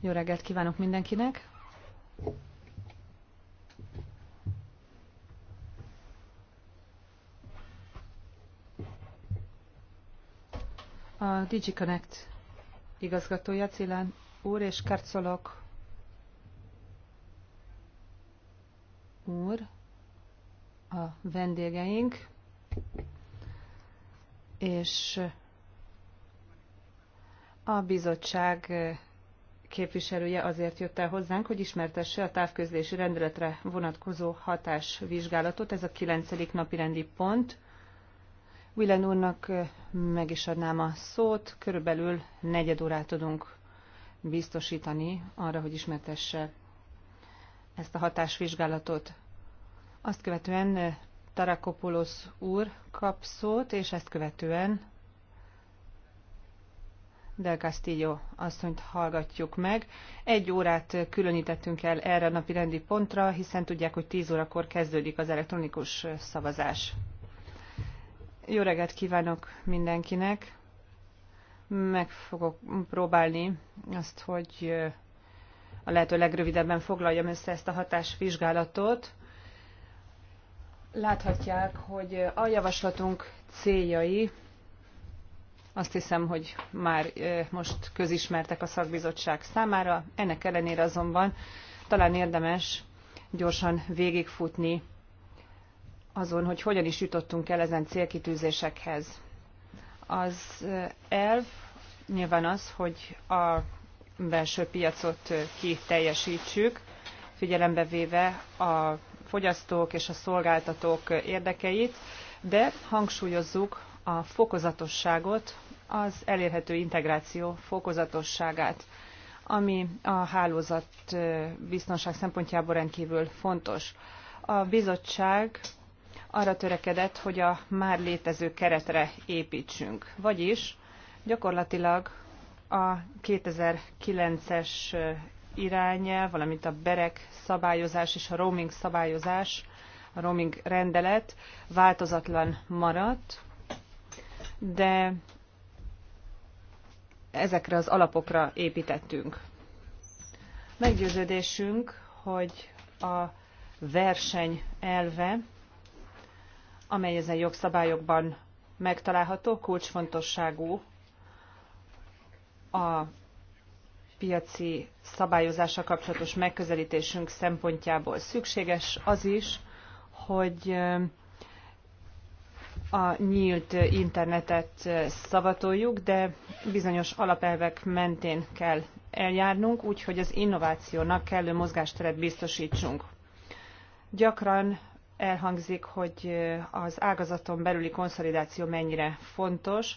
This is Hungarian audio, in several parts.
Jó reggelt kívánok mindenkinek! A DigiConnect igazgatója Cilán úr és Karcolok úr a vendégeink, és a bizottság képviselője azért jött el hozzánk, hogy ismertesse a távközlési rendeletre vonatkozó hatásvizsgálatot. Ez a kilencedik napi rendi pont. Willen úrnak meg is adnám a szót. Körülbelül negyed órát tudunk biztosítani arra, hogy ismertesse ezt a hatásvizsgálatot. Azt követően Tarakopoulos úr kap szót, és ezt követően Del Castillo asszonyt hallgatjuk meg. Egy órát különítettünk el erre a napi rendi pontra, hiszen tudják, hogy 10 órakor kezdődik az elektronikus szavazás. Jó reggelt kívánok mindenkinek! Meg fogok próbálni azt, hogy eh, a lehető legrövidebben foglaljam össze ezt a hatásvizsgálatot. Láthatják, hogy a javaslatunk céljai azt hiszem, hogy már most közismertek a szakbizottság számára. Ennek ellenére azonban talán érdemes gyorsan végigfutni azon, hogy hogyan is jutottunk el ezen célkitűzésekhez. Az elv nyilván az, hogy a belső piacot kiteljesítsük, figyelembe véve a fogyasztók és a szolgáltatók érdekeit, de hangsúlyozzuk, a fokozatosságot, az elérhető integráció fokozatosságát, ami a hálózat biztonság szempontjából rendkívül fontos. A bizottság arra törekedett, hogy a már létező keretre építsünk, vagyis gyakorlatilag a 2009-es irányelv, valamint a berek szabályozás és a roaming szabályozás, a roaming rendelet változatlan maradt, de ezekre az alapokra építettünk. Meggyőződésünk, hogy a verseny elve, amely ezen jogszabályokban megtalálható, kulcsfontosságú a piaci szabályozása kapcsolatos megközelítésünk szempontjából szükséges az is, hogy a nyílt internetet szavatoljuk, de bizonyos alapelvek mentén kell eljárnunk, úgy, hogy az innovációnak kellő mozgásteret biztosítsunk. Gyakran elhangzik, hogy az ágazaton belüli konszolidáció mennyire fontos.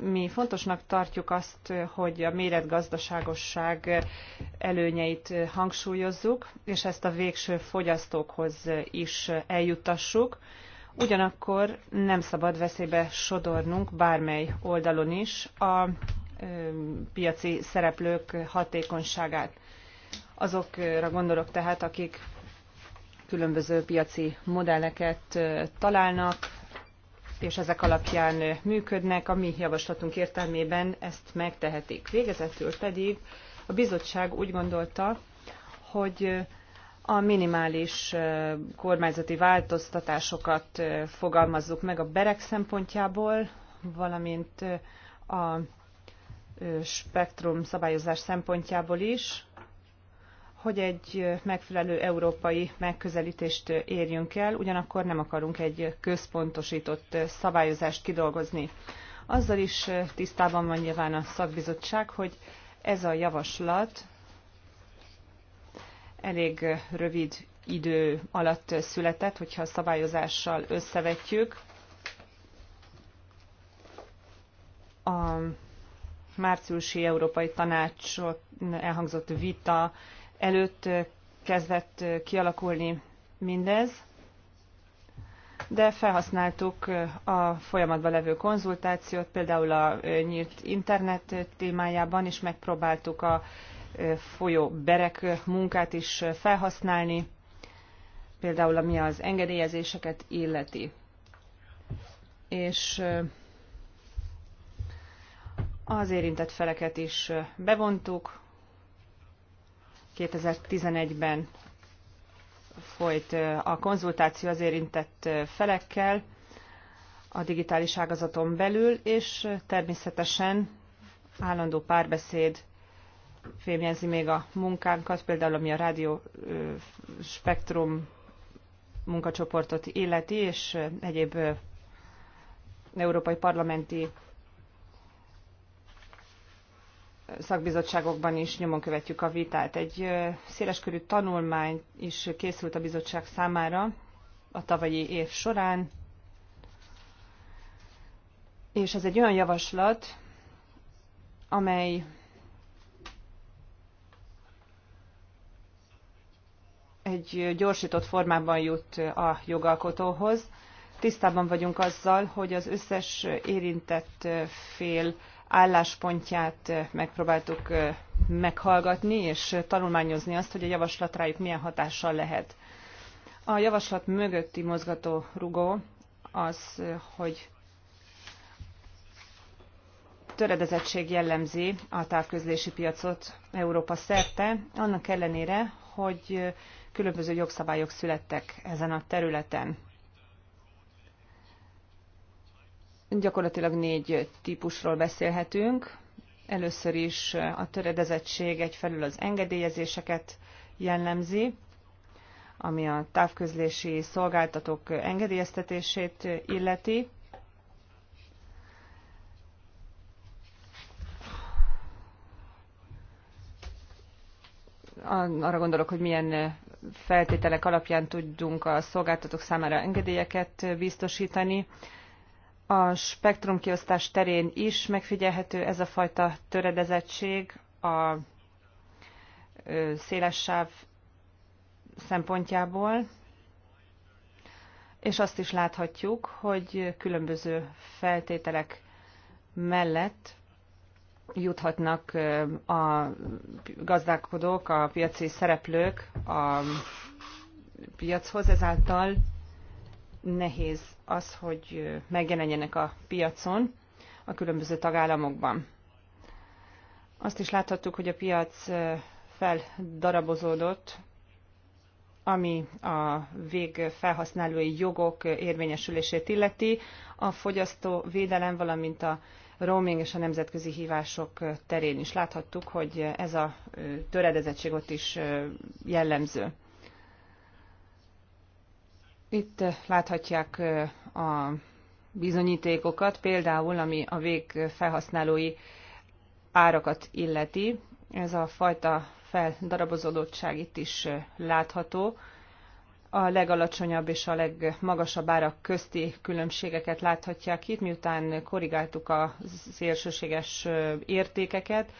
Mi fontosnak tartjuk azt, hogy a méretgazdaságosság előnyeit hangsúlyozzuk, és ezt a végső fogyasztókhoz is eljuttassuk ugyanakkor nem szabad veszélybe sodornunk bármely oldalon is a piaci szereplők hatékonyságát. Azokra gondolok tehát, akik különböző piaci modelleket találnak, és ezek alapján működnek, a mi javaslatunk értelmében ezt megtehetik. Végezetül pedig a bizottság úgy gondolta, hogy a minimális kormányzati változtatásokat fogalmazzuk meg a berek szempontjából, valamint a spektrum szabályozás szempontjából is, hogy egy megfelelő európai megközelítést érjünk el, ugyanakkor nem akarunk egy központosított szabályozást kidolgozni. Azzal is tisztában van nyilván a szakbizottság, hogy ez a javaslat elég rövid idő alatt született, hogyha a szabályozással összevetjük. A márciusi Európai Tanácsot elhangzott vita előtt kezdett kialakulni mindez, de felhasználtuk a folyamatban levő konzultációt, például a nyílt internet témájában, és megpróbáltuk a folyó berek munkát is felhasználni, például ami az engedélyezéseket illeti. És az érintett feleket is bevontuk. 2011-ben folyt a konzultáció az érintett felekkel a digitális ágazaton belül, és természetesen állandó párbeszéd fémjezi még a munkánkat, például ami a rádió spektrum munkacsoportot illeti, és egyéb európai parlamenti szakbizottságokban is nyomon követjük a vitát. Egy széleskörű tanulmány is készült a bizottság számára a tavalyi év során, és ez egy olyan javaslat, amely egy gyorsított formában jut a jogalkotóhoz. Tisztában vagyunk azzal, hogy az összes érintett fél álláspontját megpróbáltuk meghallgatni és tanulmányozni azt, hogy a javaslat rájuk milyen hatással lehet. A javaslat mögötti mozgató rugó az, hogy töredezettség jellemzi a távközlési piacot Európa szerte, annak ellenére, hogy különböző jogszabályok születtek ezen a területen. Gyakorlatilag négy típusról beszélhetünk. Először is a töredezettség egyfelül az engedélyezéseket jellemzi, ami a távközlési szolgáltatók engedélyeztetését illeti. arra gondolok, hogy milyen feltételek alapján tudjunk a szolgáltatók számára engedélyeket biztosítani. A spektrumkiosztás terén is megfigyelhető ez a fajta töredezettség a széles sáv szempontjából, és azt is láthatjuk, hogy különböző feltételek mellett juthatnak a gazdálkodók, a piaci szereplők a piachoz, ezáltal nehéz az, hogy megjelenjenek a piacon a különböző tagállamokban. Azt is láthattuk, hogy a piac feldarabozódott, ami a végfelhasználói jogok érvényesülését illeti, a fogyasztó védelem, valamint a roaming és a nemzetközi hívások terén is láthattuk, hogy ez a töredezettség ott is jellemző. Itt láthatják a bizonyítékokat, például ami a végfelhasználói árakat illeti. Ez a fajta feldarabozódottság itt is látható a legalacsonyabb és a legmagasabb árak közti különbségeket láthatják itt, miután korrigáltuk a szélsőséges értékeket.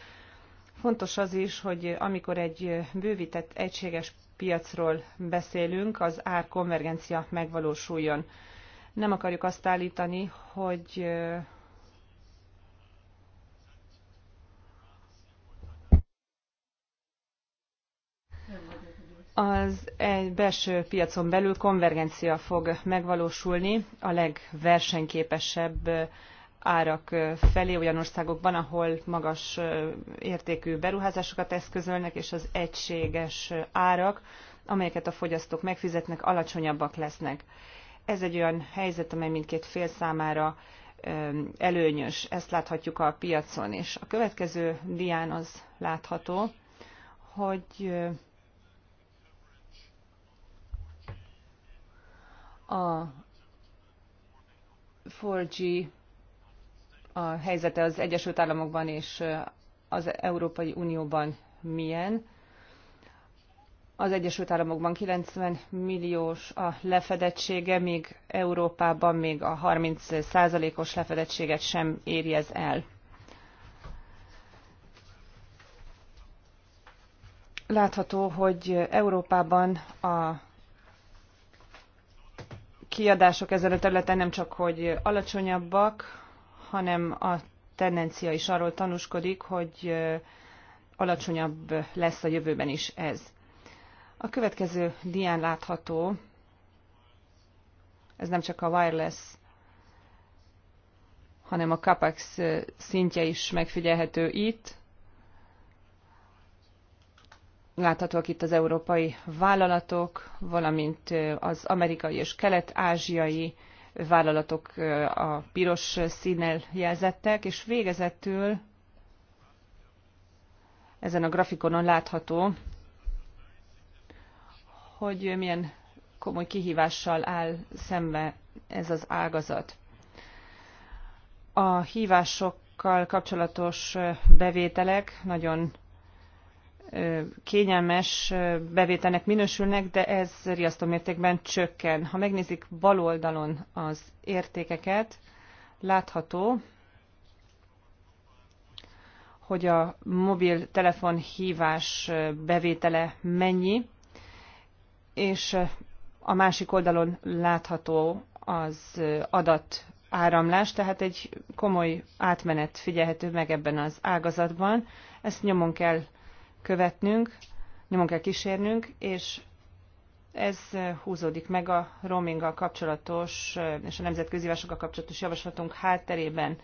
Fontos az is, hogy amikor egy bővített egységes piacról beszélünk, az ár konvergencia megvalósuljon. Nem akarjuk azt állítani, hogy az egy belső piacon belül konvergencia fog megvalósulni a legversenyképesebb árak felé olyan országokban, ahol magas értékű beruházásokat eszközölnek, és az egységes árak, amelyeket a fogyasztók megfizetnek, alacsonyabbak lesznek. Ez egy olyan helyzet, amely mindkét fél számára előnyös. Ezt láthatjuk a piacon is. A következő dián az látható, hogy a 4G a helyzete az Egyesült Államokban és az Európai Unióban milyen. Az Egyesült Államokban 90 milliós a lefedettsége, míg Európában még a 30 százalékos lefedettséget sem éri ez el. Látható, hogy Európában a kiadások ezen a területen nem csak hogy alacsonyabbak, hanem a tendencia is arról tanúskodik, hogy alacsonyabb lesz a jövőben is ez. A következő dián látható, ez nem csak a wireless, hanem a CAPEX szintje is megfigyelhető itt láthatóak itt az európai vállalatok, valamint az amerikai és kelet-ázsiai vállalatok a piros színnel jelzettek, és végezetül ezen a grafikonon látható, hogy milyen komoly kihívással áll szembe ez az ágazat. A hívásokkal kapcsolatos bevételek nagyon kényelmes bevételnek minősülnek, de ez riasztó mértékben csökken. Ha megnézik bal oldalon az értékeket, látható, hogy a mobiltelefon hívás bevétele mennyi, és a másik oldalon látható az adat áramlás, tehát egy komoly átmenet figyelhető meg ebben az ágazatban. Ezt nyomon kell követnünk, nyomon kell kísérnünk, és ez húzódik meg a roaminggal kapcsolatos és a nemzetközi vásokkal kapcsolatos javaslatunk hátterében.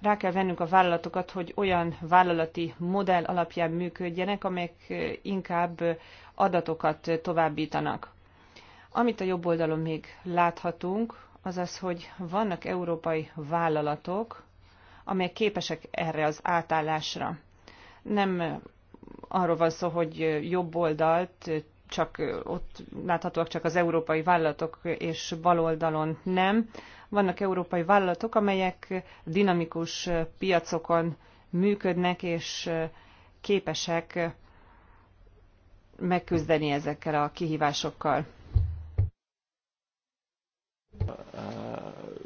Rá kell vennünk a vállalatokat, hogy olyan vállalati modell alapján működjenek, amelyek inkább adatokat továbbítanak. Amit a jobb oldalon még láthatunk, az az, hogy vannak európai vállalatok, amelyek képesek erre az átállásra. Nem arról van szó, hogy jobb oldalt csak ott láthatóak csak az európai vállalatok, és baloldalon nem. Vannak európai vállalatok, amelyek dinamikus piacokon működnek, és képesek megküzdeni ezekkel a kihívásokkal.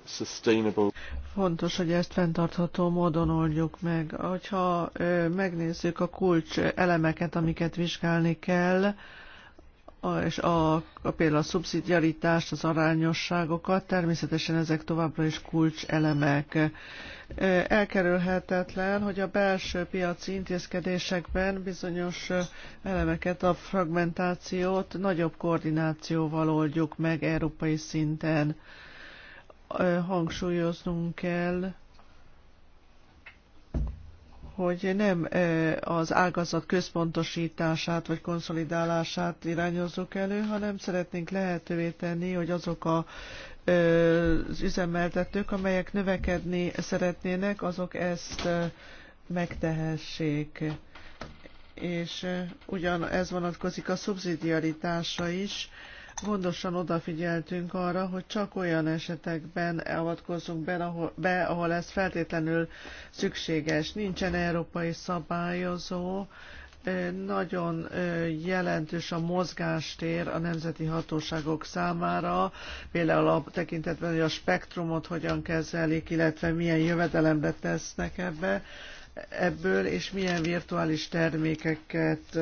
sustainable. Fontos, hogy ezt fenntartható módon oldjuk meg. hogyha megnézzük a kulcs elemeket, amiket vizsgálni kell, és a, a például a szubszidiaritást, az arányosságokat, természetesen ezek továbbra is kulcselemek. Elkerülhetetlen, hogy a belső piaci intézkedésekben bizonyos elemeket, a fragmentációt nagyobb koordinációval oldjuk meg európai szinten hangsúlyoznunk kell, hogy nem az ágazat központosítását vagy konszolidálását irányozzuk elő, hanem szeretnénk lehetővé tenni, hogy azok a, az üzemeltetők, amelyek növekedni szeretnének, azok ezt megtehessék. És ugyan ez vonatkozik a szubszidiaritásra is, gondosan odafigyeltünk arra, hogy csak olyan esetekben avatkozzunk be, ahol, be, ahol ez feltétlenül szükséges. Nincsen európai szabályozó, nagyon jelentős a mozgástér a nemzeti hatóságok számára, például a tekintetben, hogy a spektrumot hogyan kezelik, illetve milyen jövedelembe tesznek ebbe, ebből, és milyen virtuális termékeket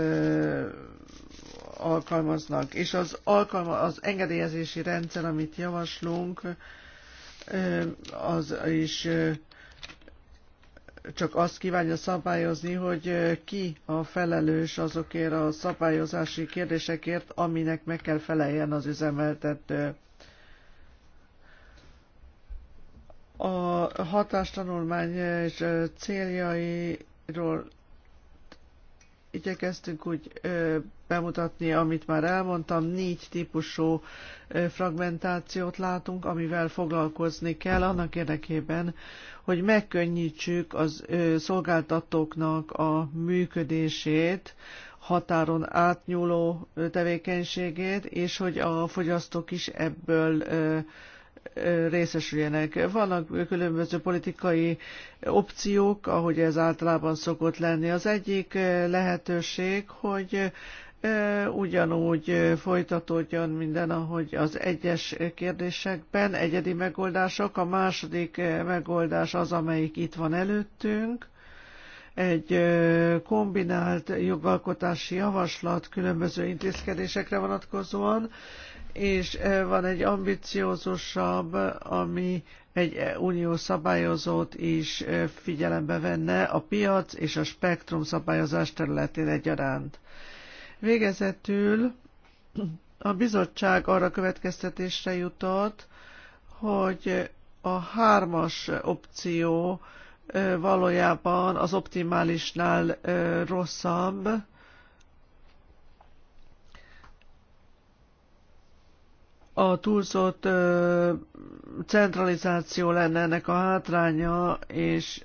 alkalmaznak. És az, alkalma, az engedélyezési rendszer, amit javaslunk, az is csak azt kívánja szabályozni, hogy ki a felelős azokért a szabályozási kérdésekért, aminek meg kell feleljen az üzemeltető. A hatástanulmány és céljairól igyekeztünk úgy ö, bemutatni, amit már elmondtam, négy típusú ö, fragmentációt látunk, amivel foglalkozni kell annak érdekében, hogy megkönnyítsük az ö, szolgáltatóknak a működését, határon átnyúló tevékenységét, és hogy a fogyasztók is ebből ö, részesüljenek. Vannak különböző politikai opciók, ahogy ez általában szokott lenni. Az egyik eh, lehetőség, hogy eh, ugyanúgy folytatódjon minden, ahogy az egyes kérdésekben egyedi megoldások. A második eh, megoldás az, amelyik itt van előttünk, egy kombinált jogalkotási javaslat különböző intézkedésekre vonatkozóan, és van egy ambiciózusabb, ami egy unió szabályozót is figyelembe venne a piac és a spektrum szabályozás területén egyaránt. Végezetül a bizottság arra következtetésre jutott, hogy a hármas opció valójában az optimálisnál rosszabb, a túlzott ö, centralizáció lenne ennek a hátránya, és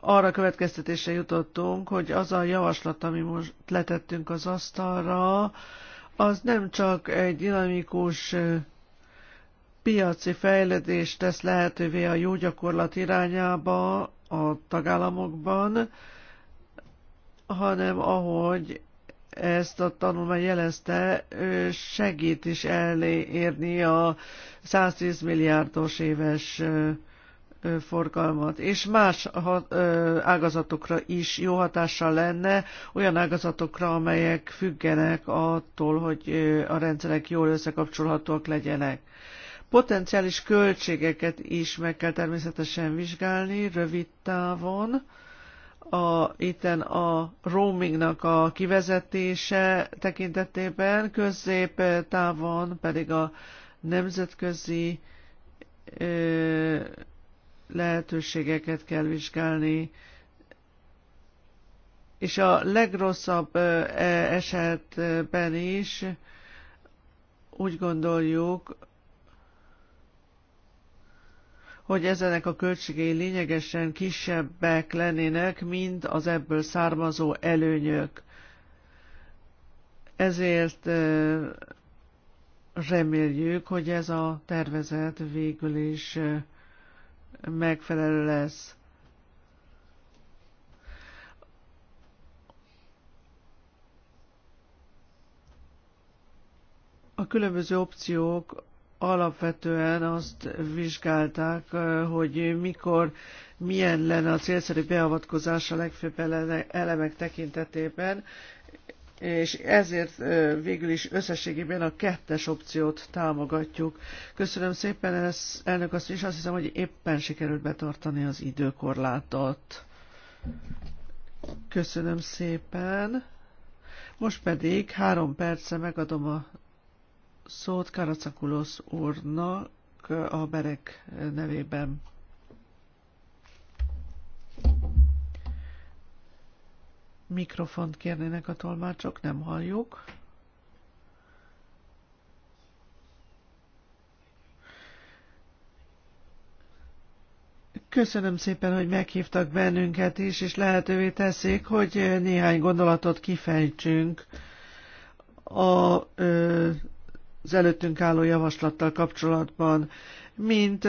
arra következtetése jutottunk, hogy az a javaslat, ami most letettünk az asztalra, az nem csak egy dinamikus piaci fejlődést tesz lehetővé a jó gyakorlat irányába a tagállamokban, hanem ahogy ezt a tanulmány jelezte, segít is elérni a 110 milliárdos éves forgalmat, és más ágazatokra is jó hatással lenne, olyan ágazatokra, amelyek függenek attól, hogy a rendszerek jól összekapcsolhatóak legyenek. Potenciális költségeket is meg kell természetesen vizsgálni rövid távon, a, itten a roamingnak a kivezetése tekintetében, közép távon pedig a nemzetközi ö, lehetőségeket kell vizsgálni, és a legrosszabb esetben is úgy gondoljuk, hogy ezenek a költségei lényegesen kisebbek lennének, mint az ebből származó előnyök. Ezért reméljük, hogy ez a tervezet végül is megfelelő lesz. A különböző opciók alapvetően azt vizsgálták, hogy mikor, milyen lenne a célszerű beavatkozás a legfőbb elemek tekintetében, és ezért végül is összességében a kettes opciót támogatjuk. Köszönöm szépen, ez, elnök azt is, azt hiszem, hogy éppen sikerült betartani az időkorlátot. Köszönöm szépen. Most pedig három perce megadom a szót Karacakulosz úrnak a Berek nevében. Mikrofont kérnének a tolmácsok, nem halljuk. Köszönöm szépen, hogy meghívtak bennünket is, és lehetővé teszik, hogy néhány gondolatot kifejtsünk a ö, az előttünk álló javaslattal kapcsolatban, mint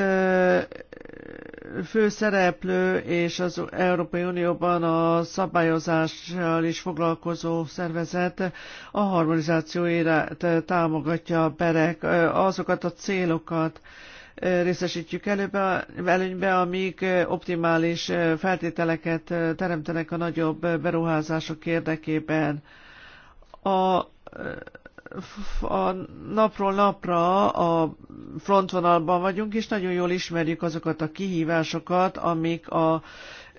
főszereplő és az Európai Unióban a szabályozással is foglalkozó szervezet a harmonizáció iránt támogatja a berek azokat a célokat, részesítjük előbe, előnybe, amik optimális feltételeket teremtenek a nagyobb beruházások érdekében. A a napról napra a frontvonalban vagyunk, és nagyon jól ismerjük azokat a kihívásokat, amik a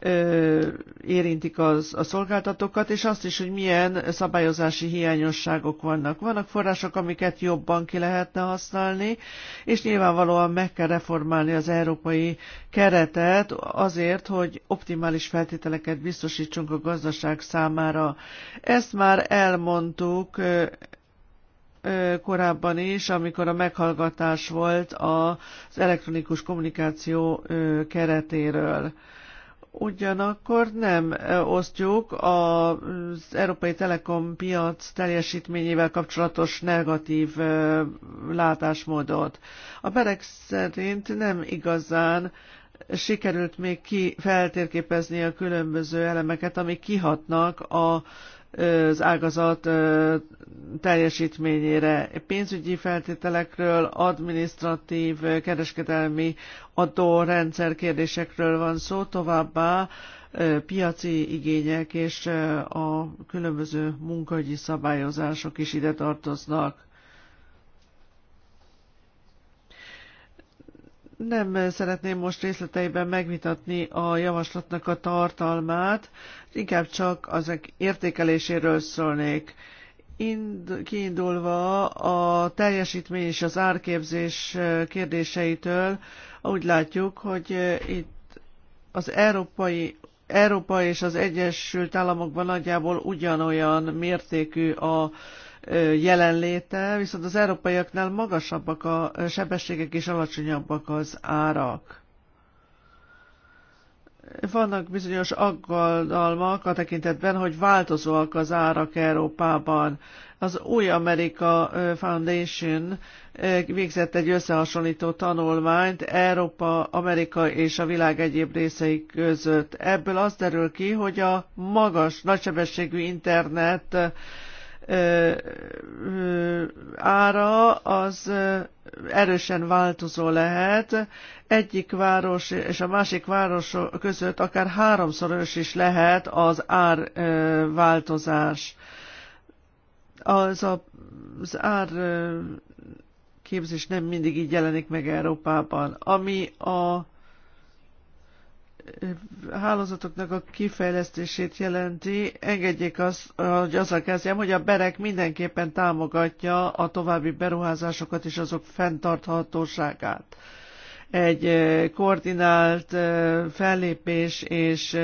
ö, érintik az, a szolgáltatókat, és azt is, hogy milyen szabályozási hiányosságok vannak. Vannak források, amiket jobban ki lehetne használni, és nyilvánvalóan meg kell reformálni az európai keretet azért, hogy optimális feltételeket biztosítsunk a gazdaság számára. Ezt már elmondtuk korábban is, amikor a meghallgatás volt az elektronikus kommunikáció keretéről. Ugyanakkor nem osztjuk az Európai Telekom piac teljesítményével kapcsolatos negatív látásmódot. A Berek szerint nem igazán sikerült még ki feltérképezni a különböző elemeket, amik kihatnak a az ágazat teljesítményére, pénzügyi feltételekről, administratív, kereskedelmi adórendszer kérdésekről van szó, továbbá piaci igények és a különböző munkahogyi szabályozások is ide tartoznak. Nem szeretném most részleteiben megvitatni a javaslatnak a tartalmát, inkább csak azok értékeléséről szólnék. Ind, kiindulva a teljesítmény és az árképzés kérdéseitől, úgy látjuk, hogy itt az európai Európa és az Egyesült Államokban nagyjából ugyanolyan mértékű a jelenléte, viszont az európaiaknál magasabbak a sebességek és alacsonyabbak az árak. Vannak bizonyos aggodalmak a tekintetben, hogy változóak az árak Európában. Az Új Amerika Foundation végzett egy összehasonlító tanulmányt Európa, Amerika és a világ egyéb részei között. Ebből az derül ki, hogy a magas, nagysebességű internet ára az erősen változó lehet. Egyik város és a másik város között akár háromszoros is lehet az árváltozás. Az, a, az ár képzés nem mindig így jelenik meg Európában. Ami a hálózatoknak a kifejlesztését jelenti. Engedjék azt, hogy azzal kezdjem, hogy a BEREK mindenképpen támogatja a további beruházásokat és azok fenntarthatóságát. Egy koordinált fellépés és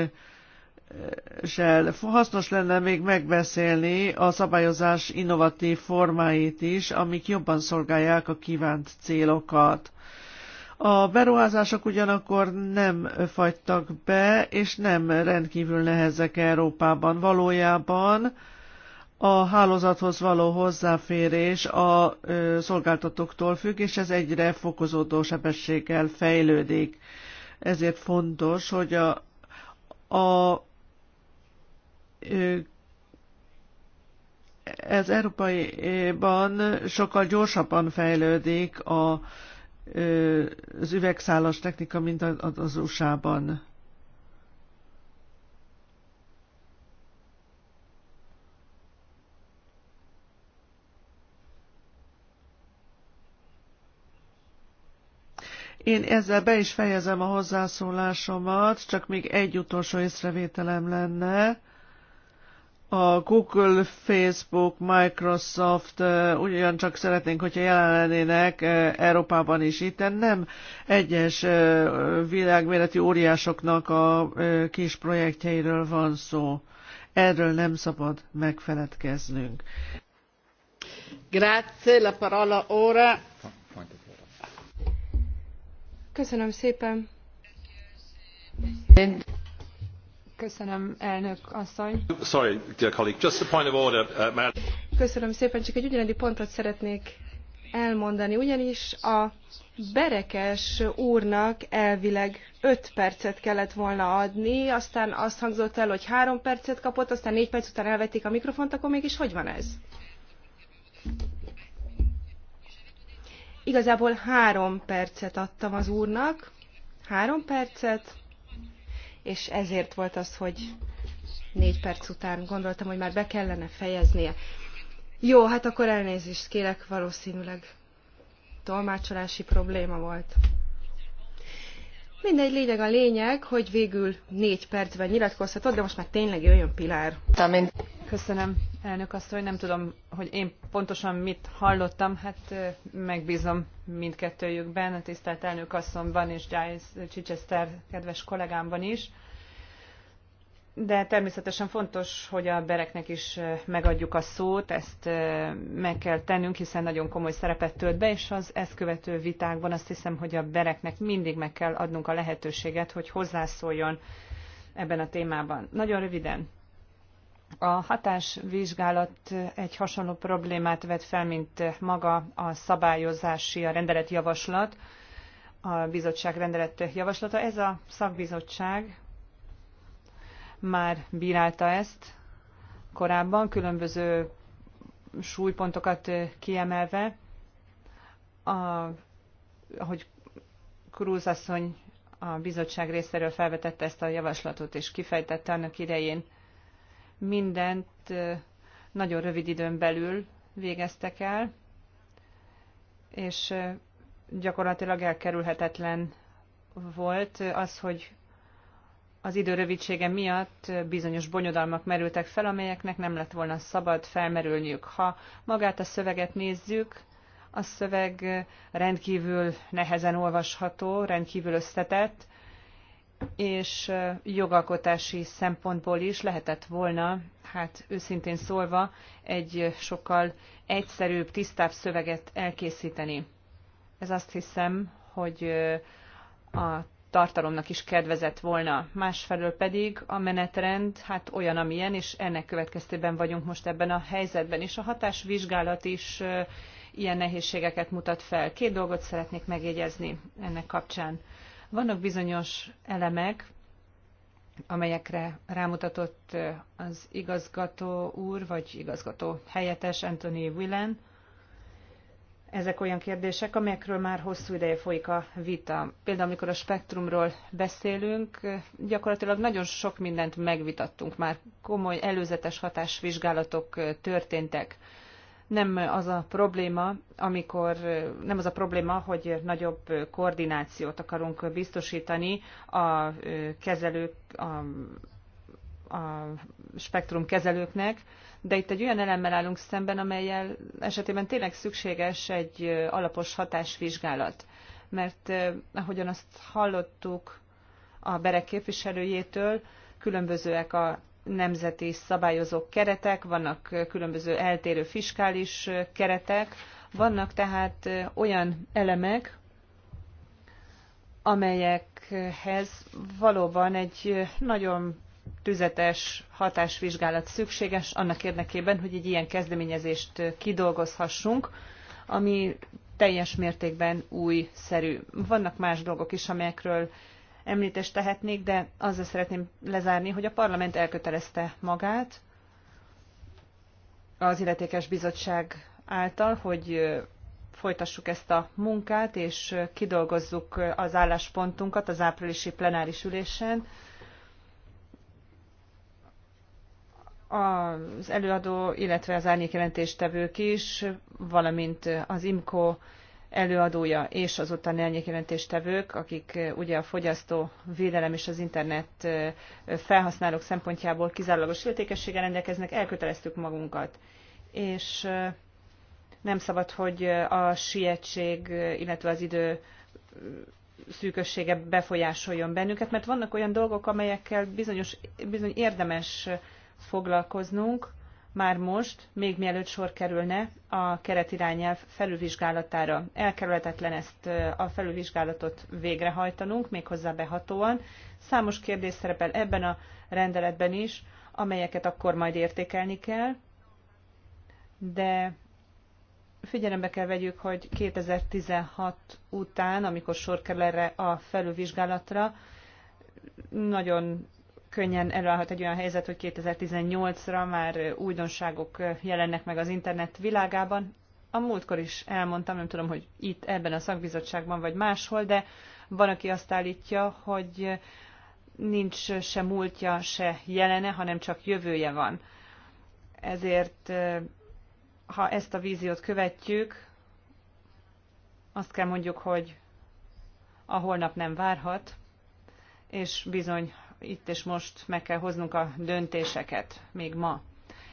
hasznos lenne még megbeszélni a szabályozás innovatív formáit is, amik jobban szolgálják a kívánt célokat a beruházások ugyanakkor nem fagytak be, és nem rendkívül nehezek Európában. Valójában a hálózathoz való hozzáférés a szolgáltatóktól függ, és ez egyre fokozódó sebességgel fejlődik. Ezért fontos, hogy a, a ez Európaiban sokkal gyorsabban fejlődik a az üvegszálas technika, mint az USA-ban. Én ezzel be is fejezem a hozzászólásomat, csak még egy utolsó észrevételem lenne. A Google, Facebook, Microsoft ugyancsak szeretnénk, hogyha jelen lennének Európában is itt, nem egyes világméretű óriásoknak a kis projektjeiről van szó. Erről nem szabad megfeledkeznünk. Grazie, la parola ora. Köszönöm szépen. Köszönöm, elnök asszony. Sorry, dear colleague. Just a point of order, uh, Köszönöm szépen, csak egy ugyanedi pontot szeretnék elmondani, ugyanis a Berekes úrnak elvileg 5 percet kellett volna adni, aztán azt hangzott el, hogy 3 percet kapott, aztán 4 perc után elvették a mikrofont, akkor mégis hogy van ez? Igazából 3 percet adtam az úrnak, 3 percet, és ezért volt az, hogy négy perc után gondoltam, hogy már be kellene fejeznie. Jó, hát akkor elnézést kérek, valószínűleg tolmácsolási probléma volt. Mindegy, lényeg a lényeg, hogy végül négy percben nyilatkozhatod, de most már tényleg jöjjön Pilár. Köszönöm, elnök asszony. Nem tudom, hogy én pontosan mit hallottam. Hát megbzom mindkettőjükben, a tisztelt elnök asszonyban és Giles Chichester kedves kollégámban is. De természetesen fontos, hogy a bereknek is megadjuk a szót, ezt meg kell tennünk, hiszen nagyon komoly szerepet tölt be, és az ezt követő vitákban azt hiszem, hogy a bereknek mindig meg kell adnunk a lehetőséget, hogy hozzászóljon ebben a témában. Nagyon röviden a hatásvizsgálat egy hasonló problémát vet fel, mint maga a szabályozási, a rendeletjavaslat, a bizottság rendelet javaslata. Ez a szakbizottság már bírálta ezt korábban, különböző súlypontokat kiemelve, a, ahogy Krúz asszony a bizottság részéről felvetette ezt a javaslatot, és kifejtette annak idején mindent nagyon rövid időn belül végeztek el, és gyakorlatilag elkerülhetetlen volt az, hogy az idő rövidsége miatt bizonyos bonyodalmak merültek fel, amelyeknek nem lett volna szabad felmerülniük. Ha magát a szöveget nézzük, a szöveg rendkívül nehezen olvasható, rendkívül összetett, és jogalkotási szempontból is lehetett volna, hát őszintén szólva, egy sokkal egyszerűbb, tisztább szöveget elkészíteni. Ez azt hiszem, hogy a tartalomnak is kedvezett volna. Másfelől pedig a menetrend hát olyan, amilyen, és ennek következtében vagyunk most ebben a helyzetben, és a hatásvizsgálat is ilyen nehézségeket mutat fel. Két dolgot szeretnék megjegyezni ennek kapcsán. Vannak bizonyos elemek, amelyekre rámutatott az igazgató úr, vagy igazgató helyettes Anthony Willen. Ezek olyan kérdések, amelyekről már hosszú ideje folyik a vita. Például, amikor a spektrumról beszélünk, gyakorlatilag nagyon sok mindent megvitattunk már, komoly előzetes hatásvizsgálatok történtek nem az a probléma, amikor nem az a probléma, hogy nagyobb koordinációt akarunk biztosítani a kezelők, a, a spektrum kezelőknek, de itt egy olyan elemmel állunk szemben, amelyel esetében tényleg szükséges egy alapos hatásvizsgálat. Mert eh, ahogyan azt hallottuk a berek képviselőjétől, különbözőek a nemzeti szabályozó keretek, vannak különböző eltérő fiskális keretek, vannak tehát olyan elemek, amelyekhez valóban egy nagyon tüzetes hatásvizsgálat szükséges annak érdekében, hogy egy ilyen kezdeményezést kidolgozhassunk, ami teljes mértékben újszerű. Vannak más dolgok is, amelyekről említést tehetnék, de azzal szeretném lezárni, hogy a parlament elkötelezte magát az illetékes bizottság által, hogy folytassuk ezt a munkát, és kidolgozzuk az álláspontunkat az áprilisi plenáris ülésen. Az előadó, illetve az árnyékjelentéstevők is, valamint az IMCO előadója és az ottani elnyékjelentéstevők, akik eh, ugye a fogyasztó védelem és az internet eh, felhasználók szempontjából kizárólagos értékességgel rendelkeznek, elköteleztük magunkat. És eh, nem szabad, hogy a sietség, illetve az idő szűkössége befolyásoljon bennünket, mert vannak olyan dolgok, amelyekkel bizonyos, bizony érdemes foglalkoznunk, már most, még mielőtt sor kerülne a keretirányelv felülvizsgálatára. Elkerülhetetlen ezt a felülvizsgálatot végrehajtanunk, méghozzá behatóan. Számos kérdés szerepel ebben a rendeletben is, amelyeket akkor majd értékelni kell, de figyelembe kell vegyük, hogy 2016 után, amikor sor kerül erre a felülvizsgálatra, nagyon könnyen előállhat egy olyan helyzet, hogy 2018-ra már újdonságok jelennek meg az internet világában. A múltkor is elmondtam, nem tudom, hogy itt ebben a szakbizottságban vagy máshol, de van, aki azt állítja, hogy nincs se múltja, se jelene, hanem csak jövője van. Ezért, ha ezt a víziót követjük, azt kell mondjuk, hogy a holnap nem várhat, és bizony itt és most meg kell hoznunk a döntéseket, még ma.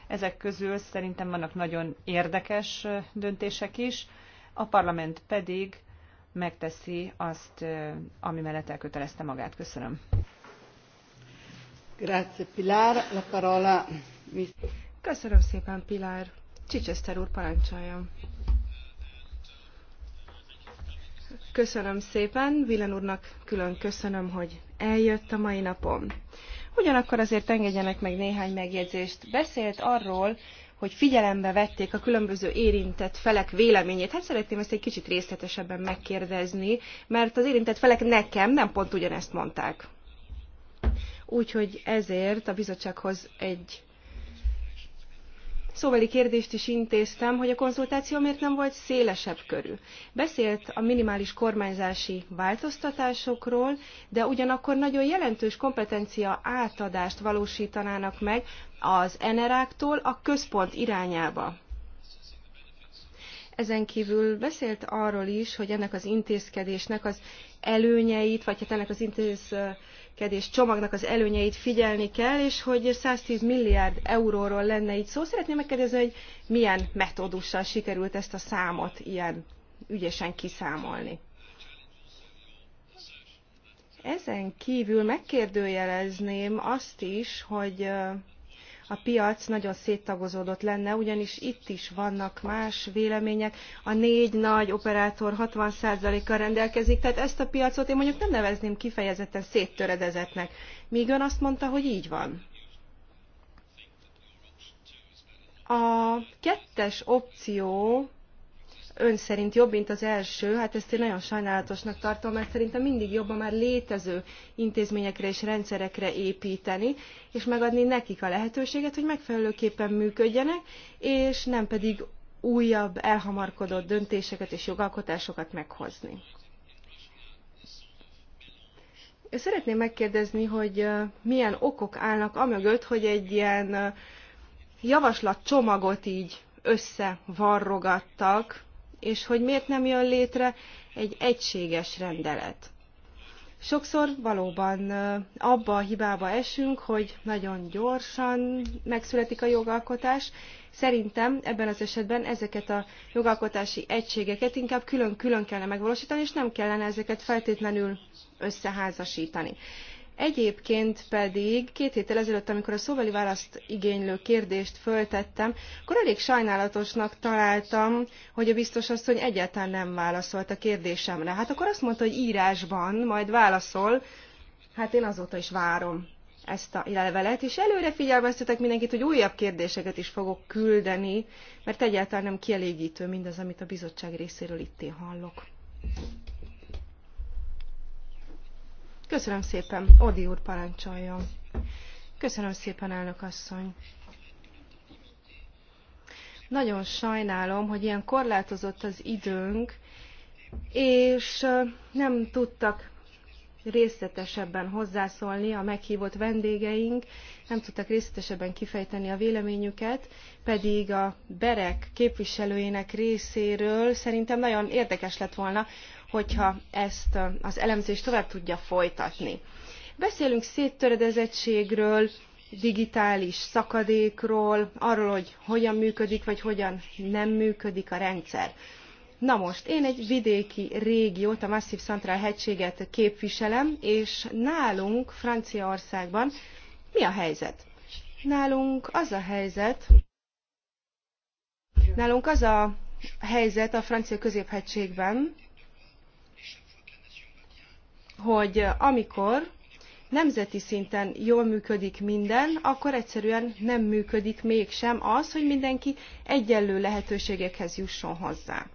Ezek közül szerintem vannak nagyon érdekes döntések is, a parlament pedig megteszi azt, ami mellett elkötelezte magát. Köszönöm. Grazie, Pilar. La parola. Köszönöm szépen, Pilar. Csicseszter úr, parancsolja. Köszönöm szépen, Villen úrnak külön köszönöm, hogy eljött a mai napom. Ugyanakkor azért engedjenek meg néhány megjegyzést. Beszélt arról, hogy figyelembe vették a különböző érintett felek véleményét. Hát szeretném ezt egy kicsit részletesebben megkérdezni, mert az érintett felek nekem nem pont ugyanezt mondták. Úgyhogy ezért a bizottsághoz egy szóbeli kérdést is intéztem, hogy a konzultáció miért nem volt szélesebb körű. Beszélt a minimális kormányzási változtatásokról, de ugyanakkor nagyon jelentős kompetencia átadást valósítanának meg az NRA-któl a központ irányába. Ezen kívül beszélt arról is, hogy ennek az intézkedésnek az előnyeit, vagy hát ennek az intézkedésnek intézkedés csomagnak az előnyeit figyelni kell, és hogy 110 milliárd euróról lenne itt szó. Szeretném megkérdezni, hogy milyen metódussal sikerült ezt a számot ilyen ügyesen kiszámolni. Ezen kívül megkérdőjelezném azt is, hogy a piac nagyon széttagozódott lenne, ugyanis itt is vannak más vélemények. A négy nagy operátor 60%-kal rendelkezik, tehát ezt a piacot én mondjuk nem nevezném kifejezetten széttöredezetnek. Míg ön azt mondta, hogy így van. A kettes opció ön szerint jobb, mint az első, hát ezt én nagyon sajnálatosnak tartom, mert szerintem mindig jobb a már létező intézményekre és rendszerekre építeni, és megadni nekik a lehetőséget, hogy megfelelőképpen működjenek, és nem pedig újabb, elhamarkodott döntéseket és jogalkotásokat meghozni. Szeretném megkérdezni, hogy milyen okok állnak amögött, hogy egy ilyen javaslatcsomagot így összevarrogattak, és hogy miért nem jön létre egy egységes rendelet. Sokszor valóban abba a hibába esünk, hogy nagyon gyorsan megszületik a jogalkotás. Szerintem ebben az esetben ezeket a jogalkotási egységeket inkább külön-külön kellene megvalósítani, és nem kellene ezeket feltétlenül összeházasítani. Egyébként pedig két héttel ezelőtt, amikor a szóbeli választ igénylő kérdést föltettem, akkor elég sajnálatosnak találtam, hogy a biztos asszony egyáltalán nem válaszolt a kérdésemre. Hát akkor azt mondta, hogy írásban majd válaszol, hát én azóta is várom ezt a levelet, és előre figyelmeztetek mindenkit, hogy újabb kérdéseket is fogok küldeni, mert egyáltalán nem kielégítő mindaz, amit a bizottság részéről itt én hallok. Köszönöm szépen. Odi úr parancsoljon. Köszönöm szépen, elnök asszony. Nagyon sajnálom, hogy ilyen korlátozott az időnk, és nem tudtak részletesebben hozzászólni a meghívott vendégeink, nem tudtak részletesebben kifejteni a véleményüket, pedig a berek képviselőjének részéről szerintem nagyon érdekes lett volna hogyha ezt az elemzést tovább tudja folytatni. Beszélünk széttöredezettségről, digitális szakadékról, arról, hogy hogyan működik, vagy hogyan nem működik a rendszer. Na most, én egy vidéki régiót, a Massive Central hegységet képviselem, és nálunk, Franciaországban, mi a helyzet? Nálunk az a helyzet, nálunk az a helyzet a francia középhegységben, hogy amikor nemzeti szinten jól működik minden, akkor egyszerűen nem működik mégsem az, hogy mindenki egyenlő lehetőségekhez jusson hozzá.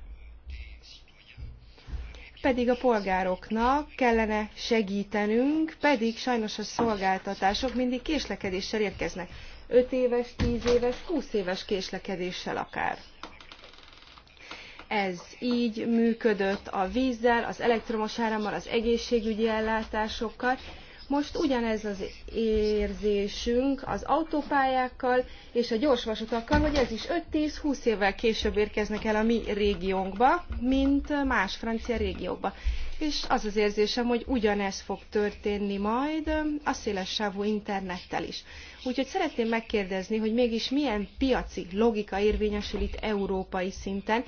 Pedig a polgároknak kellene segítenünk, pedig sajnos a szolgáltatások mindig késlekedéssel érkeznek. 5 éves, 10 éves, 20 éves késlekedéssel akár. Ez így működött a vízzel, az elektromos árammal, az egészségügyi ellátásokkal. Most ugyanez az érzésünk az autópályákkal és a gyorsvasutakkal, hogy ez is 5-10-20 évvel később érkeznek el a mi régiónkba, mint más francia régiókba. És az az érzésem, hogy ugyanez fog történni majd a szélessávú internettel is. Úgyhogy szeretném megkérdezni, hogy mégis milyen piaci logika érvényesül itt európai szinten,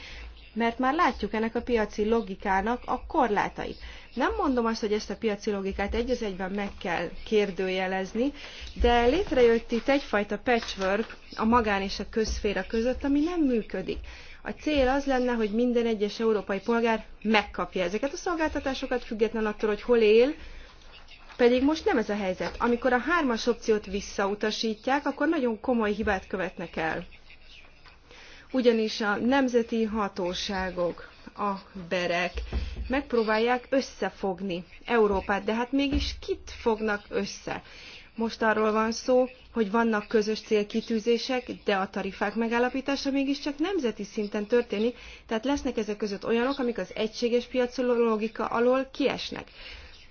mert már látjuk ennek a piaci logikának a korlátait. Nem mondom azt, hogy ezt a piaci logikát egy az egyben meg kell kérdőjelezni, de létrejött itt egyfajta patchwork a magán és a közféra között, ami nem működik. A cél az lenne, hogy minden egyes európai polgár megkapja ezeket a szolgáltatásokat, független attól, hogy hol él, pedig most nem ez a helyzet. Amikor a hármas opciót visszautasítják, akkor nagyon komoly hibát követnek el ugyanis a nemzeti hatóságok, a berek megpróbálják összefogni Európát, de hát mégis kit fognak össze? Most arról van szó, hogy vannak közös célkitűzések, de a tarifák megállapítása mégiscsak nemzeti szinten történik, tehát lesznek ezek között olyanok, amik az egységes piaci alól kiesnek.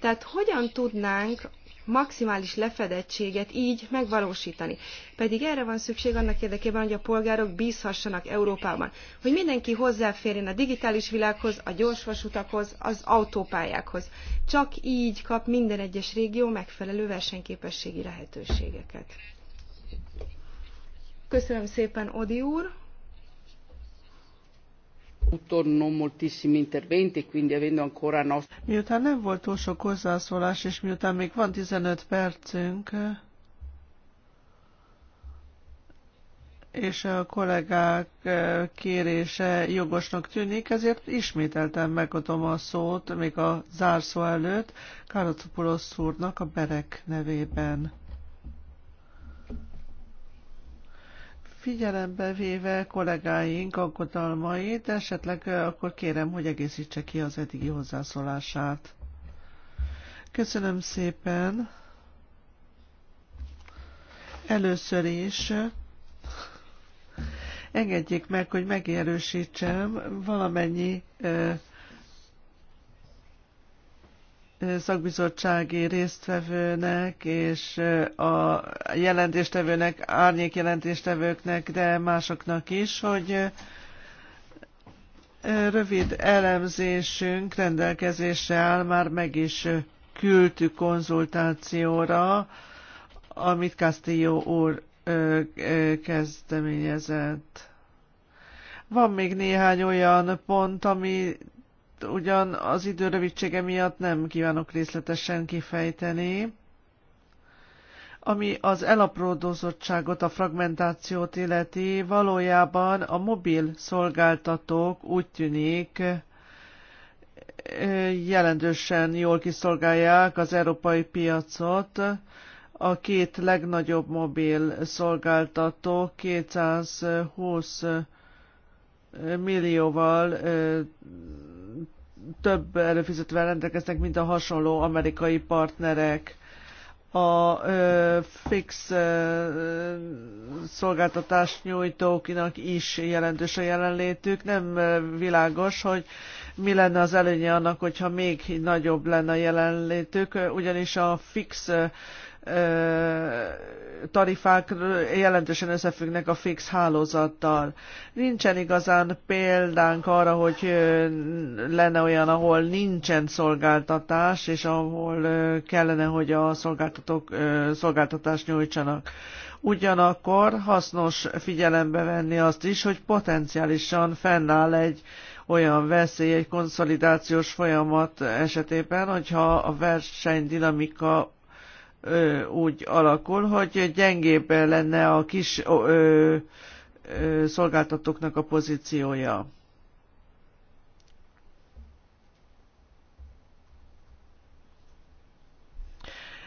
Tehát hogyan tudnánk maximális lefedettséget így megvalósítani. Pedig erre van szükség annak érdekében, hogy a polgárok bízhassanak Európában, hogy mindenki hozzáférjen a digitális világhoz, a gyorsvasutakhoz, az autópályákhoz. Csak így kap minden egyes régió megfelelő versenyképességi lehetőségeket. Köszönöm szépen, Odi úr! Miután nem volt túl sok hozzászólás, és miután még van 15 percünk, és a kollégák kérése jogosnak tűnik, ezért ismételten megadom a szót még a zárszó előtt Káratopulosz úrnak a Berek nevében. figyelembe véve kollégáink aggodalmait, esetleg akkor kérem, hogy egészítse ki az eddigi hozzászólását. Köszönöm szépen. Először is engedjék meg, hogy megerősítsem valamennyi szakbizottsági résztvevőnek és a jelentéstevőnek, árnyék jelentéstevőknek, de másoknak is, hogy rövid elemzésünk rendelkezésre áll, már meg is küldtük konzultációra, amit Castillo úr kezdeményezett. Van még néhány olyan pont, ami ugyan az idő rövidsége miatt nem kívánok részletesen kifejteni. Ami az elapródozottságot, a fragmentációt illeti, valójában a mobil szolgáltatók úgy tűnik jelentősen jól kiszolgálják az európai piacot. A két legnagyobb mobil szolgáltató 220 millióval több előfizetővel rendelkeznek, mint a hasonló amerikai partnerek. A ö, fix ö, szolgáltatást nyújtóknak is jelentős a jelenlétük. Nem világos, hogy mi lenne az előnye annak, hogyha még nagyobb lenne a jelenlétük, ugyanis a fix tarifák jelentősen összefüggnek a fix hálózattal. Nincsen igazán példánk arra, hogy lenne olyan, ahol nincsen szolgáltatás, és ahol kellene, hogy a szolgáltatók szolgáltatást nyújtsanak. Ugyanakkor hasznos figyelembe venni azt is, hogy potenciálisan fennáll egy olyan veszély egy konszolidációs folyamat esetében, hogyha a verseny dinamika úgy alakul, hogy gyengébb lenne a kis ö, ö, szolgáltatóknak a pozíciója.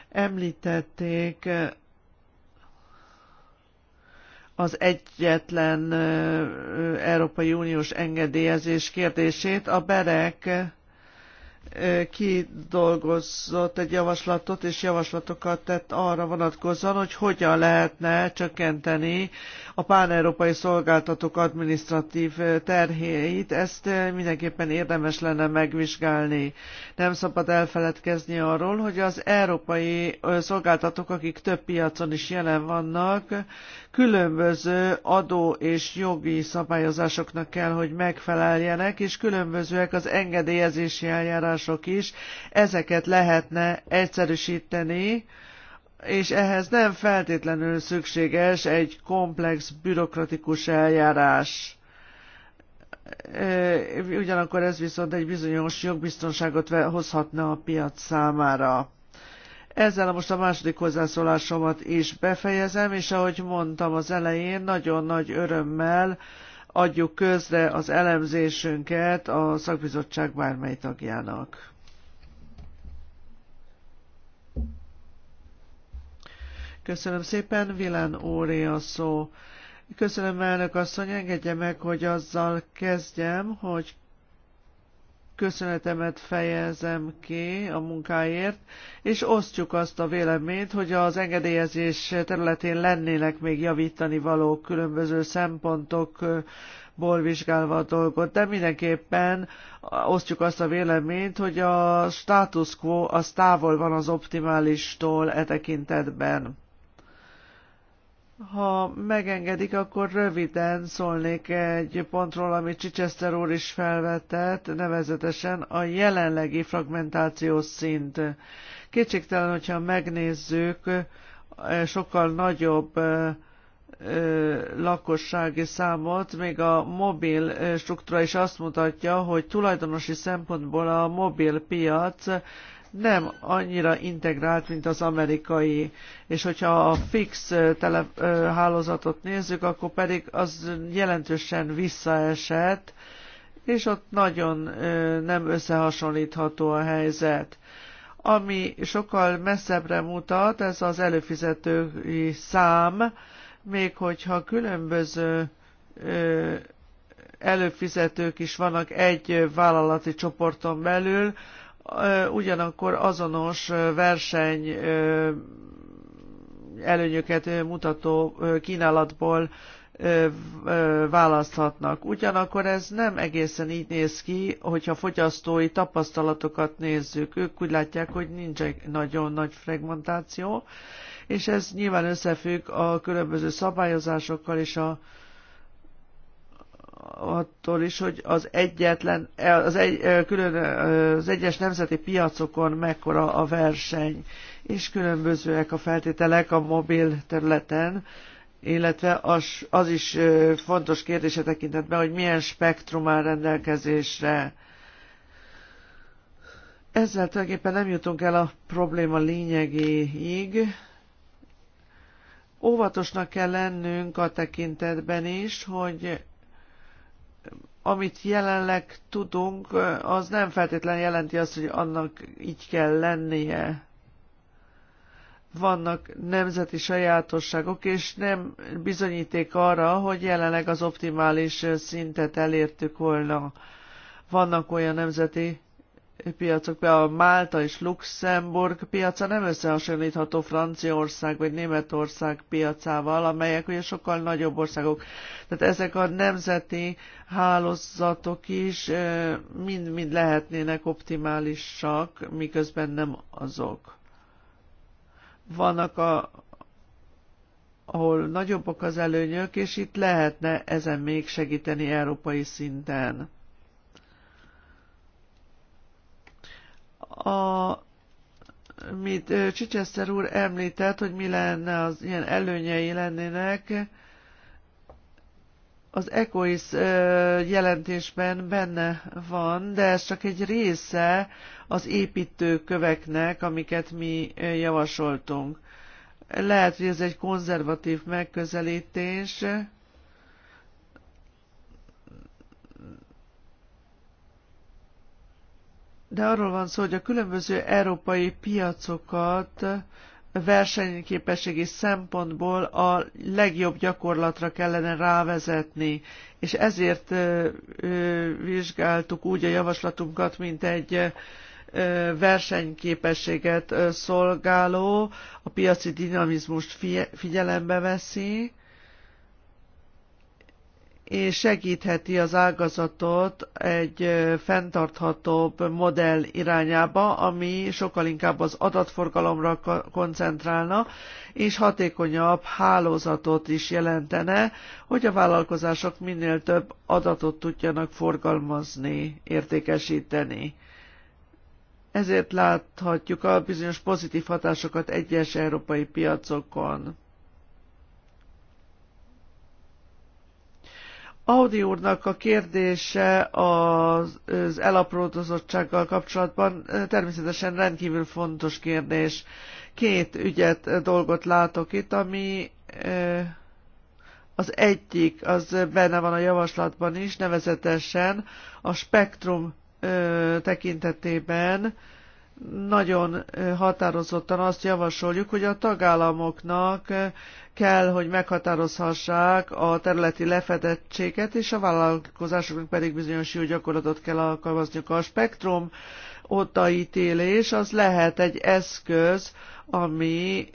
Említették az egyetlen Európai Uniós engedélyezés kérdését. A berek kidolgozott egy javaslatot, és javaslatokat tett arra vonatkozóan, hogy hogyan lehetne csökkenteni a páneurópai szolgáltatók administratív terhéit. Ezt mindenképpen érdemes lenne megvizsgálni. Nem szabad elfeledkezni arról, hogy az európai szolgáltatók, akik több piacon is jelen vannak, különböző adó és jogi szabályozásoknak kell, hogy megfeleljenek, és különbözőek az engedélyezési eljárás eljárások is, ezeket lehetne egyszerűsíteni, és ehhez nem feltétlenül szükséges egy komplex bürokratikus eljárás. Ugyanakkor ez viszont egy bizonyos jogbiztonságot hozhatna a piac számára. Ezzel most a második hozzászólásomat is befejezem, és ahogy mondtam az elején, nagyon nagy örömmel adjuk közre az elemzésünket a szakbizottság bármely tagjának. Köszönöm szépen, Vilán Óré a szó. Köszönöm, elnök asszony, engedje meg, hogy azzal kezdjem, hogy köszönetemet fejezem ki a munkáért, és osztjuk azt a véleményt, hogy az engedélyezés területén lennének még javítani való különböző ból vizsgálva a dolgot, de mindenképpen osztjuk azt a véleményt, hogy a status quo az távol van az optimálistól e tekintetben. Ha megengedik, akkor röviden szólnék egy pontról, amit Csicseszter úr is felvetett, nevezetesen a jelenlegi fragmentációs szint. Kétségtelen, hogyha megnézzük, eh, sokkal nagyobb eh, eh, lakossági számot, még a mobil struktúra is azt mutatja, hogy tulajdonosi szempontból a mobil piac nem annyira integrált, mint az amerikai. És hogyha a fix tele, hálózatot nézzük, akkor pedig az jelentősen visszaesett, és ott nagyon nem összehasonlítható a helyzet. Ami sokkal messzebbre mutat, ez az előfizetői szám, még hogyha különböző előfizetők is vannak egy vállalati csoporton belül, ugyanakkor azonos verseny előnyöket mutató kínálatból választhatnak. Ugyanakkor ez nem egészen így néz ki, hogyha fogyasztói tapasztalatokat nézzük. Ők úgy látják, hogy nincs egy nagyon nagy fragmentáció, és ez nyilván összefügg a különböző szabályozásokkal és a attól is, hogy az egyetlen, az, egy, külön, az egyes nemzeti piacokon mekkora a verseny, és különbözőek a feltételek a mobil területen, illetve az, az is fontos kérdése tekintetben, hogy milyen spektrum áll rendelkezésre. Ezzel tulajdonképpen nem jutunk el a probléma lényegéig. Óvatosnak kell lennünk a tekintetben is, hogy amit jelenleg tudunk, az nem feltétlenül jelenti azt, hogy annak így kell lennie. Vannak nemzeti sajátosságok, és nem bizonyíték arra, hogy jelenleg az optimális szintet elértük volna. Vannak olyan nemzeti piacok, például Málta és Luxemburg piaca nem összehasonlítható Franciaország vagy Németország piacával, amelyek ugye sokkal nagyobb országok. Tehát ezek a nemzeti hálózatok is mind-mind lehetnének optimálisak, miközben nem azok. Vannak a ahol nagyobbak az előnyök, és itt lehetne ezen még segíteni európai szinten. a mit Csicseszter úr említett, hogy mi lenne az ilyen előnyei lennének, az ECOIS jelentésben benne van, de ez csak egy része az építőköveknek, amiket mi javasoltunk. Lehet, hogy ez egy konzervatív megközelítés, De arról van szó, hogy a különböző európai piacokat versenyképességi szempontból a legjobb gyakorlatra kellene rávezetni, és ezért vizsgáltuk úgy a javaslatunkat, mint egy versenyképességet szolgáló, a piaci dinamizmust figyelembe veszi, és segítheti az ágazatot egy fenntarthatóbb modell irányába, ami sokkal inkább az adatforgalomra koncentrálna, és hatékonyabb hálózatot is jelentene, hogy a vállalkozások minél több adatot tudjanak forgalmazni, értékesíteni. Ezért láthatjuk a bizonyos pozitív hatásokat egyes európai piacokon. Audi úrnak a kérdése az, az elaprótozottsággal kapcsolatban eh, természetesen rendkívül fontos kérdés. Két ügyet, eh, dolgot látok itt, ami eh, az egyik, az benne van a javaslatban is, nevezetesen a spektrum tekintetében nagyon határozottan azt javasoljuk, hogy a tagállamoknak kell, hogy meghatározhassák a területi lefedettséget, és a vállalkozásoknak pedig bizonyos jó gyakorlatot kell alkalmazniuk. A spektrum odaítélés az lehet egy eszköz, ami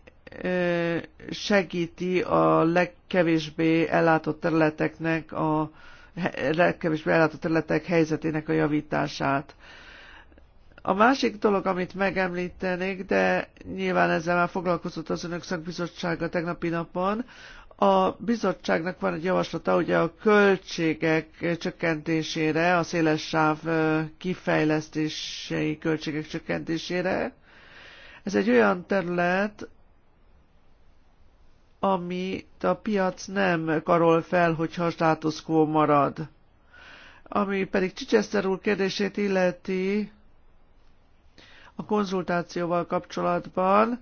segíti a legkevésbé ellátott területeknek a legkevésbé ellátott területek helyzetének a javítását. A másik dolog, amit megemlítenék, de nyilván ezzel már foglalkozott az Önök Szakbizottsága tegnapi napon, a bizottságnak van egy javaslata, hogy a költségek csökkentésére, a széles sáv kifejlesztési költségek csökkentésére. Ez egy olyan terület, amit a piac nem karol fel, hogyha a status quo marad. Ami pedig Csicseszter úr kérdését illeti, a konzultációval kapcsolatban.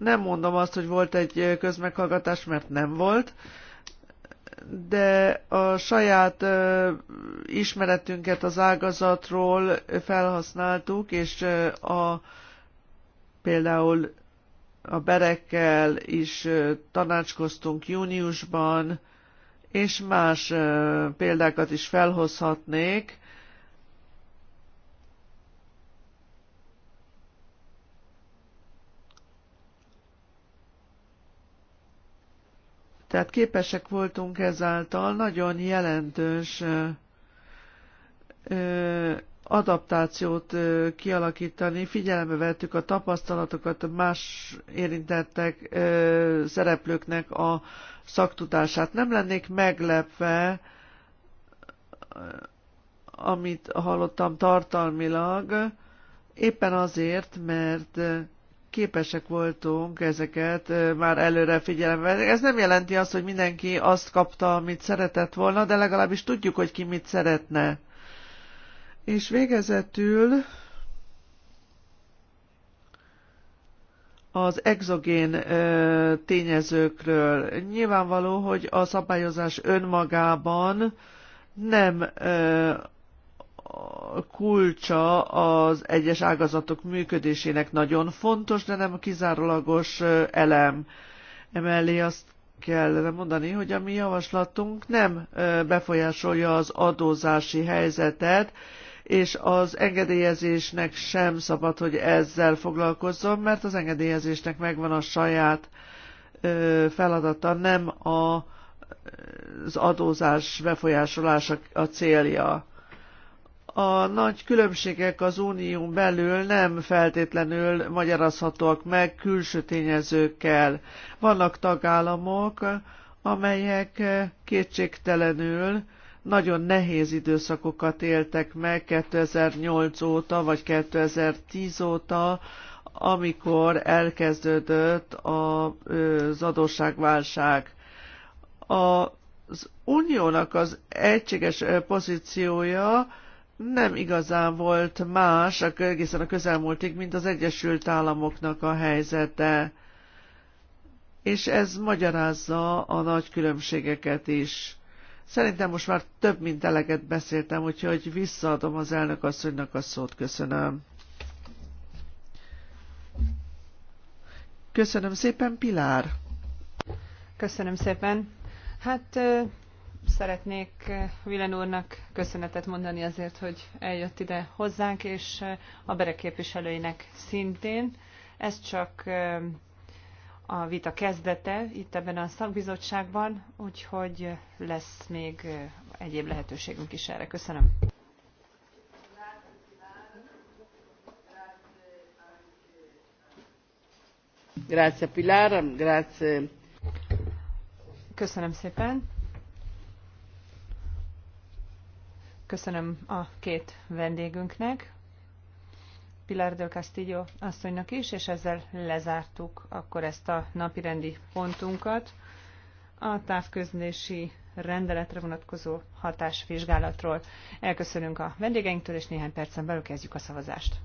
Nem mondom azt, hogy volt egy közmeghallgatás, mert nem volt, de a saját ismeretünket az ágazatról felhasználtuk, és a például a berekkel is tanácskoztunk júniusban, és más példákat is felhozhatnék, Tehát képesek voltunk ezáltal nagyon jelentős adaptációt kialakítani, figyelembe vettük a tapasztalatokat más érintettek szereplőknek a szaktudását. Nem lennék meglepve, amit hallottam tartalmilag, éppen azért, mert képesek voltunk ezeket már előre figyelembe. Ez nem jelenti azt, hogy mindenki azt kapta, amit szeretett volna, de legalábbis tudjuk, hogy ki mit szeretne. És végezetül az exogén tényezőkről. Nyilvánvaló, hogy a szabályozás önmagában nem kulcsa az egyes ágazatok működésének nagyon fontos, de nem kizárólagos elem. Emellé azt kellene mondani, hogy a mi javaslatunk nem befolyásolja az adózási helyzetet, és az engedélyezésnek sem szabad, hogy ezzel foglalkozzon, mert az engedélyezésnek megvan a saját feladata, nem a, az adózás befolyásolása a célja a nagy különbségek az unión belül nem feltétlenül magyarázhatóak meg külső tényezőkkel. Vannak tagállamok, amelyek kétségtelenül nagyon nehéz időszakokat éltek meg 2008 óta vagy 2010 óta, amikor elkezdődött az adósságválság. Az uniónak az egységes pozíciója nem igazán volt más egészen a közelmúltig, mint az Egyesült Államoknak a helyzete. És ez magyarázza a nagy különbségeket is. Szerintem most már több mint eleget beszéltem, úgyhogy visszaadom az elnök asszonynak a szót. Köszönöm. Köszönöm szépen, Pilár. Köszönöm szépen. Hát Szeretnék Vilen eh, úrnak köszönetet mondani azért, hogy eljött ide hozzánk, és eh, a berek képviselőinek szintén. Ez csak eh, a vita kezdete itt ebben a szakbizottságban, úgyhogy lesz még egyéb lehetőségünk is erre. Köszönöm. Grazie Pilar, grazie. Köszönöm szépen. Köszönöm a két vendégünknek, Pilar del Castillo asszonynak is, és ezzel lezártuk akkor ezt a napirendi pontunkat. A távközlési rendeletre vonatkozó hatásvizsgálatról. Elköszönünk a vendégeinktől, és néhány percen belül kezdjük a szavazást.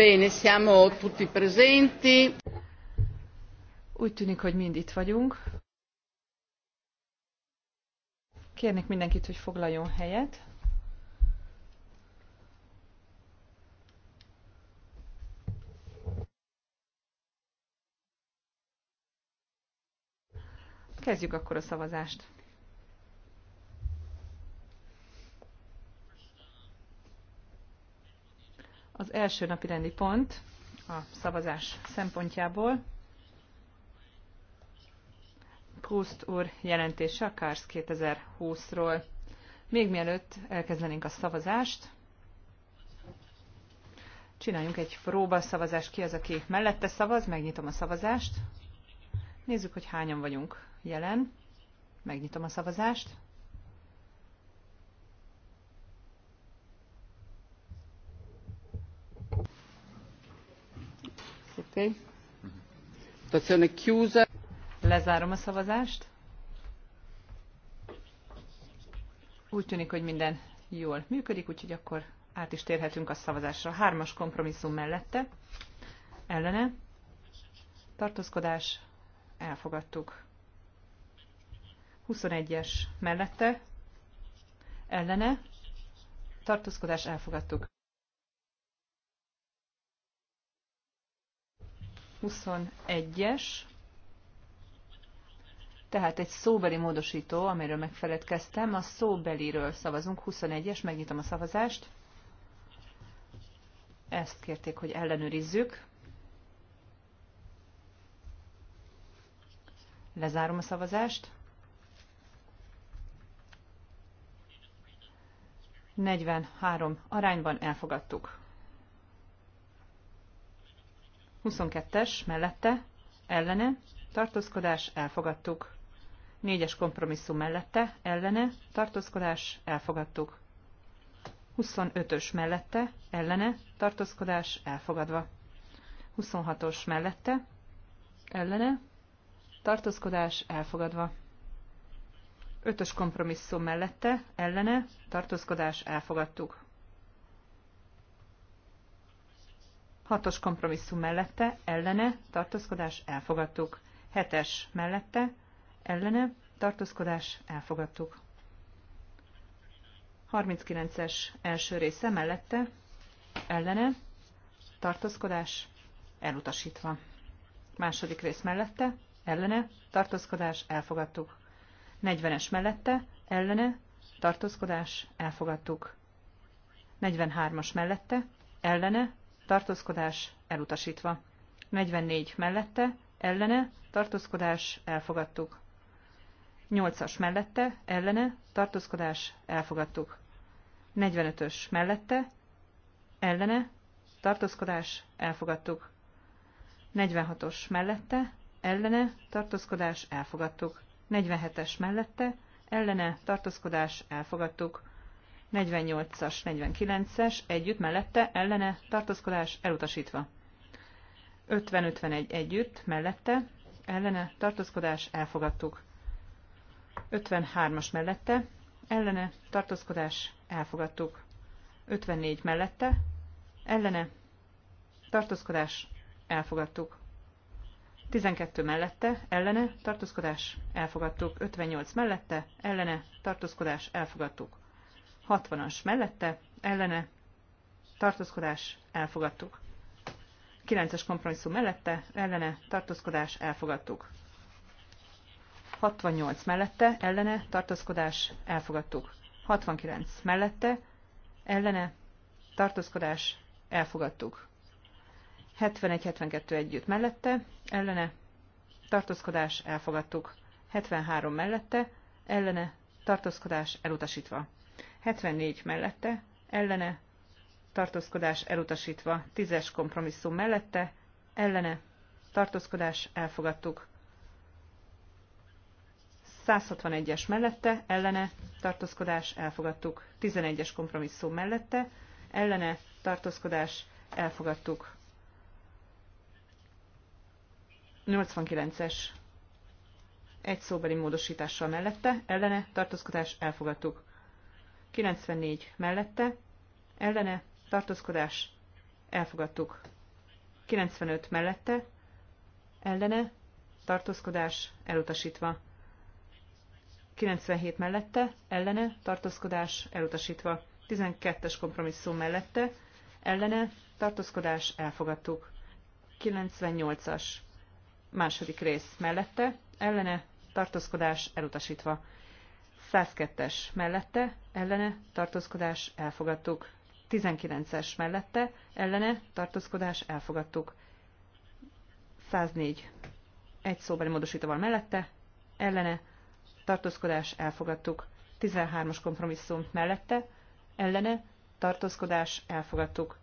Bene, siamo tutti presenti. Úgy tűnik, hogy mind itt vagyunk. Kérnék mindenkit, hogy foglaljon helyet. Kezdjük akkor a szavazást. Az első napi rendi pont a szavazás szempontjából Proust úr jelentése a KARSZ 2020-ról. Még mielőtt elkezdenénk a szavazást, csináljunk egy próbaszavazást. Ki az, aki mellette szavaz? Megnyitom a szavazást. Nézzük, hogy hányan vagyunk jelen. Megnyitom a szavazást. Okay. Votazione Lezárom a szavazást. Úgy tűnik, hogy minden jól működik, úgyhogy akkor át is térhetünk a szavazásra. Hármas kompromisszum mellette, ellene, tartózkodás, elfogadtuk. 21-es mellette, ellene, tartózkodás, elfogadtuk. 21-es, tehát egy szóbeli módosító, amiről megfeledkeztem, a szóbeliről szavazunk, 21-es, megnyitom a szavazást. Ezt kérték, hogy ellenőrizzük. Lezárom a szavazást. 43 arányban elfogadtuk. 22-es mellette, ellene, tartózkodás, elfogadtuk. 4-es kompromisszum mellette, ellene, tartózkodás, elfogadtuk. 25-ös mellette, ellene, tartózkodás, elfogadva. 26-os mellette, ellene, tartózkodás, elfogadva. 5-ös kompromisszum mellette, ellene, tartózkodás, elfogadtuk. Hatos kompromisszum mellette, ellene, tartózkodás, elfogadtuk. Hetes mellette, ellene, tartózkodás, elfogadtuk. 39-es első része mellette, ellene, tartózkodás, elutasítva. Második rész mellette, ellene, tartózkodás, elfogadtuk. 40-es mellette, ellene, tartózkodás, elfogadtuk. 43-as mellette, ellene, tartózkodás elutasítva. 44 mellette, ellene, tartózkodás elfogadtuk. 8-as mellette, ellene, tartózkodás elfogadtuk. 45-ös mellette, ellene, tartózkodás elfogadtuk. 46-os mellette, ellene, tartózkodás elfogadtuk. 47-es mellette, ellene, tartózkodás elfogadtuk. 48-as, 49-es, együtt, mellette, ellene, tartózkodás, elutasítva. 50-51 együtt, mellette, ellene, tartózkodás, elfogadtuk. 53-as mellette, ellene, tartózkodás, elfogadtuk. 54 mellette, ellene, tartózkodás, elfogadtuk. 12 mellette, ellene, tartózkodás, elfogadtuk. 58 mellette, ellene, tartózkodás, elfogadtuk. 60-as mellette, ellene, tartózkodás, elfogadtuk. 9-es kompromisszum mellette, ellene, tartózkodás, elfogadtuk. 68 mellette, ellene, tartózkodás, elfogadtuk. 69 mellette, ellene, tartózkodás, elfogadtuk. 71-72 együtt mellette, ellene, tartózkodás, elfogadtuk. 73 mellette, ellene, tartózkodás, elutasítva. 74 mellette, ellene, tartózkodás elutasítva, 10-es kompromisszum mellette, ellene, tartózkodás elfogadtuk. 161-es mellette, ellene, tartózkodás elfogadtuk. 11-es kompromisszum mellette, ellene, tartózkodás elfogadtuk. 89-es egy szóbeli módosítással mellette, ellene, tartózkodás elfogadtuk. 94 mellette, ellene, tartózkodás, elfogadtuk. 95 mellette, ellene, tartózkodás, elutasítva. 97 mellette, ellene, tartózkodás, elutasítva. 12-es kompromisszum mellette, ellene, tartózkodás, elfogadtuk. 98-as, második rész mellette, ellene, tartózkodás, elutasítva. 102-es mellette, ellene, tartózkodás, elfogadtuk. 19-es mellette, ellene, tartózkodás, elfogadtuk. 104. Egy szóbeli módosítóval mellette, ellene, tartózkodás, elfogadtuk. 13-as kompromisszum mellette, ellene, tartózkodás, elfogadtuk.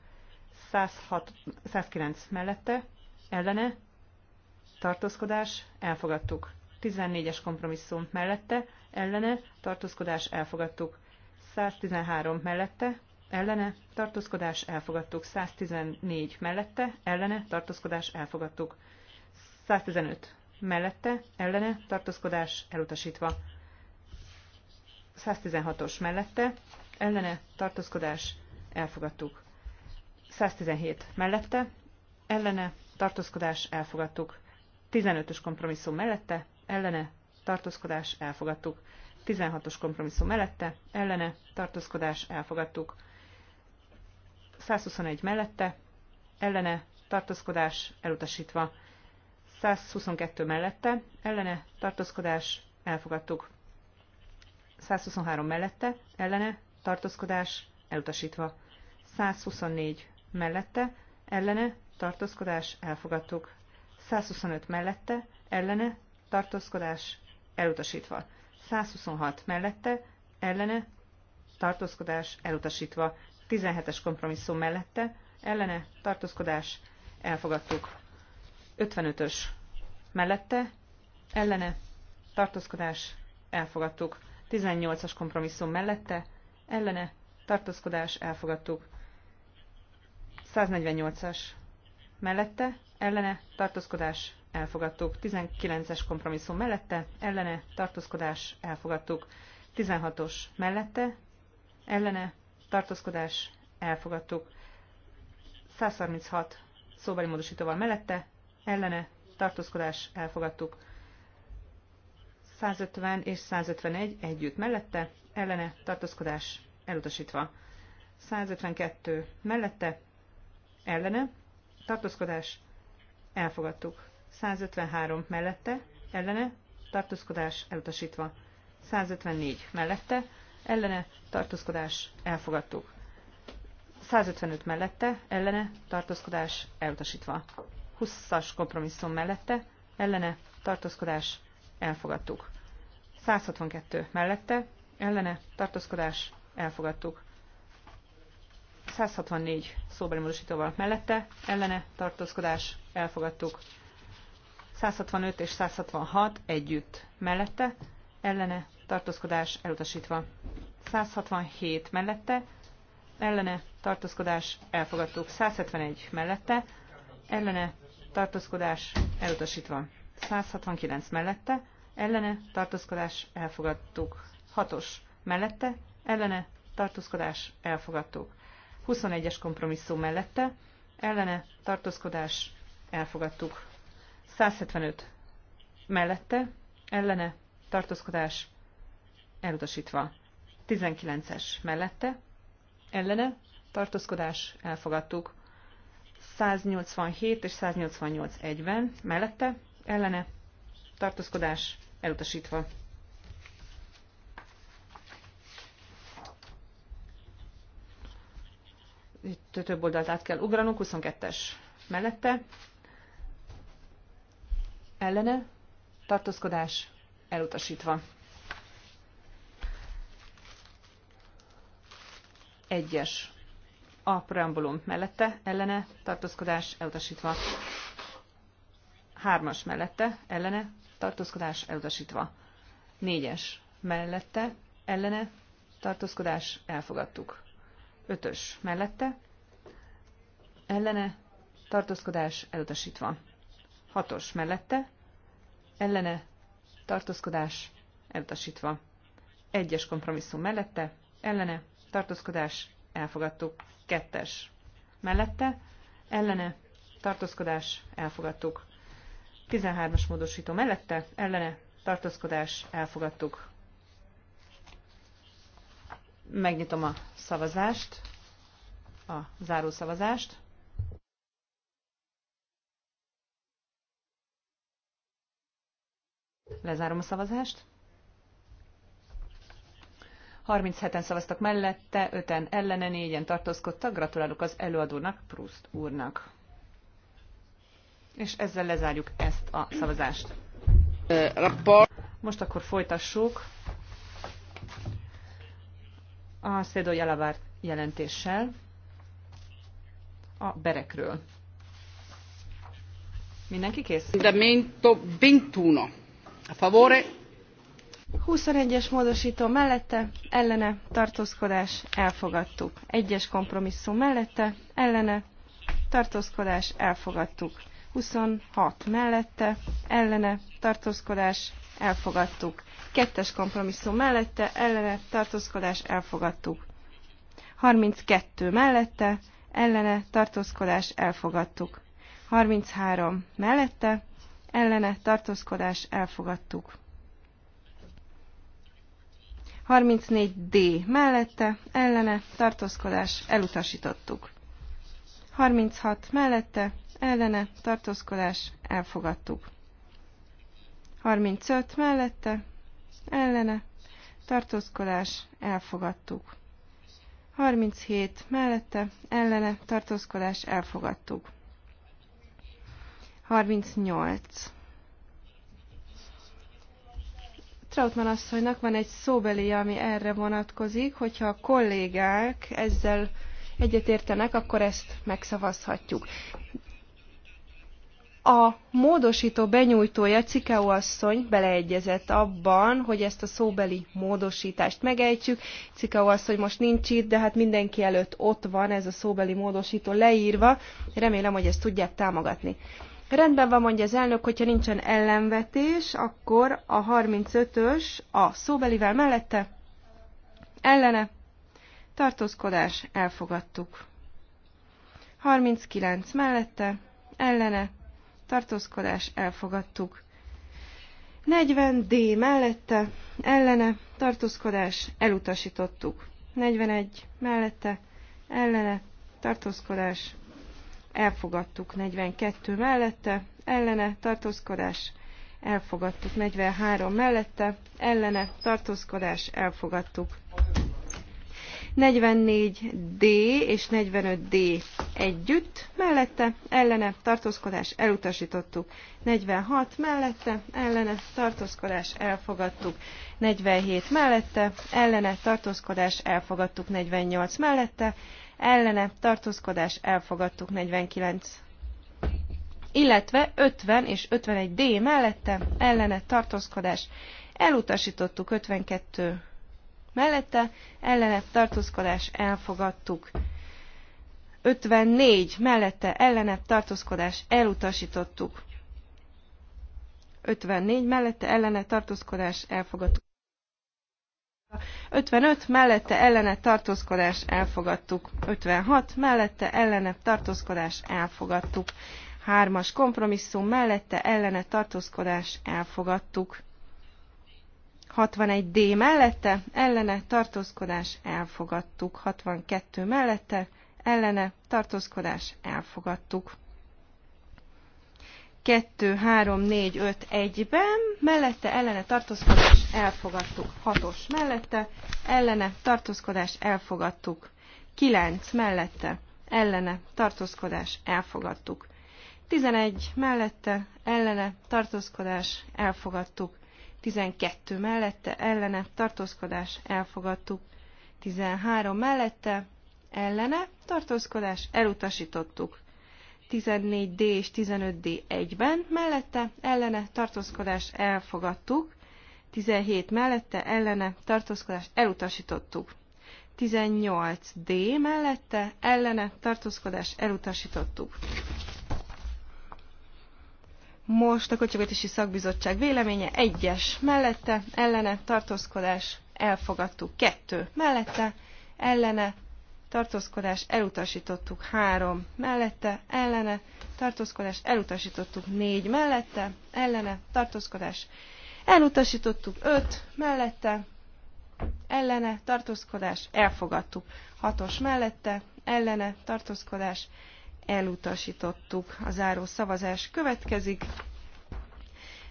106, 109 mellette, ellene, tartózkodás, elfogadtuk. 14-es kompromisszum mellette, ellene, tartózkodás elfogadtuk. 113 mellette, ellene, tartózkodás elfogadtuk. 114 mellette, ellene, tartózkodás elfogadtuk. 115 mellette, ellene, tartózkodás elutasítva. 116-os mellette, ellene, tartózkodás elfogadtuk. 117 mellette, ellene, tartózkodás elfogadtuk. 15-ös kompromisszum mellette, ellene tartózkodás elfogadtuk. 16-os kompromisszum mellette, ellene tartózkodás elfogadtuk. 121 mellette, ellene tartózkodás elutasítva. 122 mellette, ellene tartózkodás elfogadtuk. 123 mellette, ellene tartózkodás elutasítva. 124 mellette, ellene tartózkodás elfogadtuk. 125 mellette, ellene tartózkodás elutasítva. 126 mellette, ellene, tartózkodás elutasítva. 17-es kompromisszum mellette, ellene, tartózkodás, elfogadtuk. 55-ös mellette, ellene, tartózkodás, elfogadtuk. 18-as kompromisszum mellette, ellene, tartózkodás, elfogadtuk. 148-as mellette, ellene, tartózkodás, elfogadtuk. 19-es kompromisszum mellette, ellene, tartózkodás, elfogadtuk. 16-os mellette, ellene, tartózkodás, elfogadtuk. 136 szóbeli módosítóval mellette, ellene, tartózkodás, elfogadtuk. 150 és 151 együtt mellette, ellene, tartózkodás, elutasítva. 152 mellette, ellene, tartózkodás, elfogadtuk. 153 mellette, ellene, tartózkodás elutasítva. 154 mellette, ellene, tartózkodás elfogadtuk. 155 mellette, ellene, tartózkodás elutasítva. 20-as kompromisszum mellette, ellene, tartózkodás elfogadtuk. 162 mellette, ellene, tartózkodás elfogadtuk. 164 szóbeli módosítóval mellette, ellene, tartózkodás elfogadtuk. 165 és 166 együtt mellette, ellene tartózkodás elutasítva. 167 mellette, ellene tartózkodás elfogadtuk. 171 mellette, ellene tartózkodás elutasítva. 169 mellette, ellene tartózkodás elfogadtuk. 6-os mellette, ellene tartózkodás elfogadtuk. 21-es kompromisszum mellette, ellene tartózkodás elfogadtuk. 175 mellette, ellene, tartózkodás, elutasítva. 19-es mellette, ellene, tartózkodás, elfogadtuk. 187 és 188 egyben, mellette, ellene, tartózkodás, elutasítva. Itt több oldalt át kell ugranunk, 22-es mellette, ellene, tartózkodás elutasítva. Egyes. A preambulum mellette, ellene, tartózkodás elutasítva. Hármas mellette, ellene, tartózkodás elutasítva. Négyes mellette, ellene, tartózkodás elfogadtuk. Ötös mellette, ellene, tartózkodás elutasítva. Hatos mellette, ellene, tartózkodás, elutasítva. Egyes kompromisszum mellette, ellene, tartózkodás, elfogadtuk. Kettes mellette, ellene, tartózkodás, elfogadtuk. 13-as módosító mellette, ellene, tartózkodás, elfogadtuk. Megnyitom a szavazást, a zárószavazást. Lezárom a szavazást. 37-en szavaztak mellette, 5-en ellene, 4-en tartózkodtak. Gratulálok az előadónak, Proust úrnak. És ezzel lezárjuk ezt a szavazást. Most akkor folytassuk a Szédó Jalavár jelentéssel a berekről. Mindenki kész? Mindamento 21 a favore. 21-es módosító mellette, ellene, tartózkodás, elfogadtuk. Egyes kompromisszum mellette, ellene, tartózkodás, elfogadtuk. 26 mellette, ellene, tartózkodás, elfogadtuk. Kettes kompromisszum mellette, ellene, tartózkodás, elfogadtuk. 32 mellette, ellene, tartózkodás, elfogadtuk. 33 mellette, ellene tartózkodás elfogadtuk. 34D mellette, ellene, tartózkodás, elutasítottuk. 36 mellette, ellene, tartózkodás, elfogadtuk. 35 mellette, ellene, tartózkodás, elfogadtuk. 37 mellette, ellene, tartózkodás, elfogadtuk. 38. Trautmann asszonynak van egy szóbeli, ami erre vonatkozik, hogyha a kollégák ezzel egyetértenek, akkor ezt megszavazhatjuk. A módosító benyújtója, Cikeó asszony beleegyezett abban, hogy ezt a szóbeli módosítást megejtsük. Cikeó asszony most nincs itt, de hát mindenki előtt ott van ez a szóbeli módosító leírva. Remélem, hogy ezt tudják támogatni. Rendben van, mondja az elnök, hogyha nincsen ellenvetés, akkor a 35-ös a szóbelivel mellette ellene tartózkodás elfogadtuk. 39 mellette ellene tartózkodás elfogadtuk. 40 D mellette ellene tartózkodás elutasítottuk. 41 mellette ellene tartózkodás elfogadtuk 42 mellette, ellene tartózkodás, elfogadtuk 43 mellette, ellene tartózkodás, elfogadtuk. 44D és 45D együtt, mellette, ellene, tartózkodás, elutasítottuk. 46 mellette, ellene, tartózkodás, elfogadtuk. 47 mellette, ellene, tartózkodás, elfogadtuk. 48 mellette, ellene tartózkodás elfogadtuk 49 illetve 50 és 51D mellette ellene tartózkodás elutasítottuk 52 mellette ellene tartózkodás elfogadtuk 54 mellette ellene tartózkodás elutasítottuk 54 mellette ellene tartózkodás elfogadtuk 55 mellette ellene tartózkodás elfogadtuk. 56 mellette ellene tartózkodás elfogadtuk. 3-as kompromisszum mellette ellene tartózkodás elfogadtuk. 61D mellette ellene tartózkodás elfogadtuk. 62 mellette ellene tartózkodás elfogadtuk. 2, 3, 4, 5, 1-ben, mellette ellene tartózkodás elfogadtuk, 6-os mellette, ellene tartózkodás elfogadtuk, 9 mellette, ellene tartózkodás elfogadtuk, 11 mellette, ellene tartózkodás elfogadtuk, 12 mellette, ellene tartózkodás elfogadtuk, 13 mellette, ellene tartózkodás elutasítottuk, 14D és 15D egyben, mellette ellene tartózkodás elfogadtuk, 17 mellette ellene tartózkodás elutasítottuk. 18D mellette ellene tartózkodás elutasítottuk. Most a Költségvetési Szakbizottság véleménye egyes mellette ellene tartózkodás elfogadtuk. Kettő mellette ellene tartózkodás elutasítottuk három mellette, ellene, tartózkodás elutasítottuk négy mellette, ellene, tartózkodás elutasítottuk öt mellette, ellene, tartózkodás elfogadtuk hatos mellette, ellene, tartózkodás elutasítottuk. A záró szavazás következik,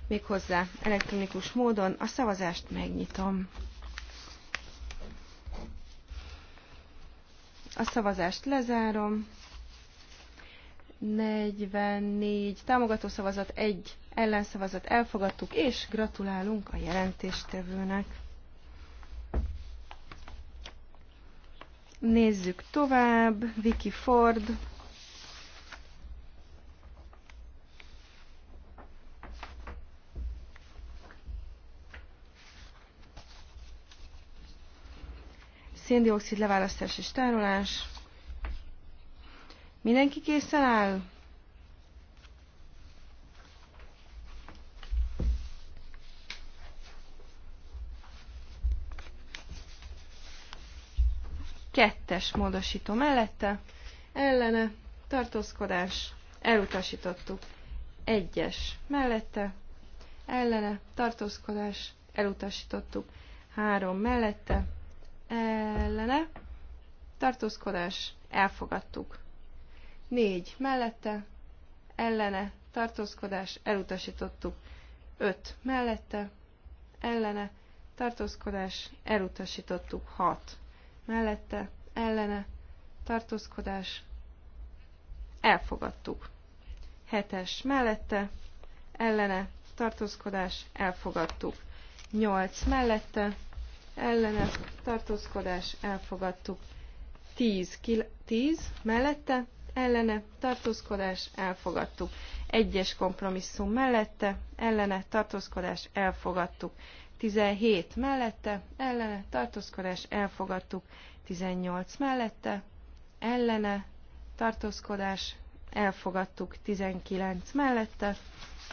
méghozzá elektronikus módon a szavazást megnyitom. A szavazást lezárom. 44 támogató szavazat, 1 ellenszavazat elfogadtuk, és gratulálunk a jelentéstevőnek. Nézzük tovább. Vicky Ford. széndiokszid leválasztás és tárolás. Mindenki készen áll? Kettes módosító mellette, ellene, tartózkodás, elutasítottuk. Egyes mellette, ellene, tartózkodás, elutasítottuk. Három mellette, ellene, tartózkodás, elfogadtuk. 4 mellette, ellene, tartózkodás, elutasítottuk. 5 mellette, ellene, tartózkodás, elutasítottuk. 6 mellette, ellene, tartózkodás, elfogadtuk. 7 mellette, ellene, tartózkodás, elfogadtuk. 8 mellette, ellenes tartózkodás elfogadtuk. 10, 10 mellette ellene tartózkodás elfogadtuk. Egyes kompromisszum mellette ellene tartózkodás elfogadtuk. 17 mellette ellene tartózkodás elfogadtuk. 18 mellette ellene tartózkodás elfogadtuk. 19 mellette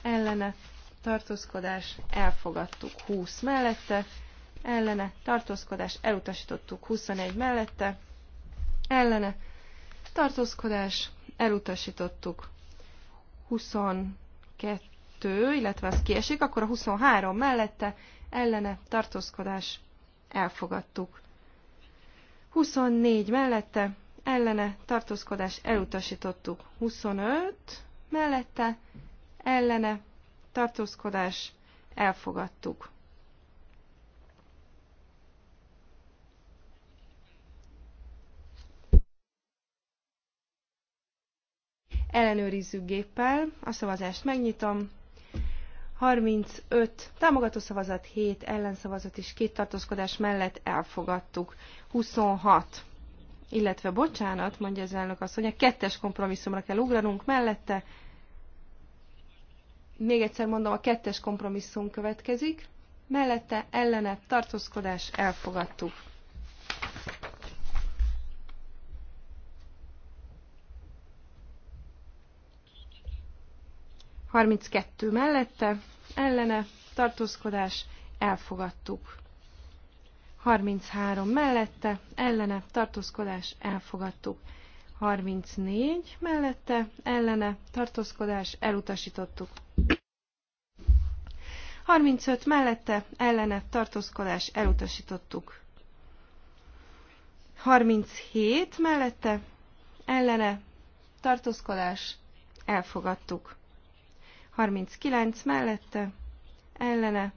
ellene tartózkodás elfogadtuk. 20 mellette ellene, tartózkodás, elutasítottuk 21 mellette, ellene, tartózkodás, elutasítottuk 22, illetve az kiesik, akkor a 23 mellette, ellene, tartózkodás, elfogadtuk. 24 mellette, ellene, tartózkodás, elutasítottuk 25 mellette, ellene, tartózkodás, elfogadtuk. Ellenőrizzük géppel. A szavazást megnyitom. 35 támogató szavazat, 7 ellenszavazat és két tartózkodás mellett elfogadtuk. 26. Illetve bocsánat, mondja az elnök hogy a kettes kompromisszumra kell ugranunk mellette. Még egyszer mondom, a kettes kompromisszum következik. Mellette ellene tartózkodás elfogadtuk. 32 mellette, ellene, tartózkodás, elfogadtuk. 33 mellette, ellene, tartózkodás, elfogadtuk. 34 mellette, ellene, tartózkodás, elutasítottuk. 35 mellette, ellene, tartózkodás, elutasítottuk. 37 mellette, ellene, tartózkodás, elfogadtuk. 39 mellette, ellene,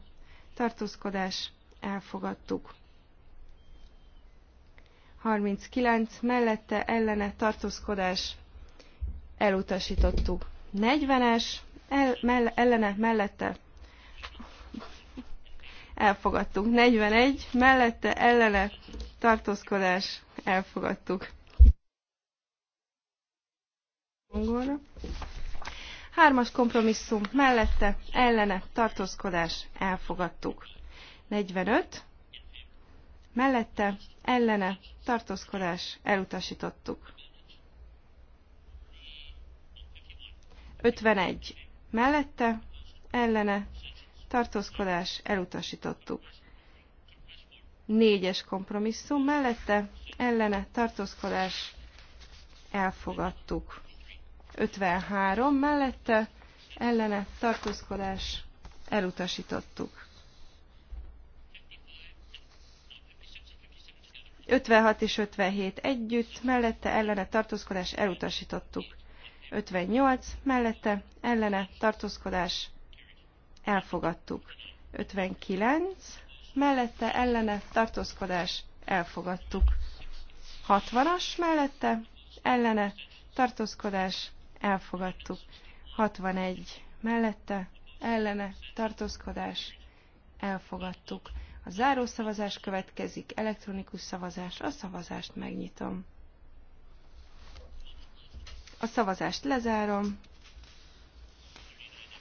tartózkodás, elfogadtuk. 39 mellette, ellene, tartózkodás, elutasítottuk. 40-es, el, mell, ellene, mellette, elfogadtuk. 41 mellette, ellene, tartózkodás, elfogadtuk. Angolra. Hármas kompromisszum mellette, ellene, tartózkodás, elfogadtuk. 45. Mellette, ellene, tartózkodás, elutasítottuk. 51. Mellette, ellene, tartózkodás, elutasítottuk. Négyes kompromisszum mellette, ellene, tartózkodás, elfogadtuk. 53 mellette ellene tartózkodás elutasítottuk. 56 és 57 együtt, mellette ellene tartózkodás elutasítottuk. 58 mellette ellene tartózkodás elfogadtuk. 59 mellette ellene tartózkodás elfogadtuk. 60-as mellette ellene tartózkodás elfogadtuk. 61 mellette, ellene, tartózkodás, elfogadtuk. A zárószavazás következik, elektronikus szavazás, a szavazást megnyitom. A szavazást lezárom.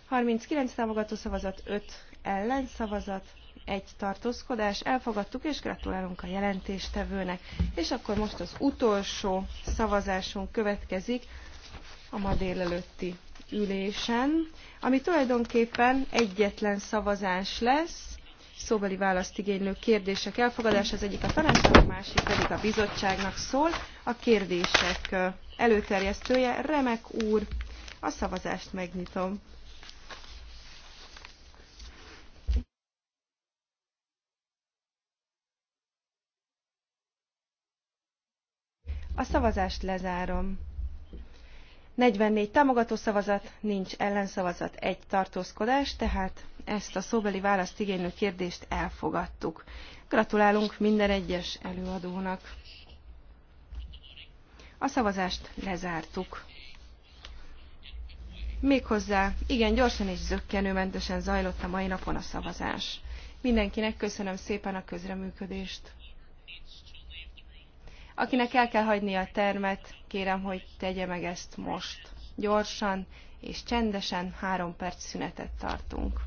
39 támogató szavazat, 5 ellen szavazat, egy tartózkodás, elfogadtuk, és gratulálunk a jelentéstevőnek. És akkor most az utolsó szavazásunk következik, a ma délelőtti ülésen, ami tulajdonképpen egyetlen szavazás lesz, szóbeli választ igénylő kérdések elfogadása, az egyik a tanácsnak, a másik pedig a bizottságnak szól. A kérdések előterjesztője, Remek úr, a szavazást megnyitom. A szavazást lezárom. 44 támogató szavazat, nincs ellenszavazat, egy tartózkodás, tehát ezt a szóbeli választ igénylő kérdést elfogadtuk. Gratulálunk minden egyes előadónak. A szavazást lezártuk. Méghozzá igen gyorsan és zöggenőmentesen zajlott a mai napon a szavazás. Mindenkinek köszönöm szépen a közreműködést. Akinek el kell hagyni a termet, kérem, hogy tegye meg ezt most. Gyorsan és csendesen három perc szünetet tartunk.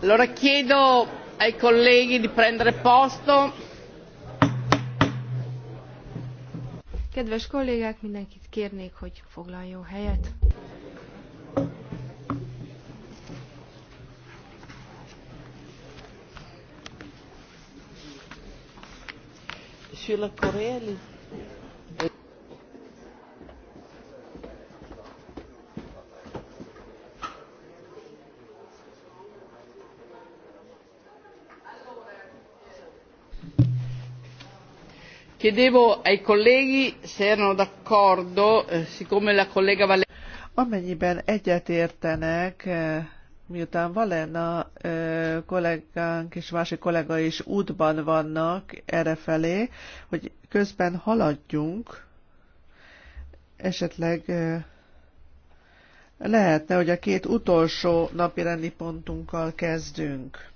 Allora chiedo ai colleghi di prendere posto. Kedves kollégák, mindenkit kérnék, hogy foglaljon helyet. Sur la Corée, Chiedevo ai colleghi se erano d'accordo, eh, siccome la collega Amennyiben egyetértenek, eh, miután Valena eh, kollégánk és másik kollega is útban vannak errefelé, hogy közben haladjunk, esetleg lehetne, hogy a két utolsó napi rendi pontunkkal kezdünk.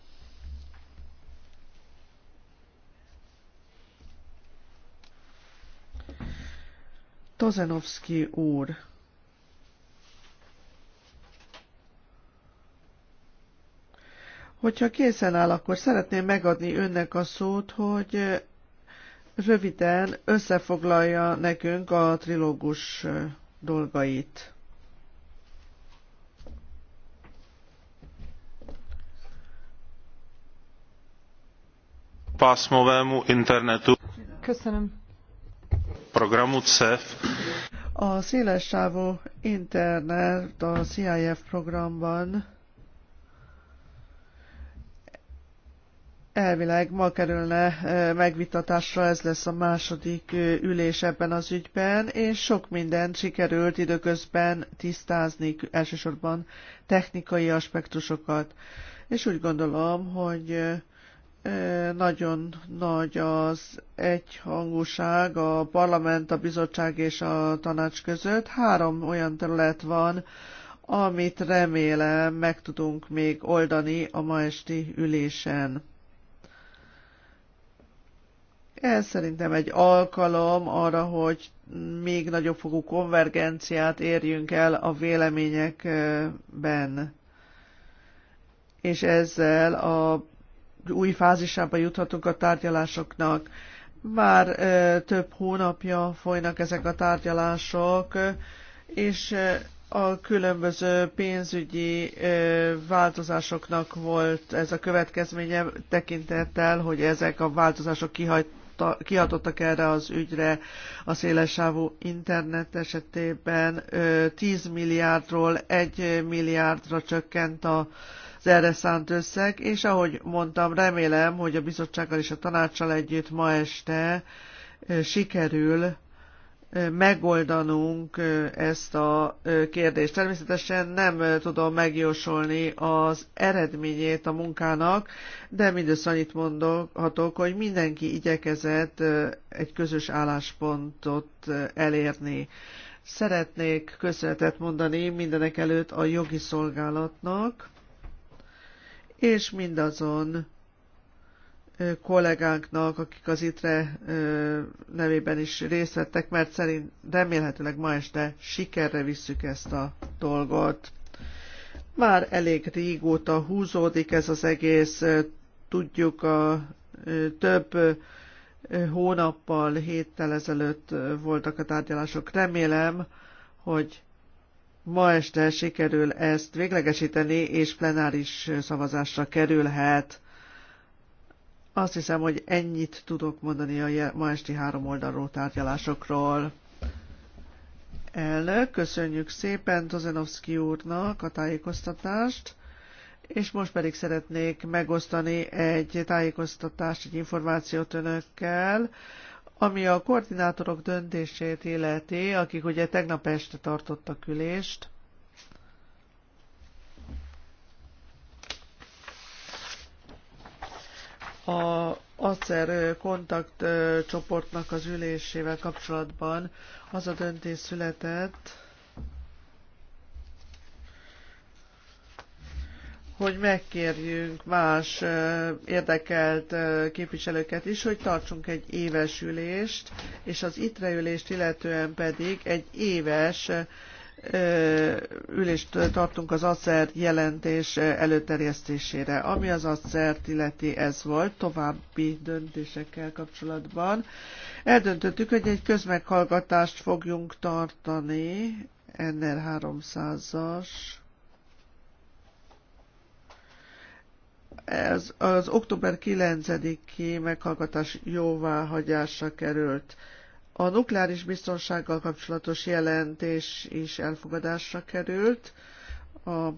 Tozenovski úr. Hogyha készen áll, akkor szeretném megadni önnek a szót, hogy röviden összefoglalja nekünk a trilógus dolgait. Pásmovému internetu. Köszönöm. Programu CEF. A szélessávú internet a CIF programban elvileg ma kerülne e, megvitatásra, ez lesz a második e, ülés ebben az ügyben, és sok mindent sikerült időközben tisztázni, elsősorban technikai aspektusokat. És úgy gondolom, hogy e, nagyon nagy az egyhangúság a parlament, a bizottság és a tanács között. Három olyan terület van, amit remélem meg tudunk még oldani a ma esti ülésen. Ez szerintem egy alkalom arra, hogy még nagyobb fogú konvergenciát érjünk el a véleményekben. És ezzel a új fázisába juthatunk a tárgyalásoknak. Már több hónapja folynak ezek a tárgyalások, és a különböző pénzügyi változásoknak volt ez a következménye tekintettel, hogy ezek a változások kihajta, kihatottak erre az ügyre a szélesávú internet esetében. 10 milliárdról 1 milliárdra csökkent a az erre szánt összeg, és ahogy mondtam, remélem, hogy a bizottsággal és a tanácssal együtt ma este sikerül megoldanunk ezt a kérdést. Természetesen nem tudom megjósolni az eredményét a munkának, de mindössze annyit mondhatok, hogy mindenki igyekezett egy közös álláspontot elérni. Szeretnék köszönetet mondani mindenek előtt a jogi szolgálatnak, és mindazon kollégánknak, akik az ITRE nevében is részt vettek, mert szerint remélhetőleg ma este sikerre visszük ezt a dolgot. Már elég régóta húzódik ez az egész, tudjuk a több hónappal, héttel ezelőtt voltak a tárgyalások. Remélem, hogy Ma este sikerül ezt véglegesíteni, és plenáris szavazásra kerülhet. Azt hiszem, hogy ennyit tudok mondani a ma esti három oldalról tárgyalásokról. Elnök, köszönjük szépen Tozenovszki úrnak a tájékoztatást, és most pedig szeretnék megosztani egy tájékoztatást, egy információt önökkel. Ami a koordinátorok döntését illeti, akik ugye tegnap este tartottak ülést, a ACER kontaktcsoportnak az ülésével kapcsolatban az a döntés született, hogy megkérjünk más érdekelt képviselőket is, hogy tartsunk egy éves ülést, és az ITRE ülést illetően pedig egy éves ülést tartunk az ACER jelentés előterjesztésére. Ami az acer illeti, ez volt további döntésekkel kapcsolatban. Eldöntöttük, hogy egy közmeghallgatást fogjunk tartani, NR 300-as Ez az október 9-i meghallgatás jóváhagyásra került. A nukleáris biztonsággal kapcsolatos jelentés is elfogadásra került, a,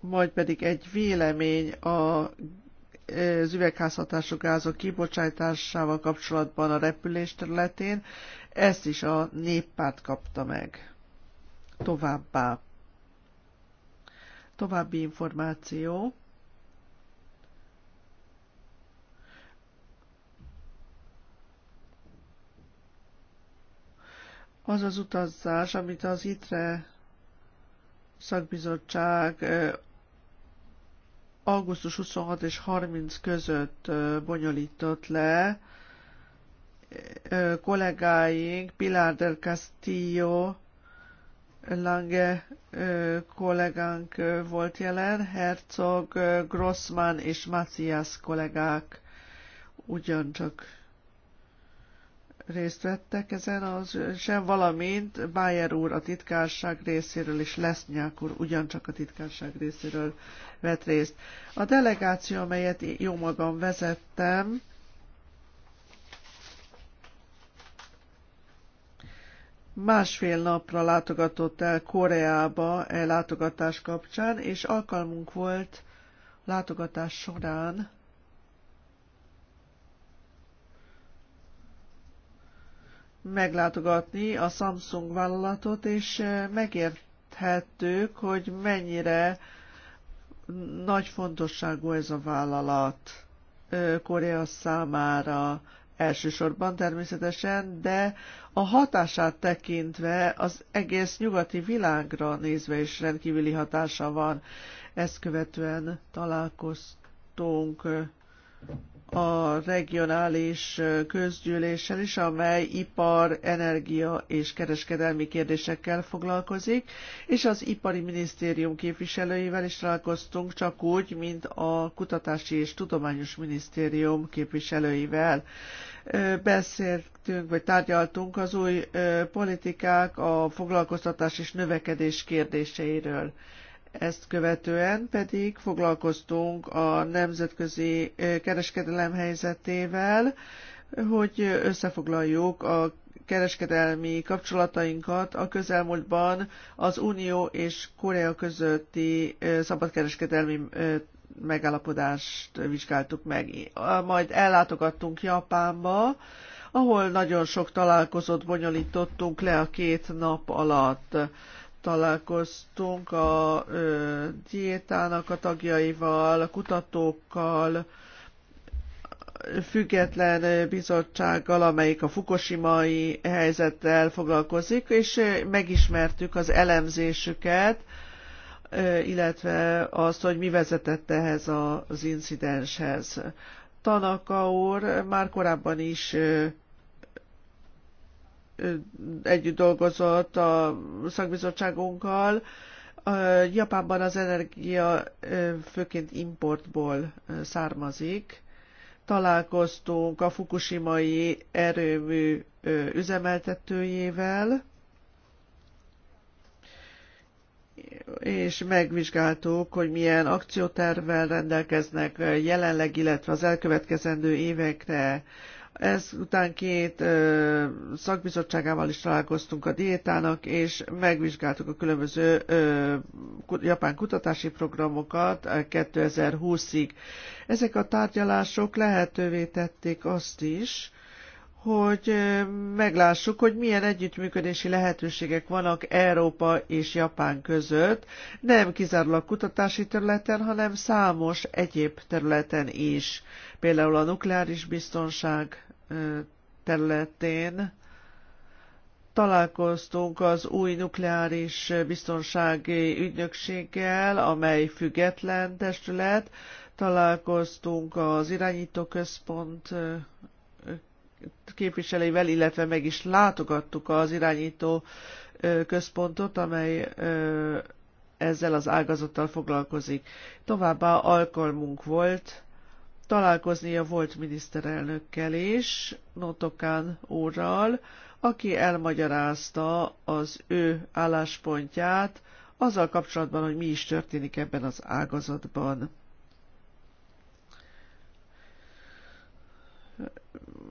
majd pedig egy vélemény a az üvegházhatású gázok kibocsátásával kapcsolatban a repülés területén, ezt is a néppárt kapta meg. Továbbá. További információ. az az utazás, amit az ITRE szakbizottság augusztus 26 és 30 között bonyolított le, kollégáink Pilar del Castillo Lange kollégánk volt jelen, Herzog, Grossman és Macias kollégák ugyancsak részt vettek ezen, az sem valamint Bájer úr a titkárság részéről és Lesznyák úr ugyancsak a titkárság részéről vett részt. A delegáció, amelyet jó magam vezettem, másfél napra látogatott el Koreába e látogatás kapcsán, és alkalmunk volt látogatás során meglátogatni a Samsung vállalatot, és eh, megérthettük, hogy mennyire nagy fontosságú ez a vállalat Korea számára elsősorban természetesen, de a hatását tekintve az egész nyugati világra nézve is rendkívüli hatása van. Ezt követően találkoztunk a regionális közgyűléssel is, amely ipar, energia és kereskedelmi kérdésekkel foglalkozik, és az ipari minisztérium képviselőivel is találkoztunk, csak úgy, mint a kutatási és tudományos minisztérium képviselőivel. Beszéltünk, vagy tárgyaltunk az új politikák a foglalkoztatás és növekedés kérdéseiről. Ezt követően pedig foglalkoztunk a nemzetközi kereskedelem helyzetével, hogy összefoglaljuk a kereskedelmi kapcsolatainkat a közelmúltban az Unió és Korea közötti szabadkereskedelmi megállapodást vizsgáltuk meg. Majd ellátogattunk Japánba, ahol nagyon sok találkozót bonyolítottunk le a két nap alatt találkoztunk a ö, diétának a tagjaival, a kutatókkal, független bizottsággal, amelyik a fukosimai helyzettel foglalkozik, és megismertük az elemzésüket, illetve azt, hogy mi vezetett ehhez az incidenshez. Tanaka úr már korábban is együtt dolgozott a szakbizottságunkkal. Japánban az energia főként importból származik. Találkoztunk a fukushimai erőmű üzemeltetőjével, és megvizsgáltuk, hogy milyen akciótervvel rendelkeznek jelenleg, illetve az elkövetkezendő évekre ez két ö, szakbizottságával is találkoztunk a diétának, és megvizsgáltuk a különböző ö, japán kutatási programokat 2020-ig. Ezek a tárgyalások lehetővé tették azt is, hogy meglássuk, hogy milyen együttműködési lehetőségek vannak Európa és Japán között, nem kizárólag kutatási területen, hanem számos egyéb területen is, például a nukleáris biztonság területén találkoztunk az új nukleáris biztonsági ügynökséggel, amely független testület, találkoztunk az irányító központ képviselőivel, illetve meg is látogattuk az irányító központot, amely ezzel az ágazattal foglalkozik. Továbbá alkalmunk volt találkoznia volt miniszterelnökkel is, Notokán úrral, aki elmagyarázta az ő álláspontját azzal kapcsolatban, hogy mi is történik ebben az ágazatban.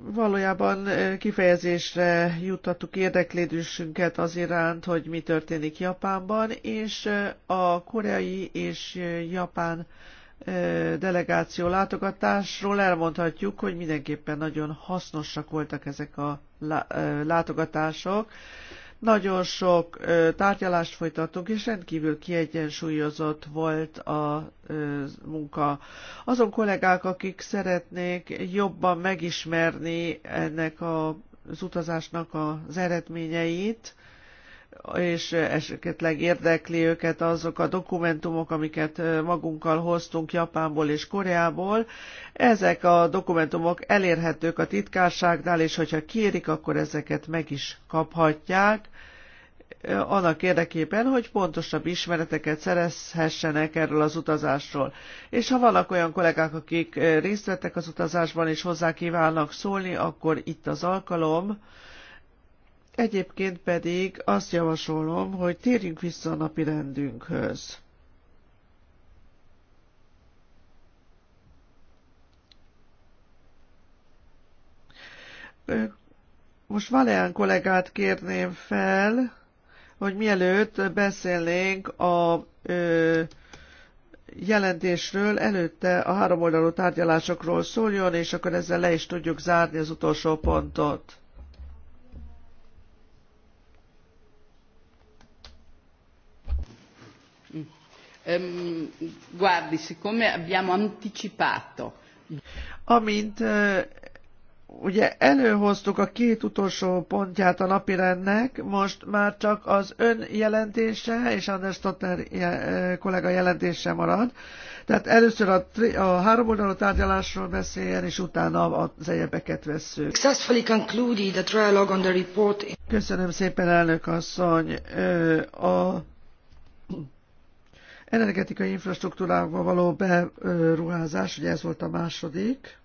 valójában eh, kifejezésre juttattuk érdeklődésünket az iránt, hogy mi történik Japánban, és eh, a koreai és eh, japán delegáció látogatásról elmondhatjuk, hogy mindenképpen nagyon hasznosak voltak ezek a látogatások. Nagyon sok tárgyalást folytattunk, és rendkívül kiegyensúlyozott volt a munka. Azon kollégák, akik szeretnék jobban megismerni ennek a, az utazásnak az eredményeit, és esetleg érdekli őket azok a dokumentumok, amiket magunkkal hoztunk Japánból és Koreából. Ezek a dokumentumok elérhetők a titkárságnál, és hogyha kérik, akkor ezeket meg is kaphatják annak érdekében, hogy pontosabb ismereteket szerezhessenek erről az utazásról. És ha vannak olyan kollégák, akik részt vettek az utazásban és hozzá kívánnak szólni, akkor itt az alkalom, Egyébként pedig azt javasolom, hogy térjünk vissza a napi rendünkhöz. Most Valéán kollégát kérném fel, hogy mielőtt beszélnénk a ö, jelentésről előtte a háromoldalú tárgyalásokról szóljon, és akkor ezzel le is tudjuk zárni az utolsó pontot. Ehm, guardi, siccome abbiamo anticipato. Amint eh, ugye előhoztuk a két utolsó pontját a napirendnek, most már csak az ön jelentése és Anders je, eh, kollega jelentése marad. Tehát először a, tri, a három oldalú tárgyalásról beszéljen, és utána az egyebeket vesszük. Köszönöm szépen, elnök asszony. A Energetikai infrastruktúrákba való beruházás, ugye ez volt a második,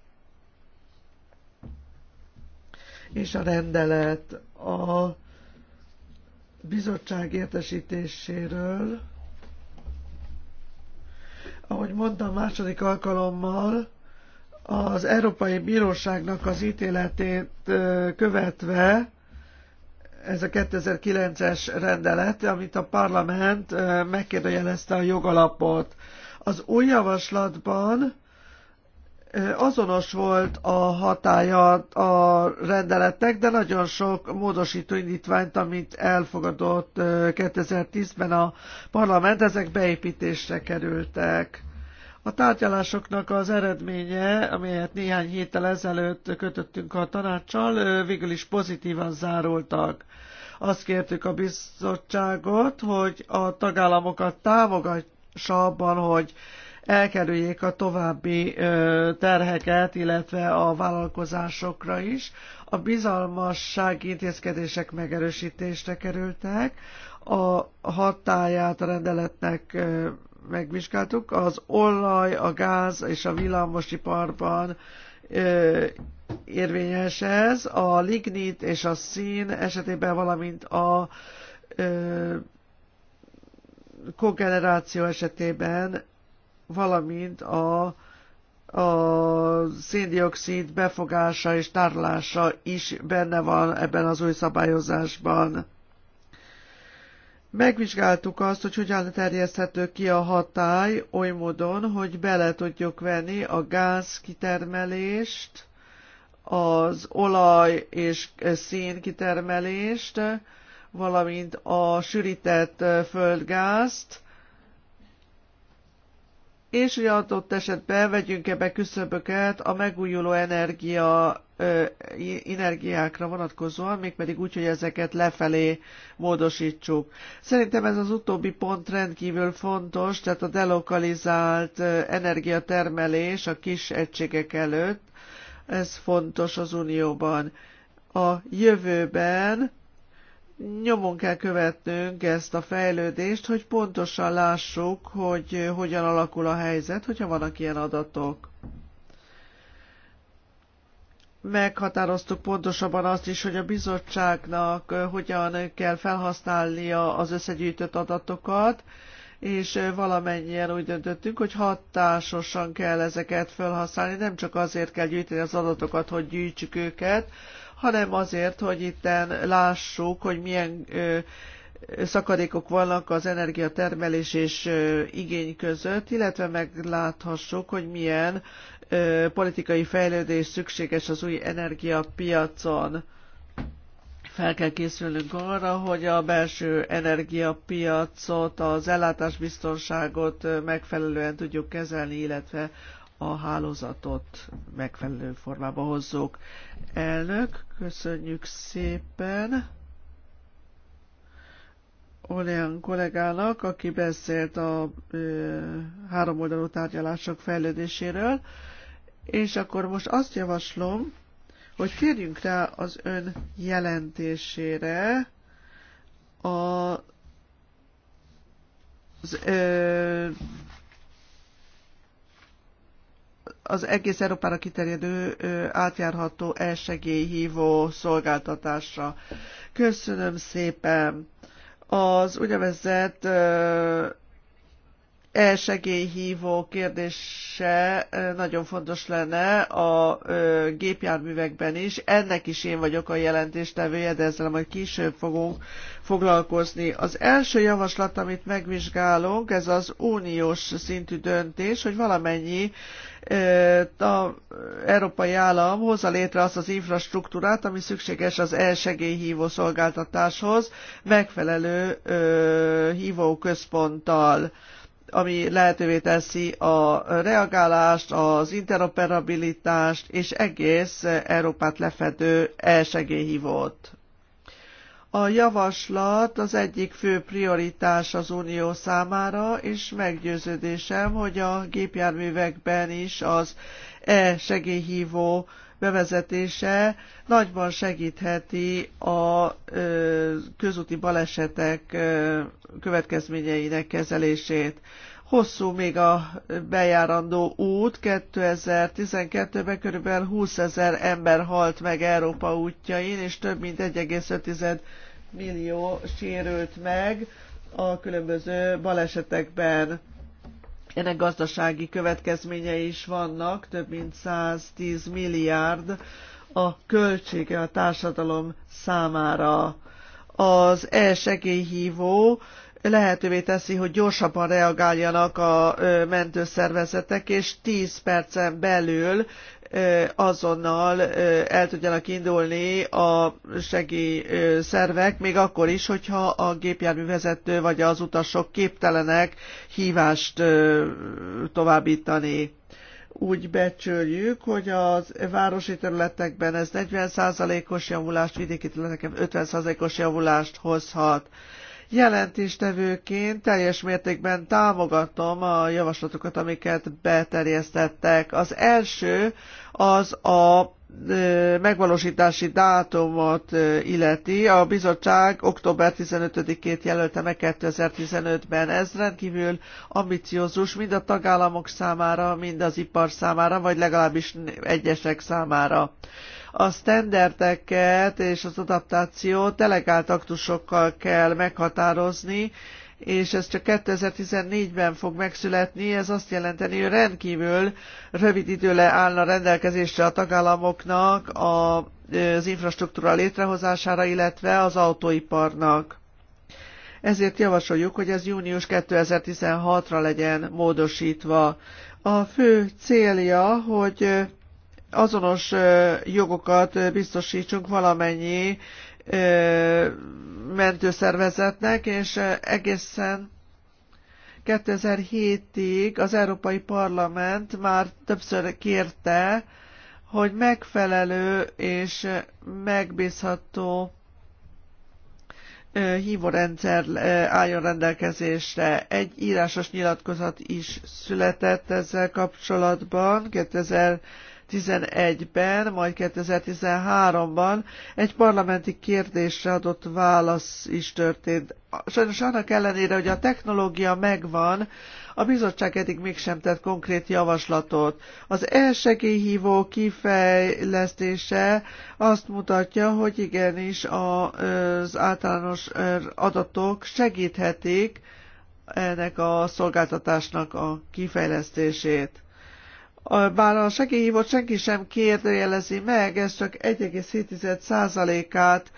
és a rendelet a bizottság értesítéséről, ahogy mondtam, második alkalommal az Európai Bíróságnak az ítéletét követve ez a 2009-es rendelet, amit a parlament megkérdőjelezte a jogalapot. Az új javaslatban azonos volt a hatája a rendeletnek, de nagyon sok módosító indítványt, amit elfogadott 2010-ben a parlament, ezek beépítésre kerültek. A tárgyalásoknak az eredménye, amelyet néhány héttel ezelőtt kötöttünk a tanácssal, végül is pozitívan zárultak. Azt kértük a bizottságot, hogy a tagállamokat támogassa abban, hogy elkerüljék a további terheket, illetve a vállalkozásokra is. A bizalmassági intézkedések megerősítésre kerültek, a hatáját a rendeletnek megvizsgáltuk, az olaj, a gáz és a villamosiparban érvényes ez, a lignit és a szín esetében, valamint a ö, kogeneráció esetében, valamint a, a széndiokszid befogása és tárolása is benne van ebben az új szabályozásban. Megvizsgáltuk azt, hogy hogyan terjeszthető ki a hatály oly módon, hogy bele tudjuk venni a gáz kitermelést, az olaj és szén kitermelést, valamint a sűrített földgázt, és hogy adott esetben vegyünk ebbe küszöböket a megújuló energia ö, energiákra vonatkozóan, mégpedig úgy, hogy ezeket lefelé módosítsuk. Szerintem ez az utóbbi pont rendkívül fontos, tehát a delokalizált energiatermelés a kis egységek előtt, ez fontos az Unióban. A jövőben nyomon kell követnünk ezt a fejlődést, hogy pontosan lássuk, hogy hogyan alakul a helyzet, hogyha vannak ilyen adatok. Meghatároztuk pontosabban azt is, hogy a bizottságnak eh, hogyan kell felhasználnia az összegyűjtött adatokat, és eh, valamennyien úgy döntöttünk, hogy hatásosan kell ezeket felhasználni, nem csak azért kell gyűjteni az adatokat, hogy gyűjtsük őket, hanem azért, hogy itten lássuk, hogy milyen szakadékok vannak az energiatermelés és igény között, illetve megláthassuk, hogy milyen politikai fejlődés szükséges az új energiapiacon. Fel kell készülnünk arra, hogy a belső energiapiacot, az ellátásbiztonságot megfelelően tudjuk kezelni, illetve a hálózatot megfelelő formába hozzuk. Elnök, köszönjük szépen olyan kollégának, aki beszélt a ö, háromoldalú tárgyalások fejlődéséről, és akkor most azt javaslom, hogy térjünk rá az ön jelentésére a az, ö, az egész Európára kiterjedő átjárható elsegélyhívó szolgáltatásra. Köszönöm szépen! Az úgynevezett e-segélyhívó kérdése e, nagyon fontos lenne a e, gépjárművekben is. Ennek is én vagyok a jelentéstevője, de ezzel majd később fogunk foglalkozni. Az első javaslat, amit megvizsgálunk, ez az uniós szintű döntés, hogy valamennyi e, a európai állam hozza létre azt az infrastruktúrát, ami szükséges az elsegélyhívó szolgáltatáshoz, megfelelő hívóközponttal ami lehetővé teszi a reagálást, az interoperabilitást és egész Európát lefedő elsegélyhívót. A javaslat az egyik fő prioritás az Unió számára, és meggyőződésem, hogy a gépjárművekben is az e-segélyhívó bevezetése nagyban segítheti a közúti balesetek következményeinek kezelését. Hosszú még a bejárandó út, 2012-ben körülbelül 20 ezer ember halt meg Európa útjain, és több mint 1,5 millió sérült meg a különböző balesetekben ennek gazdasági következményei is vannak, több mint 110 milliárd a költsége a társadalom számára. Az e-segélyhívó lehetővé teszi, hogy gyorsabban reagáljanak a mentőszervezetek, és 10 percen belül azonnal el tudjanak indulni a segélyszervek, még akkor is, hogyha a gépjárművezető vagy az utasok képtelenek hívást továbbítani úgy becsüljük, hogy a városi területekben ez 40%-os javulást, vidéki területeken 50%-os javulást hozhat. Jelentéstevőként teljes mértékben támogatom a javaslatokat, amiket beterjesztettek. Az első az a megvalósítási dátumot illeti. A bizottság október 15-ét jelölte meg 2015-ben. Ez rendkívül ambiciózus mind a tagállamok számára, mind az ipar számára, vagy legalábbis egyesek számára a standardeket és az adaptációt delegált aktusokkal kell meghatározni, és ez csak 2014-ben fog megszületni, ez azt jelenteni, hogy rendkívül rövid időre állna rendelkezésre a tagállamoknak az infrastruktúra létrehozására, illetve az autóiparnak. Ezért javasoljuk, hogy ez június 2016-ra legyen módosítva. A fő célja, hogy azonos jogokat biztosítsunk valamennyi mentőszervezetnek, és egészen 2007-ig az Európai Parlament már többször kérte, hogy megfelelő és megbízható hívórendszer álljon rendelkezésre. Egy írásos nyilatkozat is született ezzel kapcsolatban 2000 2011-ben, majd 2013-ban egy parlamenti kérdésre adott válasz is történt. Sajnos annak ellenére, hogy a technológia megvan, a bizottság eddig mégsem tett konkrét javaslatot. Az elsegélyhívó kifejlesztése azt mutatja, hogy igenis az általános adatok segíthetik ennek a szolgáltatásnak a kifejlesztését. Bár a segélyhívót senki sem kérdőjelezi meg, ez csak 1,7%-át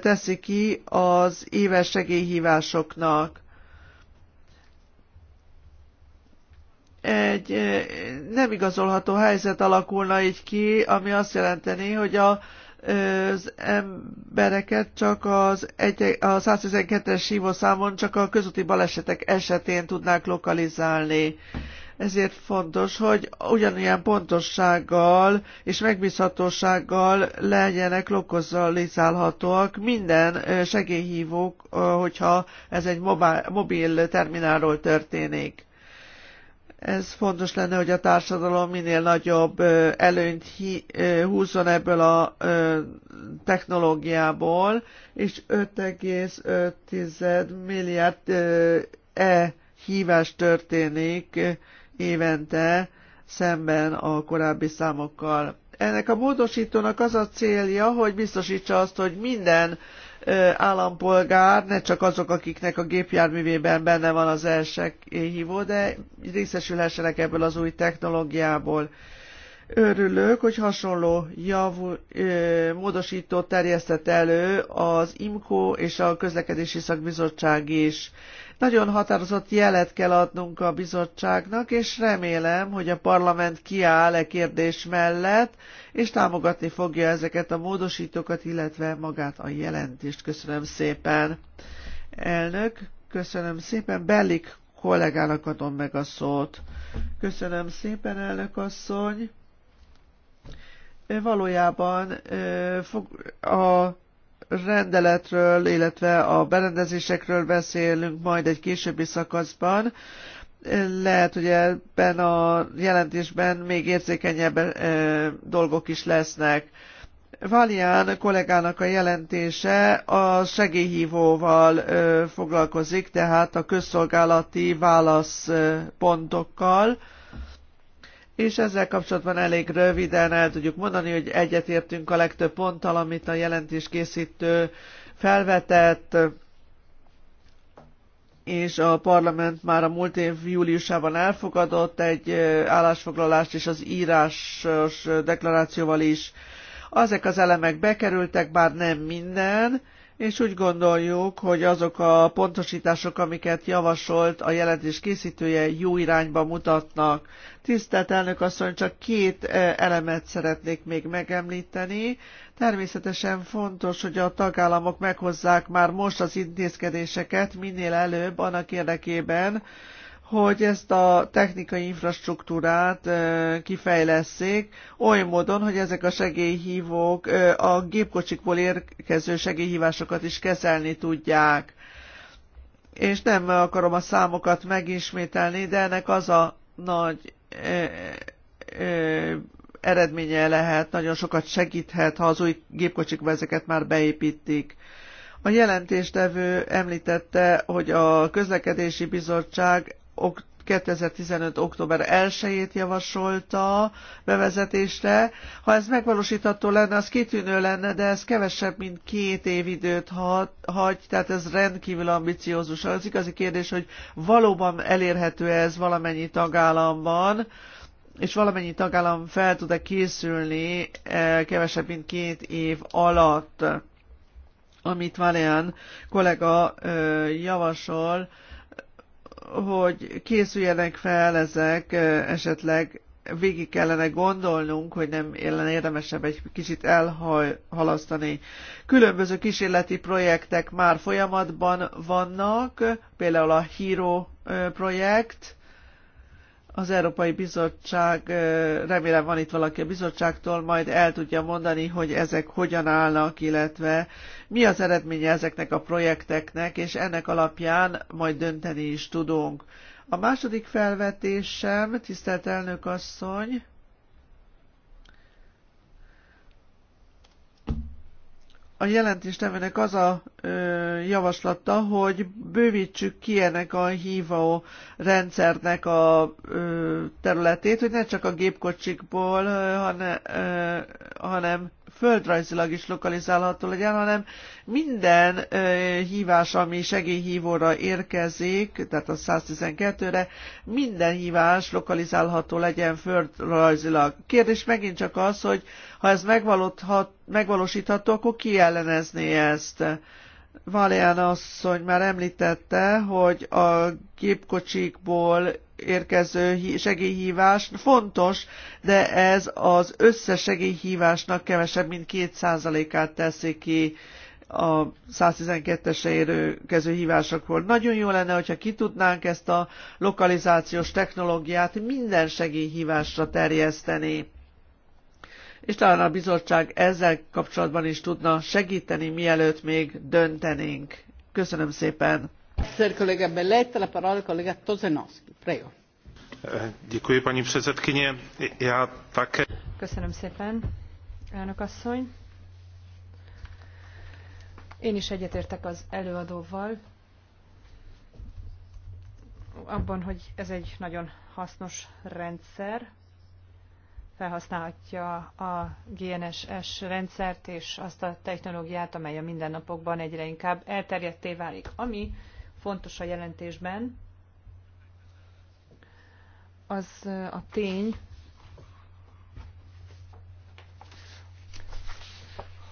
teszi ki az éves segélyhívásoknak. Egy nem igazolható helyzet alakulna így ki, ami azt jelenteni, hogy a az embereket csak az, egy, a 112-es hívószámon csak a közúti balesetek esetén tudnák lokalizálni. Ezért fontos, hogy ugyanilyen pontossággal és megbízhatósággal legyenek lokalizálhatóak minden segélyhívók, hogyha ez egy mobil terminálról történik ez fontos lenne, hogy a társadalom minél nagyobb előnyt húzzon ebből a technológiából, és 5,5 milliárd e-hívás történik évente szemben a korábbi számokkal. Ennek a módosítónak az a célja, hogy biztosítsa azt, hogy minden állampolgár, ne csak azok, akiknek a gépjárművében benne van az első hívó, de részesülhessenek ebből az új technológiából. Örülök, hogy hasonló javú, ö, módosító terjesztett elő az IMCO és a közlekedési szakbizottság is. Nagyon határozott jelet kell adnunk a bizottságnak, és remélem, hogy a parlament kiáll e kérdés mellett, és támogatni fogja ezeket a módosítókat, illetve magát a jelentést. Köszönöm szépen. Elnök, köszönöm szépen. Bellik kollégának adom meg a szót. Köszönöm szépen, elnök asszony. Valójában a rendeletről, illetve a berendezésekről beszélünk majd egy későbbi szakaszban. Lehet, hogy ebben a jelentésben még érzékenyebb dolgok is lesznek. Valián kollégának a jelentése a segélyhívóval foglalkozik, tehát a közszolgálati válaszpontokkal és ezzel kapcsolatban elég röviden el tudjuk mondani, hogy egyetértünk a legtöbb ponttal, amit a jelentés készítő felvetett, és a parlament már a múlt év júliusában elfogadott egy állásfoglalást és az írásos deklarációval is. Azek az elemek bekerültek, bár nem minden, és úgy gondoljuk, hogy azok a pontosítások, amiket javasolt a jelentés készítője, jó irányba mutatnak. Tisztelt elnök asszony, csak két e, elemet szeretnék még megemlíteni. Természetesen fontos, hogy a tagállamok meghozzák már most az intézkedéseket minél előbb annak érdekében, hogy ezt a technikai infrastruktúrát kifejleszék oly módon, hogy ezek a segélyhívók a gépkocsikból érkező segélyhívásokat is kezelni tudják. És nem akarom a számokat megismételni, de ennek az a nagy eredménye lehet, nagyon sokat segíthet, ha az új gépkocsikba ezeket már beépítik. A jelentéstevő említette, hogy a közlekedési bizottság 2015. október 1-ét javasolta bevezetésre. Ha ez megvalósítható lenne, az kitűnő lenne, de ez kevesebb, mint két év időt hagy, tehát ez rendkívül ambiciózus. Az igazi kérdés, hogy valóban elérhető ez valamennyi tagállamban, és valamennyi tagállam fel tud-e készülni eh, kevesebb, mint két év alatt, amit Valéan kollega eh, javasol, hogy készüljenek fel ezek, esetleg végig kellene gondolnunk, hogy nem lenne érdemesebb egy kicsit elhalasztani. Különböző kísérleti projektek már folyamatban vannak, például a Hero projekt, az Európai Bizottság, remélem van itt valaki a bizottságtól, majd el tudja mondani, hogy ezek hogyan állnak, illetve mi az eredménye ezeknek a projekteknek, és ennek alapján majd dönteni is tudunk. A második felvetésem, tisztelt elnök asszony, a jelentés nevének az a ö, javaslata, hogy bővítsük ki ennek a hívó rendszernek a ö, területét, hogy ne csak a gépkocsikból, ö, hanem, ö, hanem földrajzilag is lokalizálható legyen, hanem minden hívás, ami segélyhívóra érkezik, tehát a 112-re, minden hívás lokalizálható legyen földrajzilag. Kérdés megint csak az, hogy ha ez megvalósítható, akkor ki ellenezné ezt? Valéan asszony már említette, hogy a gépkocsikból érkező segélyhívás fontos, de ez az összes segélyhívásnak kevesebb, mint 2%-át teszi ki a 112-esre érkező hívásokból. Nagyon jó lenne, hogyha ki tudnánk ezt a lokalizációs technológiát minden segélyhívásra terjeszteni és talán a bizottság ezzel kapcsolatban is tudna segíteni, mielőtt még döntenénk. Köszönöm szépen. Eh, děkuji, paní předsedkyně. Já také. Köszönöm szépen, elnök asszony. Én is egyetértek az előadóval abban, hogy ez egy nagyon hasznos rendszer, felhasználhatja a GNSS rendszert és azt a technológiát, amely a mindennapokban egyre inkább elterjedté válik. Ami fontos a jelentésben, az a tény,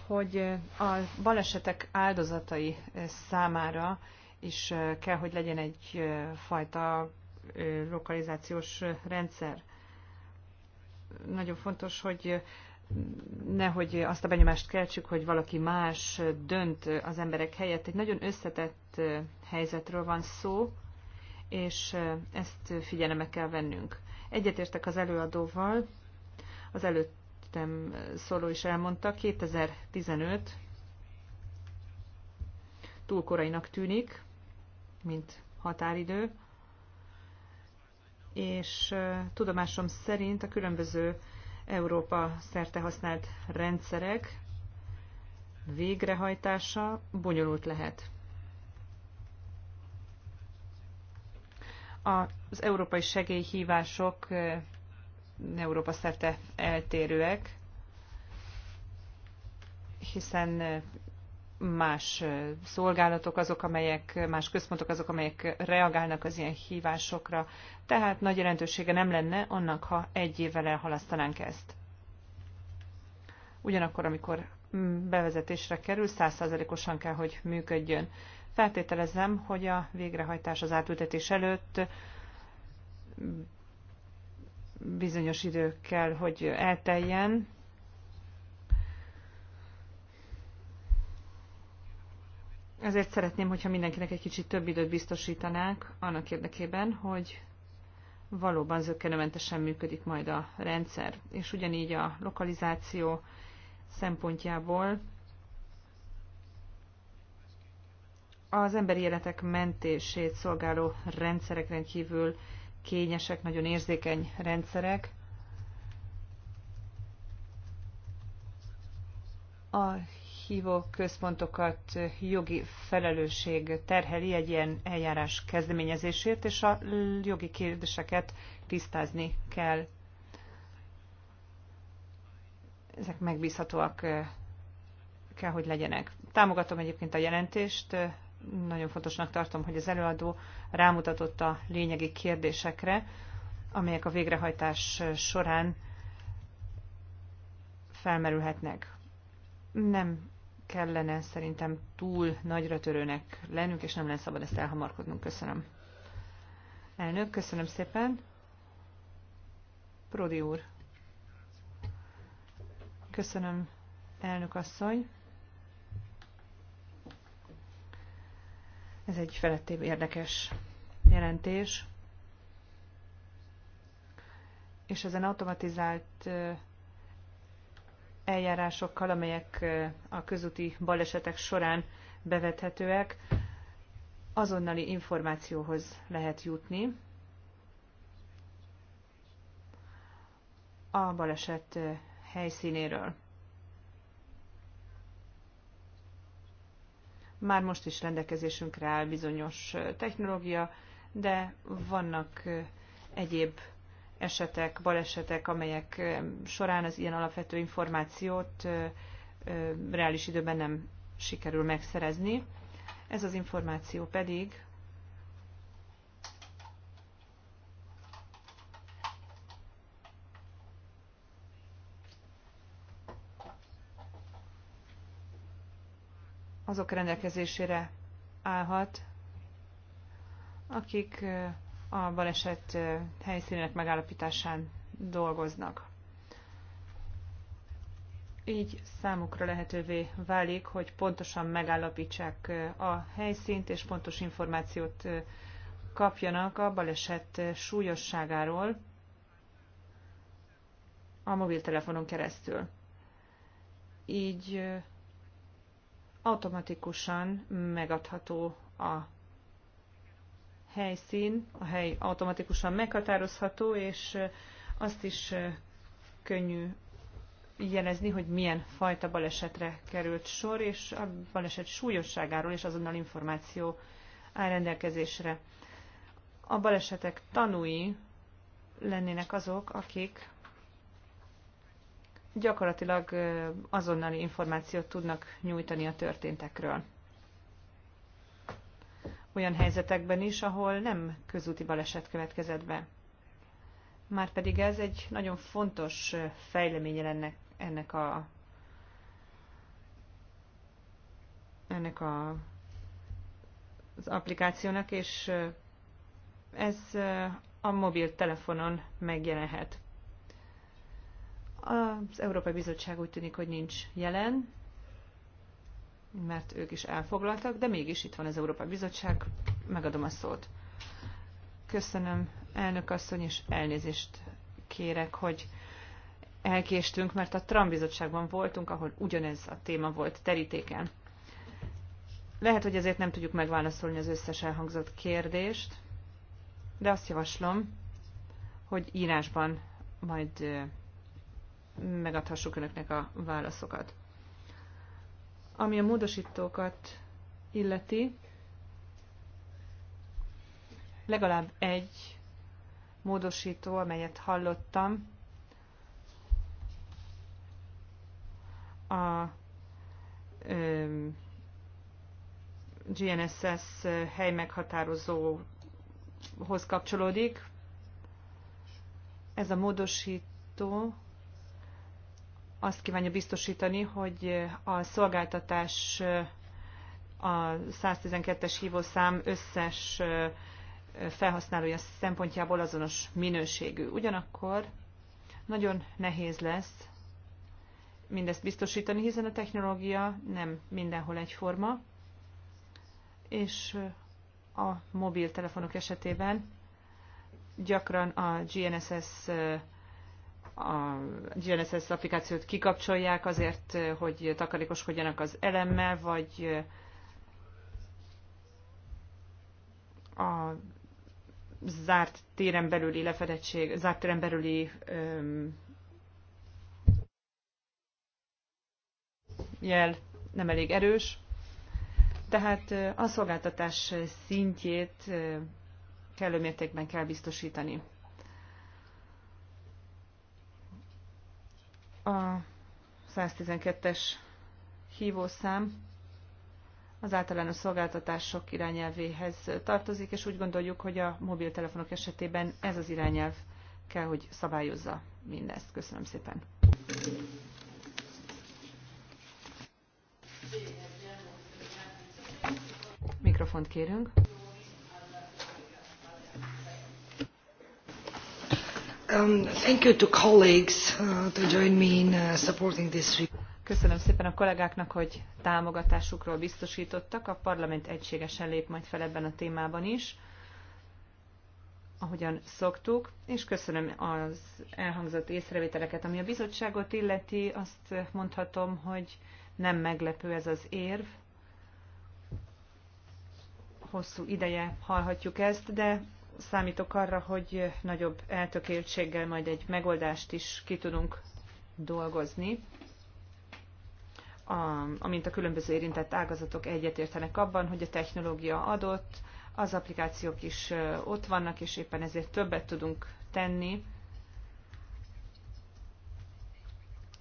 hogy a balesetek áldozatai számára is kell, hogy legyen egyfajta lokalizációs rendszer nagyon fontos, hogy nehogy azt a benyomást keltsük, hogy valaki más dönt az emberek helyett. Egy nagyon összetett helyzetről van szó, és ezt figyelembe kell vennünk. Egyetértek az előadóval, az előttem szóló is elmondta, 2015 túl korainak tűnik, mint határidő, és tudomásom szerint a különböző Európa szerte használt rendszerek végrehajtása bonyolult lehet. Az európai segélyhívások Európa szerte eltérőek, hiszen más szolgálatok azok, amelyek, más központok azok, amelyek reagálnak az ilyen hívásokra. Tehát nagy jelentősége nem lenne annak, ha egy évvel elhalasztanánk ezt. Ugyanakkor, amikor mm, bevezetésre kerül, százszázalékosan kell, hogy működjön. Feltételezem, hogy a végrehajtás az átültetés előtt mm, bizonyos idő kell, hogy elteljen, Ezért szeretném, hogyha mindenkinek egy kicsit több időt biztosítanánk annak érdekében, hogy valóban zöggenőmentesen működik majd a rendszer. És ugyanígy a lokalizáció szempontjából az emberi életek mentését szolgáló rendszerek rendkívül kényesek, nagyon érzékeny rendszerek. A hívó központokat jogi felelősség terheli egy ilyen eljárás kezdeményezésért, és a jogi kérdéseket tisztázni kell. Ezek megbízhatóak eh, kell, hogy legyenek. Támogatom egyébként a jelentést, eh, nagyon fontosnak tartom, hogy az előadó rámutatott a lényegi kérdésekre, amelyek a végrehajtás eh, során felmerülhetnek. Nem kellene szerintem túl nagyra törőnek lennünk, és nem lenne szabad ezt elhamarkodnunk. Köszönöm. Elnök, köszönöm szépen. Prodi úr. Köszönöm, elnök asszony. Ez egy felettébb érdekes jelentés. És ezen automatizált eljárásokkal, amelyek a közúti balesetek során bevethetőek, azonnali információhoz lehet jutni a baleset helyszínéről. Már most is rendelkezésünkre áll bizonyos technológia, de vannak egyéb esetek, balesetek, amelyek során az ilyen alapvető információt reális időben nem sikerül megszerezni. Ez az információ pedig azok rendelkezésére állhat, akik a baleset helyszínének megállapításán dolgoznak. Így számukra lehetővé válik, hogy pontosan megállapítsák a helyszínt, és pontos információt kapjanak a baleset súlyosságáról a mobiltelefonon keresztül. Így automatikusan megadható a helyszín, a hely automatikusan meghatározható, és azt is könnyű jelezni, hogy milyen fajta balesetre került sor, és a baleset súlyosságáról és azonnal információ áll rendelkezésre. A balesetek tanúi lennének azok, akik gyakorlatilag azonnali információt tudnak nyújtani a történtekről olyan helyzetekben is, ahol nem közúti baleset következett be. Márpedig ez egy nagyon fontos fejleménye lenne ennek a ennek a, az applikációnak, és ez a mobiltelefonon megjelenhet. Az Európai Bizottság úgy tűnik, hogy nincs jelen, mert ők is elfoglaltak, de mégis itt van az Európai Bizottság, megadom a szót. Köszönöm, elnök asszony, és elnézést kérek, hogy elkéstünk, mert a Trump bizottságban voltunk, ahol ugyanez a téma volt terítéken. Lehet, hogy ezért nem tudjuk megválaszolni az összes elhangzott kérdést, de azt javaslom, hogy írásban majd megadhassuk önöknek a válaszokat. Ami a módosítókat illeti, legalább egy módosító, amelyet hallottam, a ö, GNSS hely meghatározóhoz kapcsolódik. Ez a módosító azt kívánja biztosítani, hogy a szolgáltatás a 112-es hívószám összes felhasználója szempontjából azonos minőségű. Ugyanakkor nagyon nehéz lesz mindezt biztosítani, hiszen a technológia nem mindenhol egyforma, és a mobiltelefonok esetében gyakran a GNSS a GNSS applikációt kikapcsolják azért, hogy takarékoskodjanak az elemmel, vagy a zárt téren belüli lefedettség, zárt téren belüli öm, jel nem elég erős. Tehát a szolgáltatás szintjét kellő mértékben kell biztosítani. A 112-es hívószám az általános szolgáltatások irányelvéhez tartozik, és úgy gondoljuk, hogy a mobiltelefonok esetében ez az irányelv kell, hogy szabályozza mindezt. Köszönöm szépen. Mikrofont kérünk. Köszönöm szépen a kollégáknak, hogy támogatásukról biztosítottak. A parlament egységesen lép majd fel ebben a témában is, ahogyan szoktuk, és köszönöm az elhangzott észrevételeket. Ami a bizottságot illeti, azt mondhatom, hogy nem meglepő ez az érv. Hosszú ideje hallhatjuk ezt, de számítok arra, hogy nagyobb eltökéltséggel majd egy megoldást is ki tudunk dolgozni, amint a különböző érintett ágazatok egyetértenek abban, hogy a technológia adott, az applikációk is ott vannak, és éppen ezért többet tudunk tenni,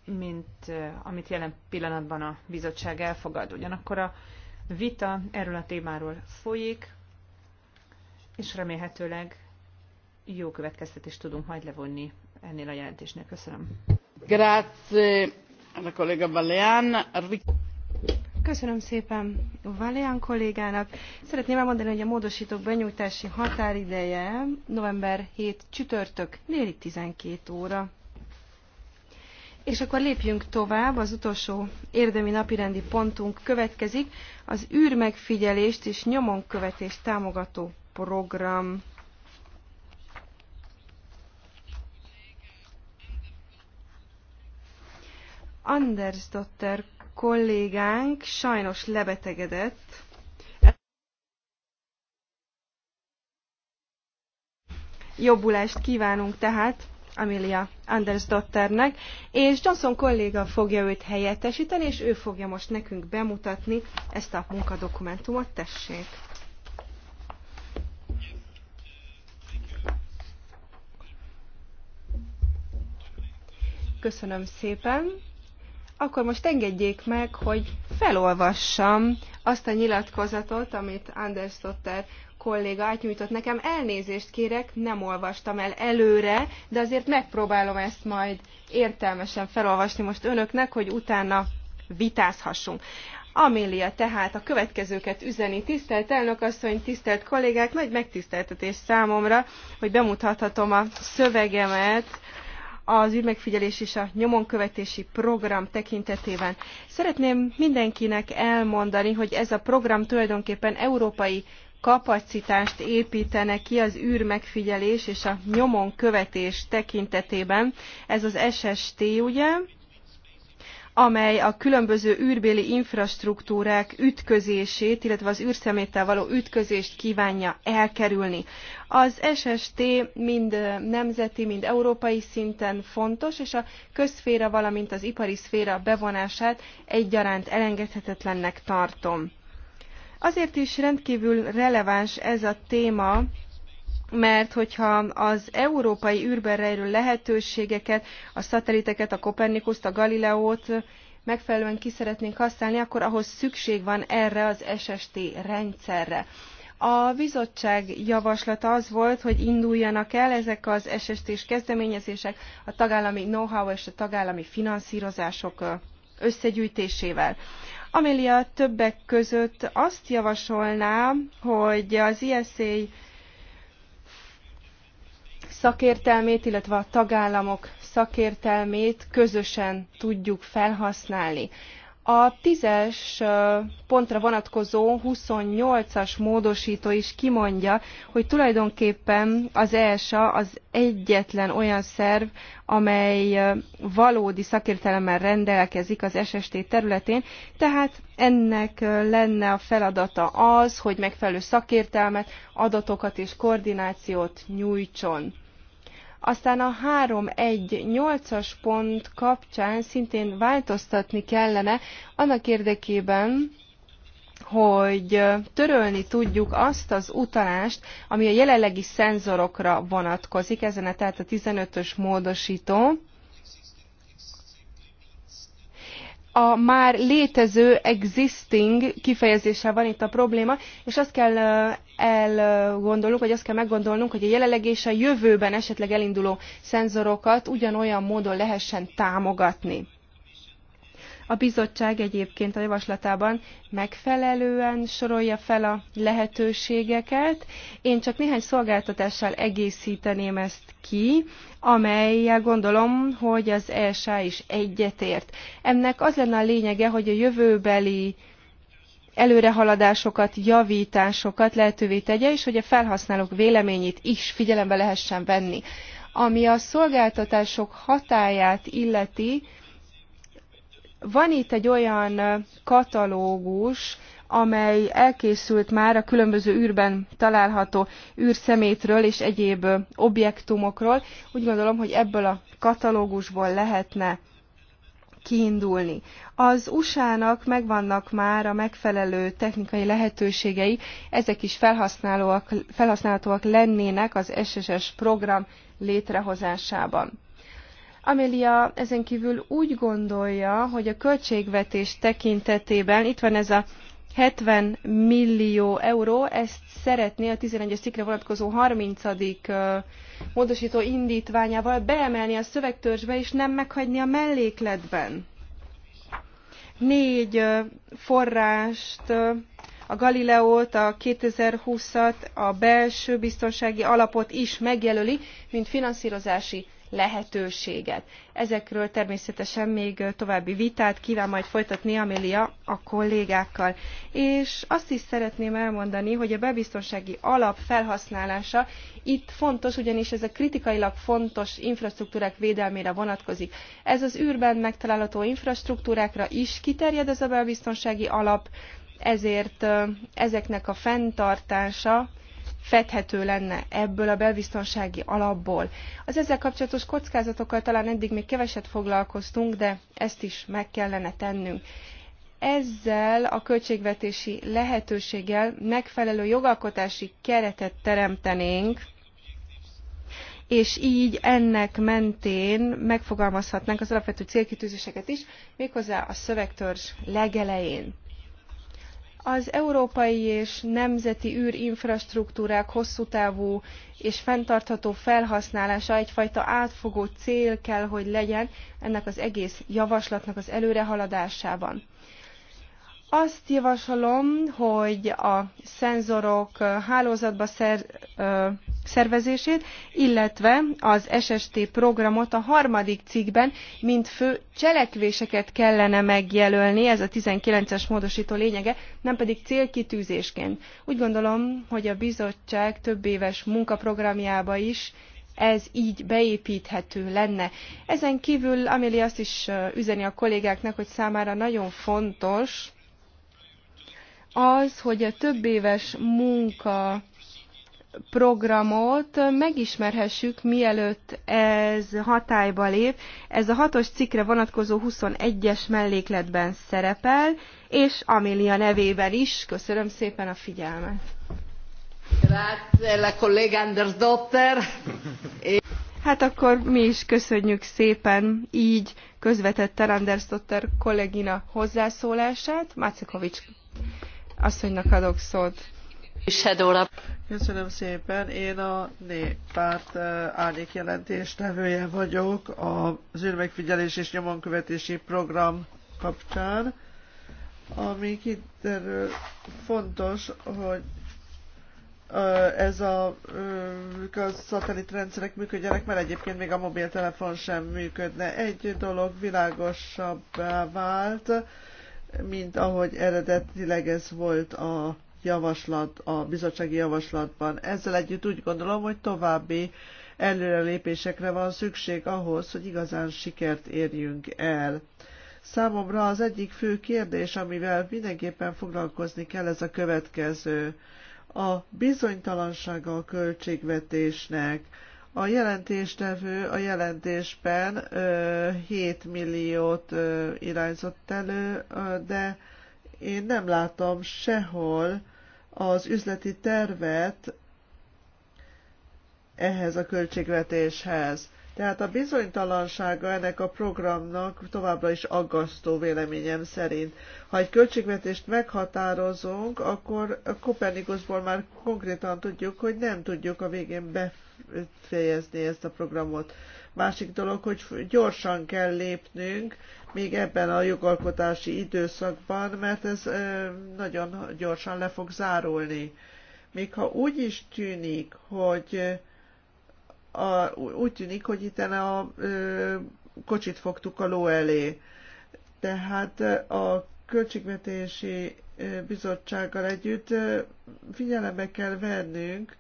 mint amit jelen pillanatban a bizottság elfogad. Ugyanakkor a vita erről a témáról folyik, és remélhetőleg jó következtetést tudunk majd levonni ennél a jelentésnél. Köszönöm. Grazie, a kollega Baleán. Köszönöm szépen Valéan kollégának. Szeretném elmondani, hogy a módosítók benyújtási határideje november 7 csütörtök, déli 12 óra. És akkor lépjünk tovább, az utolsó érdemi napirendi pontunk következik, az űrmegfigyelést és nyomon követést támogató program Anders Dotter kollégánk sajnos lebetegedett. Jobbulást kívánunk tehát Amelia Anders Dotternek, és Johnson kolléga fogja őt helyettesíteni, és ő fogja most nekünk bemutatni ezt a munkadokumentumot. Tessék! Köszönöm szépen. Akkor most engedjék meg, hogy felolvassam azt a nyilatkozatot, amit Anders Dotter kolléga átnyújtott nekem. Elnézést kérek, nem olvastam el előre, de azért megpróbálom ezt majd értelmesen felolvasni most önöknek, hogy utána vitázhassunk. Amélia tehát a következőket üzeni. Tisztelt elnökasszony, tisztelt kollégák, nagy megtiszteltetés számomra, hogy bemutathatom a szövegemet az ügymegfigyelés és a nyomonkövetési program tekintetében. Szeretném mindenkinek elmondani, hogy ez a program tulajdonképpen európai kapacitást építene ki az űrmegfigyelés és a nyomonkövetés tekintetében. Ez az SST, ugye? amely a különböző űrbéli infrastruktúrák ütközését, illetve az űrszeméttel való ütközést kívánja elkerülni. Az SST mind nemzeti, mind európai szinten fontos, és a közszféra, valamint az ipari szféra bevonását egyaránt elengedhetetlennek tartom. Azért is rendkívül releváns ez a téma, mert hogyha az európai űrben rejlő lehetőségeket, a szatelliteket, a Kopernikuszt, a Galileót megfelelően ki szeretnénk használni, akkor ahhoz szükség van erre az SST rendszerre. A bizottság javaslata az volt, hogy induljanak el ezek az SST-s kezdeményezések a tagállami know-how és a tagállami finanszírozások összegyűjtésével. Amelia többek között azt javasolná, hogy az ISA szakértelmét, illetve a tagállamok szakértelmét közösen tudjuk felhasználni. A tízes pontra vonatkozó 28-as módosító is kimondja, hogy tulajdonképpen az ESA az egyetlen olyan szerv, amely valódi szakértelemmel rendelkezik az SST területén, tehát ennek lenne a feladata az, hogy megfelelő szakértelmet, adatokat és koordinációt nyújtson. Aztán a 3-1-8-as pont kapcsán szintén változtatni kellene annak érdekében, hogy törölni tudjuk azt az utalást, ami a jelenlegi szenzorokra vonatkozik, ezen a tehát a 15-ös módosító, a már létező existing kifejezése van itt a probléma, és azt kell elgondolnunk, vagy azt kell meggondolnunk, hogy a jelenleg és a jövőben esetleg elinduló szenzorokat ugyanolyan módon lehessen támogatni. A bizottság egyébként a javaslatában megfelelően sorolja fel a lehetőségeket. Én csak néhány szolgáltatással egészíteném ezt ki, amelyel gondolom, hogy az ESA is egyetért. Ennek az lenne a lényege, hogy a jövőbeli előrehaladásokat, javításokat lehetővé tegye, és hogy a felhasználók véleményét is figyelembe lehessen venni. Ami a szolgáltatások hatáját illeti, van itt egy olyan katalógus, amely elkészült már a különböző űrben található űrszemétről és egyéb objektumokról. Úgy gondolom, hogy ebből a katalógusból lehetne kiindulni. Az USA-nak megvannak már a megfelelő technikai lehetőségei, ezek is felhasználóak, felhasználhatóak lennének az SSS program létrehozásában. Amelia ezen kívül úgy gondolja, hogy a költségvetés tekintetében itt van ez a 70 millió euró, ezt szeretné a 11-es cikkre vonatkozó 30. módosító indítványával beemelni a szövegtörzsbe, és nem meghagyni a mellékletben. Négy forrást, a Galileót, a 2020-at, a belső biztonsági alapot is megjelöli, mint finanszírozási lehetőséget. Ezekről természetesen még további vitát kíván majd folytatni Amelia a kollégákkal. És azt is szeretném elmondani, hogy a bebiztonsági alap felhasználása itt fontos, ugyanis ez a kritikailag fontos infrastruktúrák védelmére vonatkozik. Ez az űrben megtalálható infrastruktúrákra is kiterjed ez a bebiztonsági alap, ezért ezeknek a fenntartása fedhető lenne ebből a belbiztonsági alapból. Az ezzel kapcsolatos kockázatokkal talán eddig még keveset foglalkoztunk, de ezt is meg kellene tennünk. Ezzel a költségvetési lehetőséggel megfelelő jogalkotási keretet teremtenénk, és így ennek mentén megfogalmazhatnánk az alapvető célkitűzéseket is, méghozzá a szövegtörzs legelején az európai és nemzeti űrinfrastruktúrák hosszú távú és fenntartható felhasználása egyfajta átfogó cél kell, hogy legyen ennek az egész javaslatnak az előrehaladásában. Azt javasolom, hogy a szenzorok hálózatba szer, ö, szervezését, illetve az SST programot a harmadik cikkben, mint fő cselekvéseket kellene megjelölni, ez a 19-es módosító lényege, nem pedig célkitűzésként. Úgy gondolom, hogy a bizottság több éves munkaprogramjába is ez így beépíthető lenne. Ezen kívül Amélie azt is üzeni a kollégáknak, hogy számára nagyon fontos, az, hogy a több éves munka programot megismerhessük, mielőtt ez hatályba lép. Ez a hatos cikkre vonatkozó 21-es mellékletben szerepel, és Amélia nevében is. Köszönöm szépen a figyelmet. Hát akkor mi is köszönjük szépen így közvetett Anders Dotter kollégina hozzászólását. Macekovics asszonynak adok szót. Köszönöm szépen. Én a néppárt árnyék jelentéstevője vagyok az űrmegfigyelés és nyomonkövetési program kapcsán, ami kiderül fontos, hogy ez a, a szatellitrendszerek működjenek, mert egyébként még a mobiltelefon sem működne. Egy dolog világosabbá vált, mint ahogy eredetileg ez volt a javaslat, a bizottsági javaslatban. Ezzel együtt úgy gondolom, hogy további előrelépésekre van szükség ahhoz, hogy igazán sikert érjünk el. Számomra az egyik fő kérdés, amivel mindenképpen foglalkozni kell, ez a következő. A bizonytalansága a költségvetésnek, a jelentéstevő a jelentésben 7 milliót irányzott elő, de én nem látom sehol az üzleti tervet ehhez a költségvetéshez. Tehát a bizonytalansága ennek a programnak továbbra is aggasztó véleményem szerint. Ha egy költségvetést meghatározunk, akkor a Kopernikusból már konkrétan tudjuk, hogy nem tudjuk a végén befejezni befejezni ezt a programot. Másik dolog, hogy gyorsan kell lépnünk, még ebben a jogalkotási időszakban, mert ez nagyon gyorsan le fog zárulni. Még ha úgy is tűnik, hogy a, úgy tűnik, hogy itt a ö, kocsit fogtuk a ló elé. Tehát a költségvetési bizottsággal együtt figyelembe kell vennünk,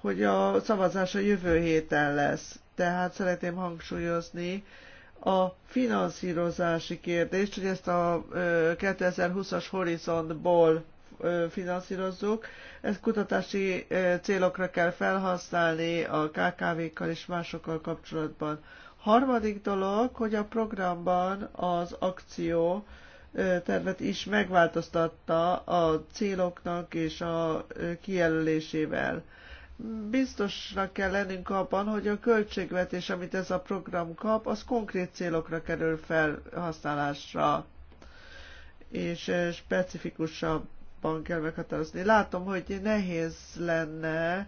hogy a szavazás a jövő héten lesz. Tehát szeretném hangsúlyozni a finanszírozási kérdést, hogy ezt a 2020-as horizontból finanszírozzuk. Ezt kutatási célokra kell felhasználni a KKV-kkal és másokkal kapcsolatban. Harmadik dolog, hogy a programban az akció tervet is megváltoztatta a céloknak és a kijelölésével biztosnak kell lennünk abban, hogy a költségvetés, amit ez a program kap, az konkrét célokra kerül felhasználásra, és specifikusabban kell meghatározni. Látom, hogy nehéz lenne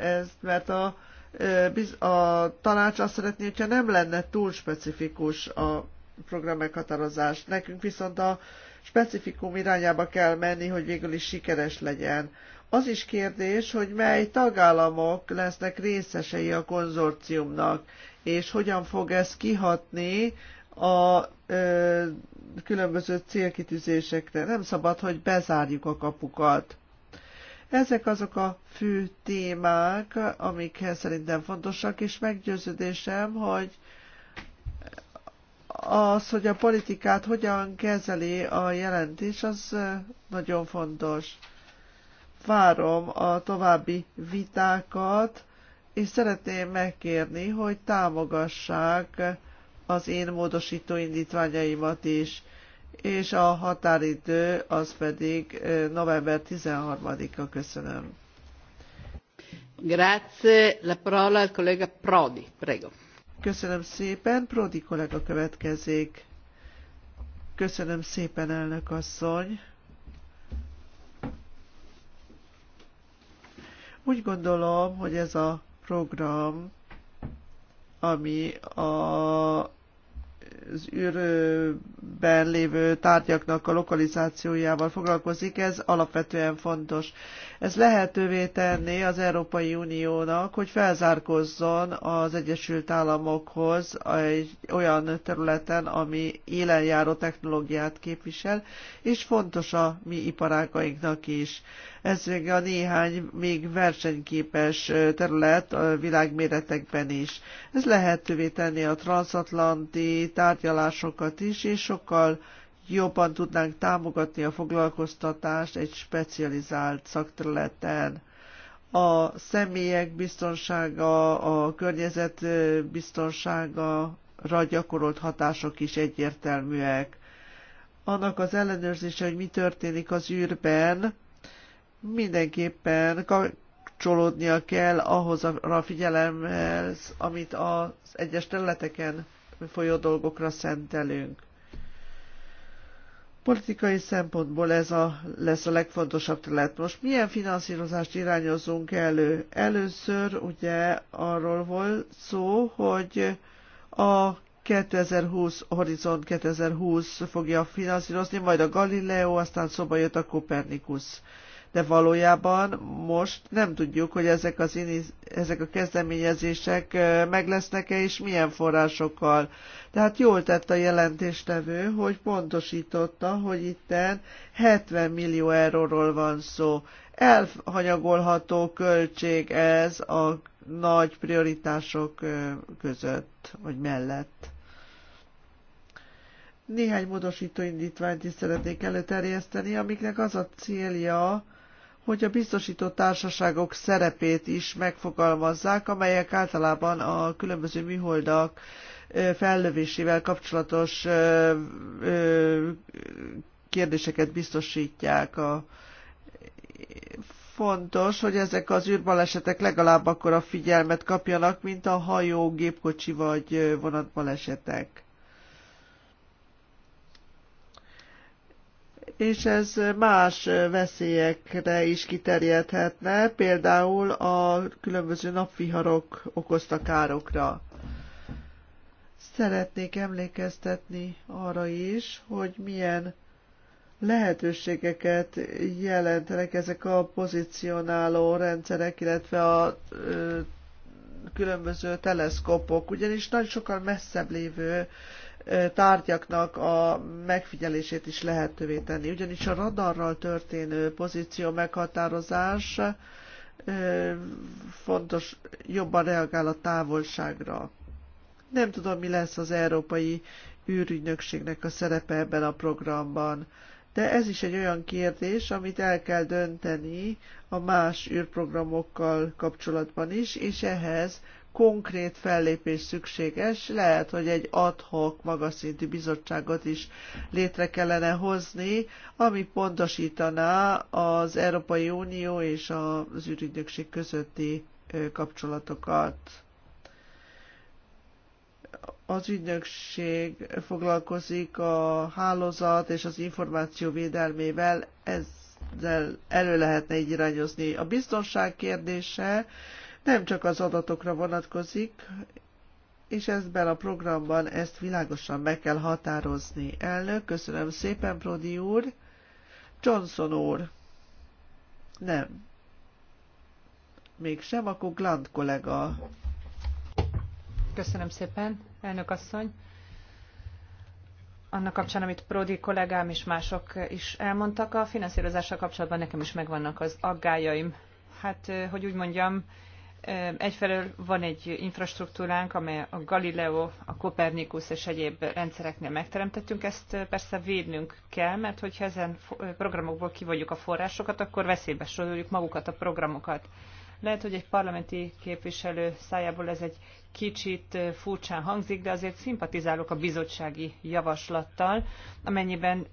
ez, mert a, a tanács azt szeretné, hogyha nem lenne túl specifikus a program meghatározás. Nekünk viszont a specifikum irányába kell menni, hogy végül is sikeres legyen. Az is kérdés, hogy mely tagállamok lesznek részesei a konzorciumnak, és hogyan fog ez kihatni a ö, különböző célkitűzésekre. Nem szabad, hogy bezárjuk a kapukat. Ezek azok a fő témák, amik szerintem fontosak, és meggyőződésem, hogy az, hogy a politikát hogyan kezeli a jelentés, az nagyon fontos várom a további vitákat, és szeretném megkérni, hogy támogassák az én módosító indítványaimat is, és a határidő az pedig november 13-a. Köszönöm. Grazie. La parola al collega Prodi, prego. Köszönöm szépen. Prodi kollega következik. Köszönöm szépen, elnök asszony. Úgy gondolom, hogy ez a program, ami a az űrben lévő tárgyaknak a lokalizációjával foglalkozik, ez alapvetően fontos. Ez lehetővé tenné az Európai Uniónak, hogy felzárkozzon az Egyesült Államokhoz egy olyan területen, ami élenjáró technológiát képvisel, és fontos a mi iparágainknak is. Ez még a néhány még versenyképes terület a világméretekben is. Ez lehetővé tenni a transatlantit, tárgyalásokat is, és sokkal jobban tudnánk támogatni a foglalkoztatást egy specializált szakterületen. A személyek biztonsága, a környezet biztonsága, ra gyakorolt hatások is egyértelműek. Annak az ellenőrzése, hogy mi történik az űrben, mindenképpen kapcsolódnia kell ahhoz a figyelemhez, amit az egyes területeken folyó dolgokra szentelünk. Politikai szempontból ez a, lesz a legfontosabb terület. Most milyen finanszírozást irányozunk elő? Először ugye arról volt szó, hogy a 2020, Horizon 2020 fogja finanszírozni, majd a Galileo, aztán szóba jött a Kopernikus de valójában most nem tudjuk, hogy ezek, az iniz, ezek a kezdeményezések meg lesznek-e, és milyen forrásokkal. Tehát jól tett a jelentéstevő, hogy pontosította, hogy itten 70 millió euróról van szó. Elhanyagolható költség ez a nagy prioritások között, vagy mellett. Néhány módosító indítványt is szeretnék előterjeszteni, amiknek az a célja, hogy a biztosító társaságok szerepét is megfogalmazzák, amelyek általában a különböző műholdak fellövésével kapcsolatos kérdéseket biztosítják. A, fontos, hogy ezek az űrbalesetek legalább akkor a figyelmet kapjanak, mint a hajó, gépkocsi vagy vonatbalesetek. és ez más veszélyekre is kiterjedhetne, például a különböző napviharok okozta károkra. Szeretnék emlékeztetni arra is, hogy milyen lehetőségeket jelentenek ezek a pozícionáló rendszerek, illetve a ö, különböző teleszkopok, ugyanis nagyon sokkal messzebb lévő tárgyaknak a megfigyelését is lehetővé tenni. Ugyanis a radarral történő pozíció meghatározás fontos, jobban reagál a távolságra. Nem tudom, mi lesz az Európai űrügynökségnek a szerepe ebben a programban, de ez is egy olyan kérdés, amit el kell dönteni a más űrprogramokkal kapcsolatban is, és ehhez konkrét fellépés szükséges, lehet, hogy egy adhok magas szintű bizottságot is létre kellene hozni, ami pontosítaná az Európai Unió és az ügynökség közötti kapcsolatokat az ügynökség foglalkozik a hálózat és az információ védelmével, ezzel elő lehetne így irányozni. A biztonság kérdése nem csak az adatokra vonatkozik, és ebben a programban ezt világosan meg kell határozni. Elnök, köszönöm szépen, Prodi úr. Johnson úr. Nem. Mégsem, akkor Glant kollega. Köszönöm szépen, elnök asszony. Annak kapcsán, amit Prodi kollégám és mások is elmondtak, a finanszírozással kapcsolatban nekem is megvannak az aggájaim. Hát, hogy úgy mondjam, Egyfelől van egy infrastruktúránk, amely a Galileo, a Kopernikus és egyéb rendszereknél megteremtettünk, ezt persze védnünk kell, mert hogyha ezen programokból kivonjuk a forrásokat, akkor veszélybe soroljuk magukat a programokat. Lehet, hogy egy parlamenti képviselő szájából ez egy kicsit furcsán hangzik, de azért szimpatizálok a bizottsági javaslattal, amennyiben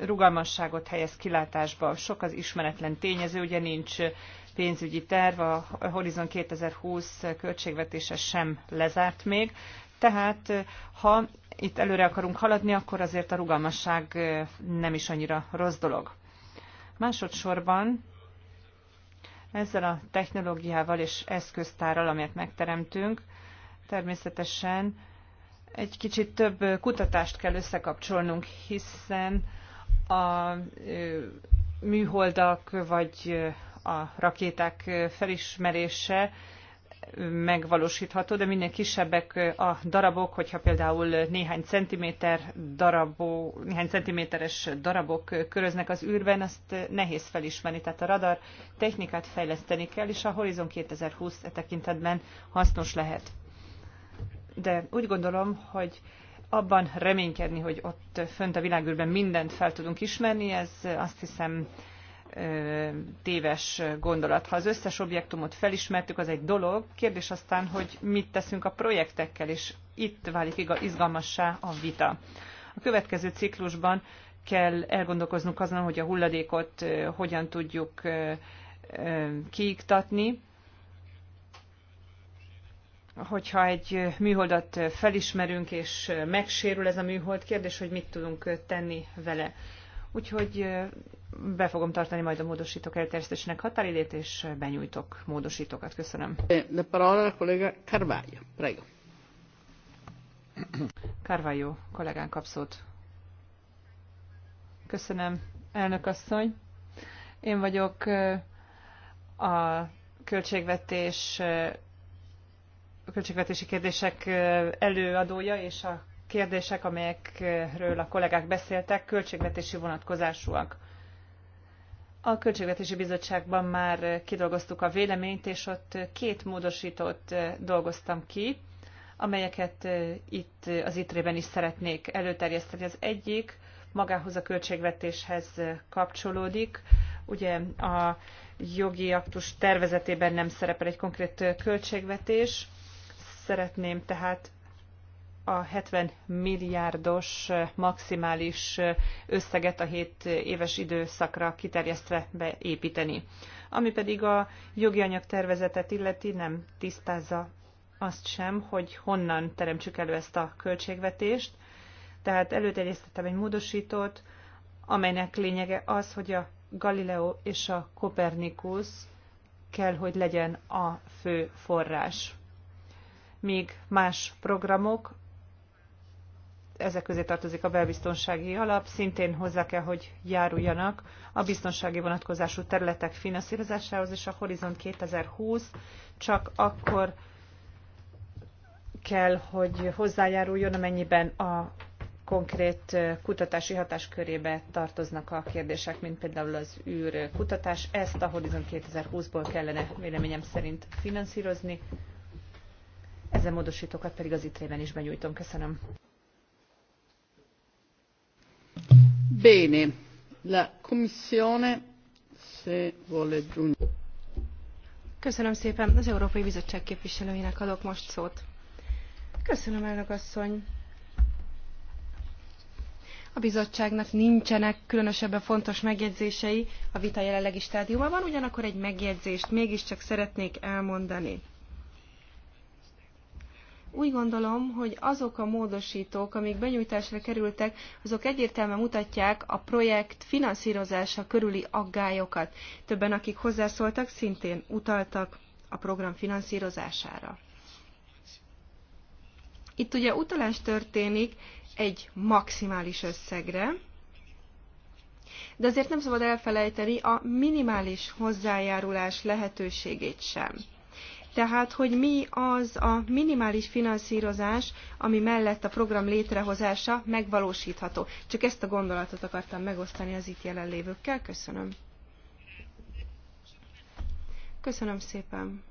rugalmasságot helyez kilátásba. Sok az ismeretlen tényező, ugye nincs pénzügyi terv, a Horizon 2020 költségvetése sem lezárt még. Tehát ha itt előre akarunk haladni, akkor azért a rugalmasság nem is annyira rossz dolog. Másodszorban ezzel a technológiával és eszköztárral, amelyet megteremtünk, természetesen egy kicsit több kutatást kell összekapcsolnunk, hiszen a műholdak vagy a rakéták felismerése megvalósítható, de minél kisebbek a darabok, hogyha például néhány centiméter darabó, néhány centiméteres darabok köröznek az űrben, azt nehéz felismerni. Tehát a radar technikát fejleszteni kell, és a Horizon 2020 e tekintetben hasznos lehet. De úgy gondolom, hogy abban reménykedni, hogy ott fönt a világűrben mindent fel tudunk ismerni, ez azt hiszem téves gondolat. Ha az összes objektumot felismertük, az egy dolog. Kérdés aztán, hogy mit teszünk a projektekkel, és itt válik izgalmassá a vita. A következő ciklusban kell elgondolkoznunk azon, hogy a hulladékot hogyan tudjuk kiiktatni, hogyha egy műholdat felismerünk és megsérül ez a műhold, kérdés, hogy mit tudunk tenni vele. Úgyhogy be fogom tartani majd a módosítók elterjesztésének határidét, és benyújtok módosítókat. Köszönöm. De eh, parola a kollega Carvalho. Prego. Carvalho kollégán kap szót. Köszönöm, elnök asszony. Én vagyok eh, a költségvetés eh, a költségvetési kérdések előadója, és a kérdések, amelyekről a kollégák beszéltek, költségvetési vonatkozásúak. A Költségvetési Bizottságban már kidolgoztuk a véleményt, és ott két módosítót dolgoztam ki, amelyeket itt az ITRE-ben is szeretnék előterjeszteni. Az egyik magához a költségvetéshez kapcsolódik. Ugye a jogi aktus tervezetében nem szerepel egy konkrét költségvetés. Szeretném tehát a 70 milliárdos maximális összeget a 7 éves időszakra kiterjesztve beépíteni. Ami pedig a jogi anyagtervezetet illeti, nem tisztázza azt sem, hogy honnan teremtsük elő ezt a költségvetést. Tehát előterjesztettem egy módosítót, amelynek lényege az, hogy a Galileo és a Kopernikus kell, hogy legyen a fő forrás míg más programok ezek közé tartozik a belbiztonsági alap, szintén hozzá kell, hogy járuljanak a biztonsági vonatkozású területek finanszírozásához, és a Horizont 2020 csak akkor kell, hogy hozzájáruljon, amennyiben a konkrét kutatási hatáskörébe tartoznak a kérdések, mint például az kutatás. Ezt a Horizon 2020-ból kellene véleményem szerint finanszírozni. Ezen módosítókat pedig az itrében is benyújtom. Köszönöm. Bene, la Commissione se vuole aggiungere. Köszönöm szépen. Az Európai Bizottság képviselőjének adok most szót. Köszönöm, elnök asszony. A bizottságnak nincsenek különösebben fontos megjegyzései a vita jelenlegi stádiumában, ugyanakkor egy megjegyzést mégiscsak szeretnék elmondani. Úgy gondolom, hogy azok a módosítók, amik benyújtásra kerültek, azok egyértelműen mutatják a projekt finanszírozása körüli aggályokat. Többen, akik hozzászóltak, szintén utaltak a program finanszírozására. Itt ugye utalás történik egy maximális összegre, de azért nem szabad elfelejteni a minimális hozzájárulás lehetőségét sem tehát hogy mi az a minimális finanszírozás, ami mellett a program létrehozása megvalósítható. Csak ezt a gondolatot akartam megosztani az itt jelenlévőkkel. Köszönöm. Köszönöm szépen.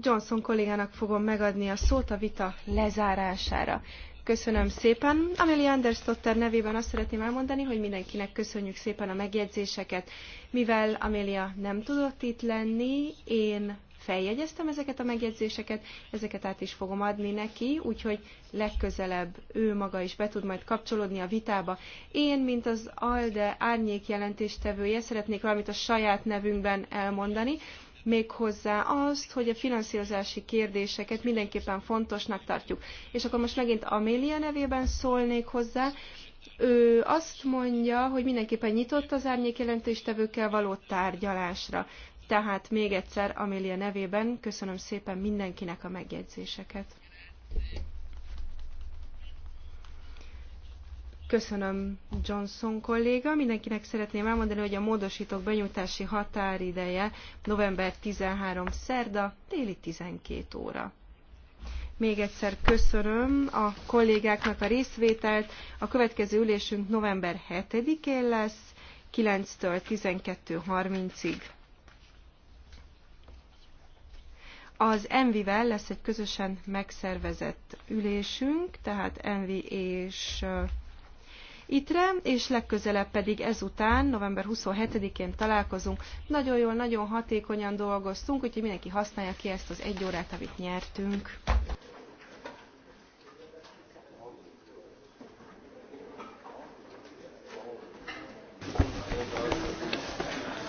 Johnson kollégának fogom megadni a szót a vita lezárására. Köszönöm szépen. Amelia totter nevében azt szeretném elmondani, hogy mindenkinek köszönjük szépen a megjegyzéseket. Mivel Amelia nem tudott itt lenni, én feljegyeztem ezeket a megjegyzéseket, ezeket át is fogom adni neki, úgyhogy legközelebb ő maga is be tud majd kapcsolódni a vitába. Én, mint az ALDE árnyék jelentéstevője, szeretnék valamit a saját nevünkben elmondani, méghozzá azt, hogy a finanszírozási kérdéseket mindenképpen fontosnak tartjuk. És akkor most megint Amélia nevében szólnék hozzá, ő azt mondja, hogy mindenképpen nyitott az árnyék jelentéstevőkkel való tárgyalásra. Tehát még egyszer Amélia nevében köszönöm szépen mindenkinek a megjegyzéseket. Köszönöm Johnson kolléga. Mindenkinek szeretném elmondani, hogy a módosítók benyújtási határideje november 13 szerda, téli 12 óra. Még egyszer köszönöm a kollégáknak a részvételt. A következő ülésünk november 7-én lesz, 9-től 12.30-ig. Az Envivel lesz egy közösen megszervezett ülésünk, tehát Envi és ITRE, és legközelebb pedig ezután, november 27-én találkozunk. Nagyon jól, nagyon hatékonyan dolgoztunk, úgyhogy mindenki használja ki ezt az egy órát, amit nyertünk.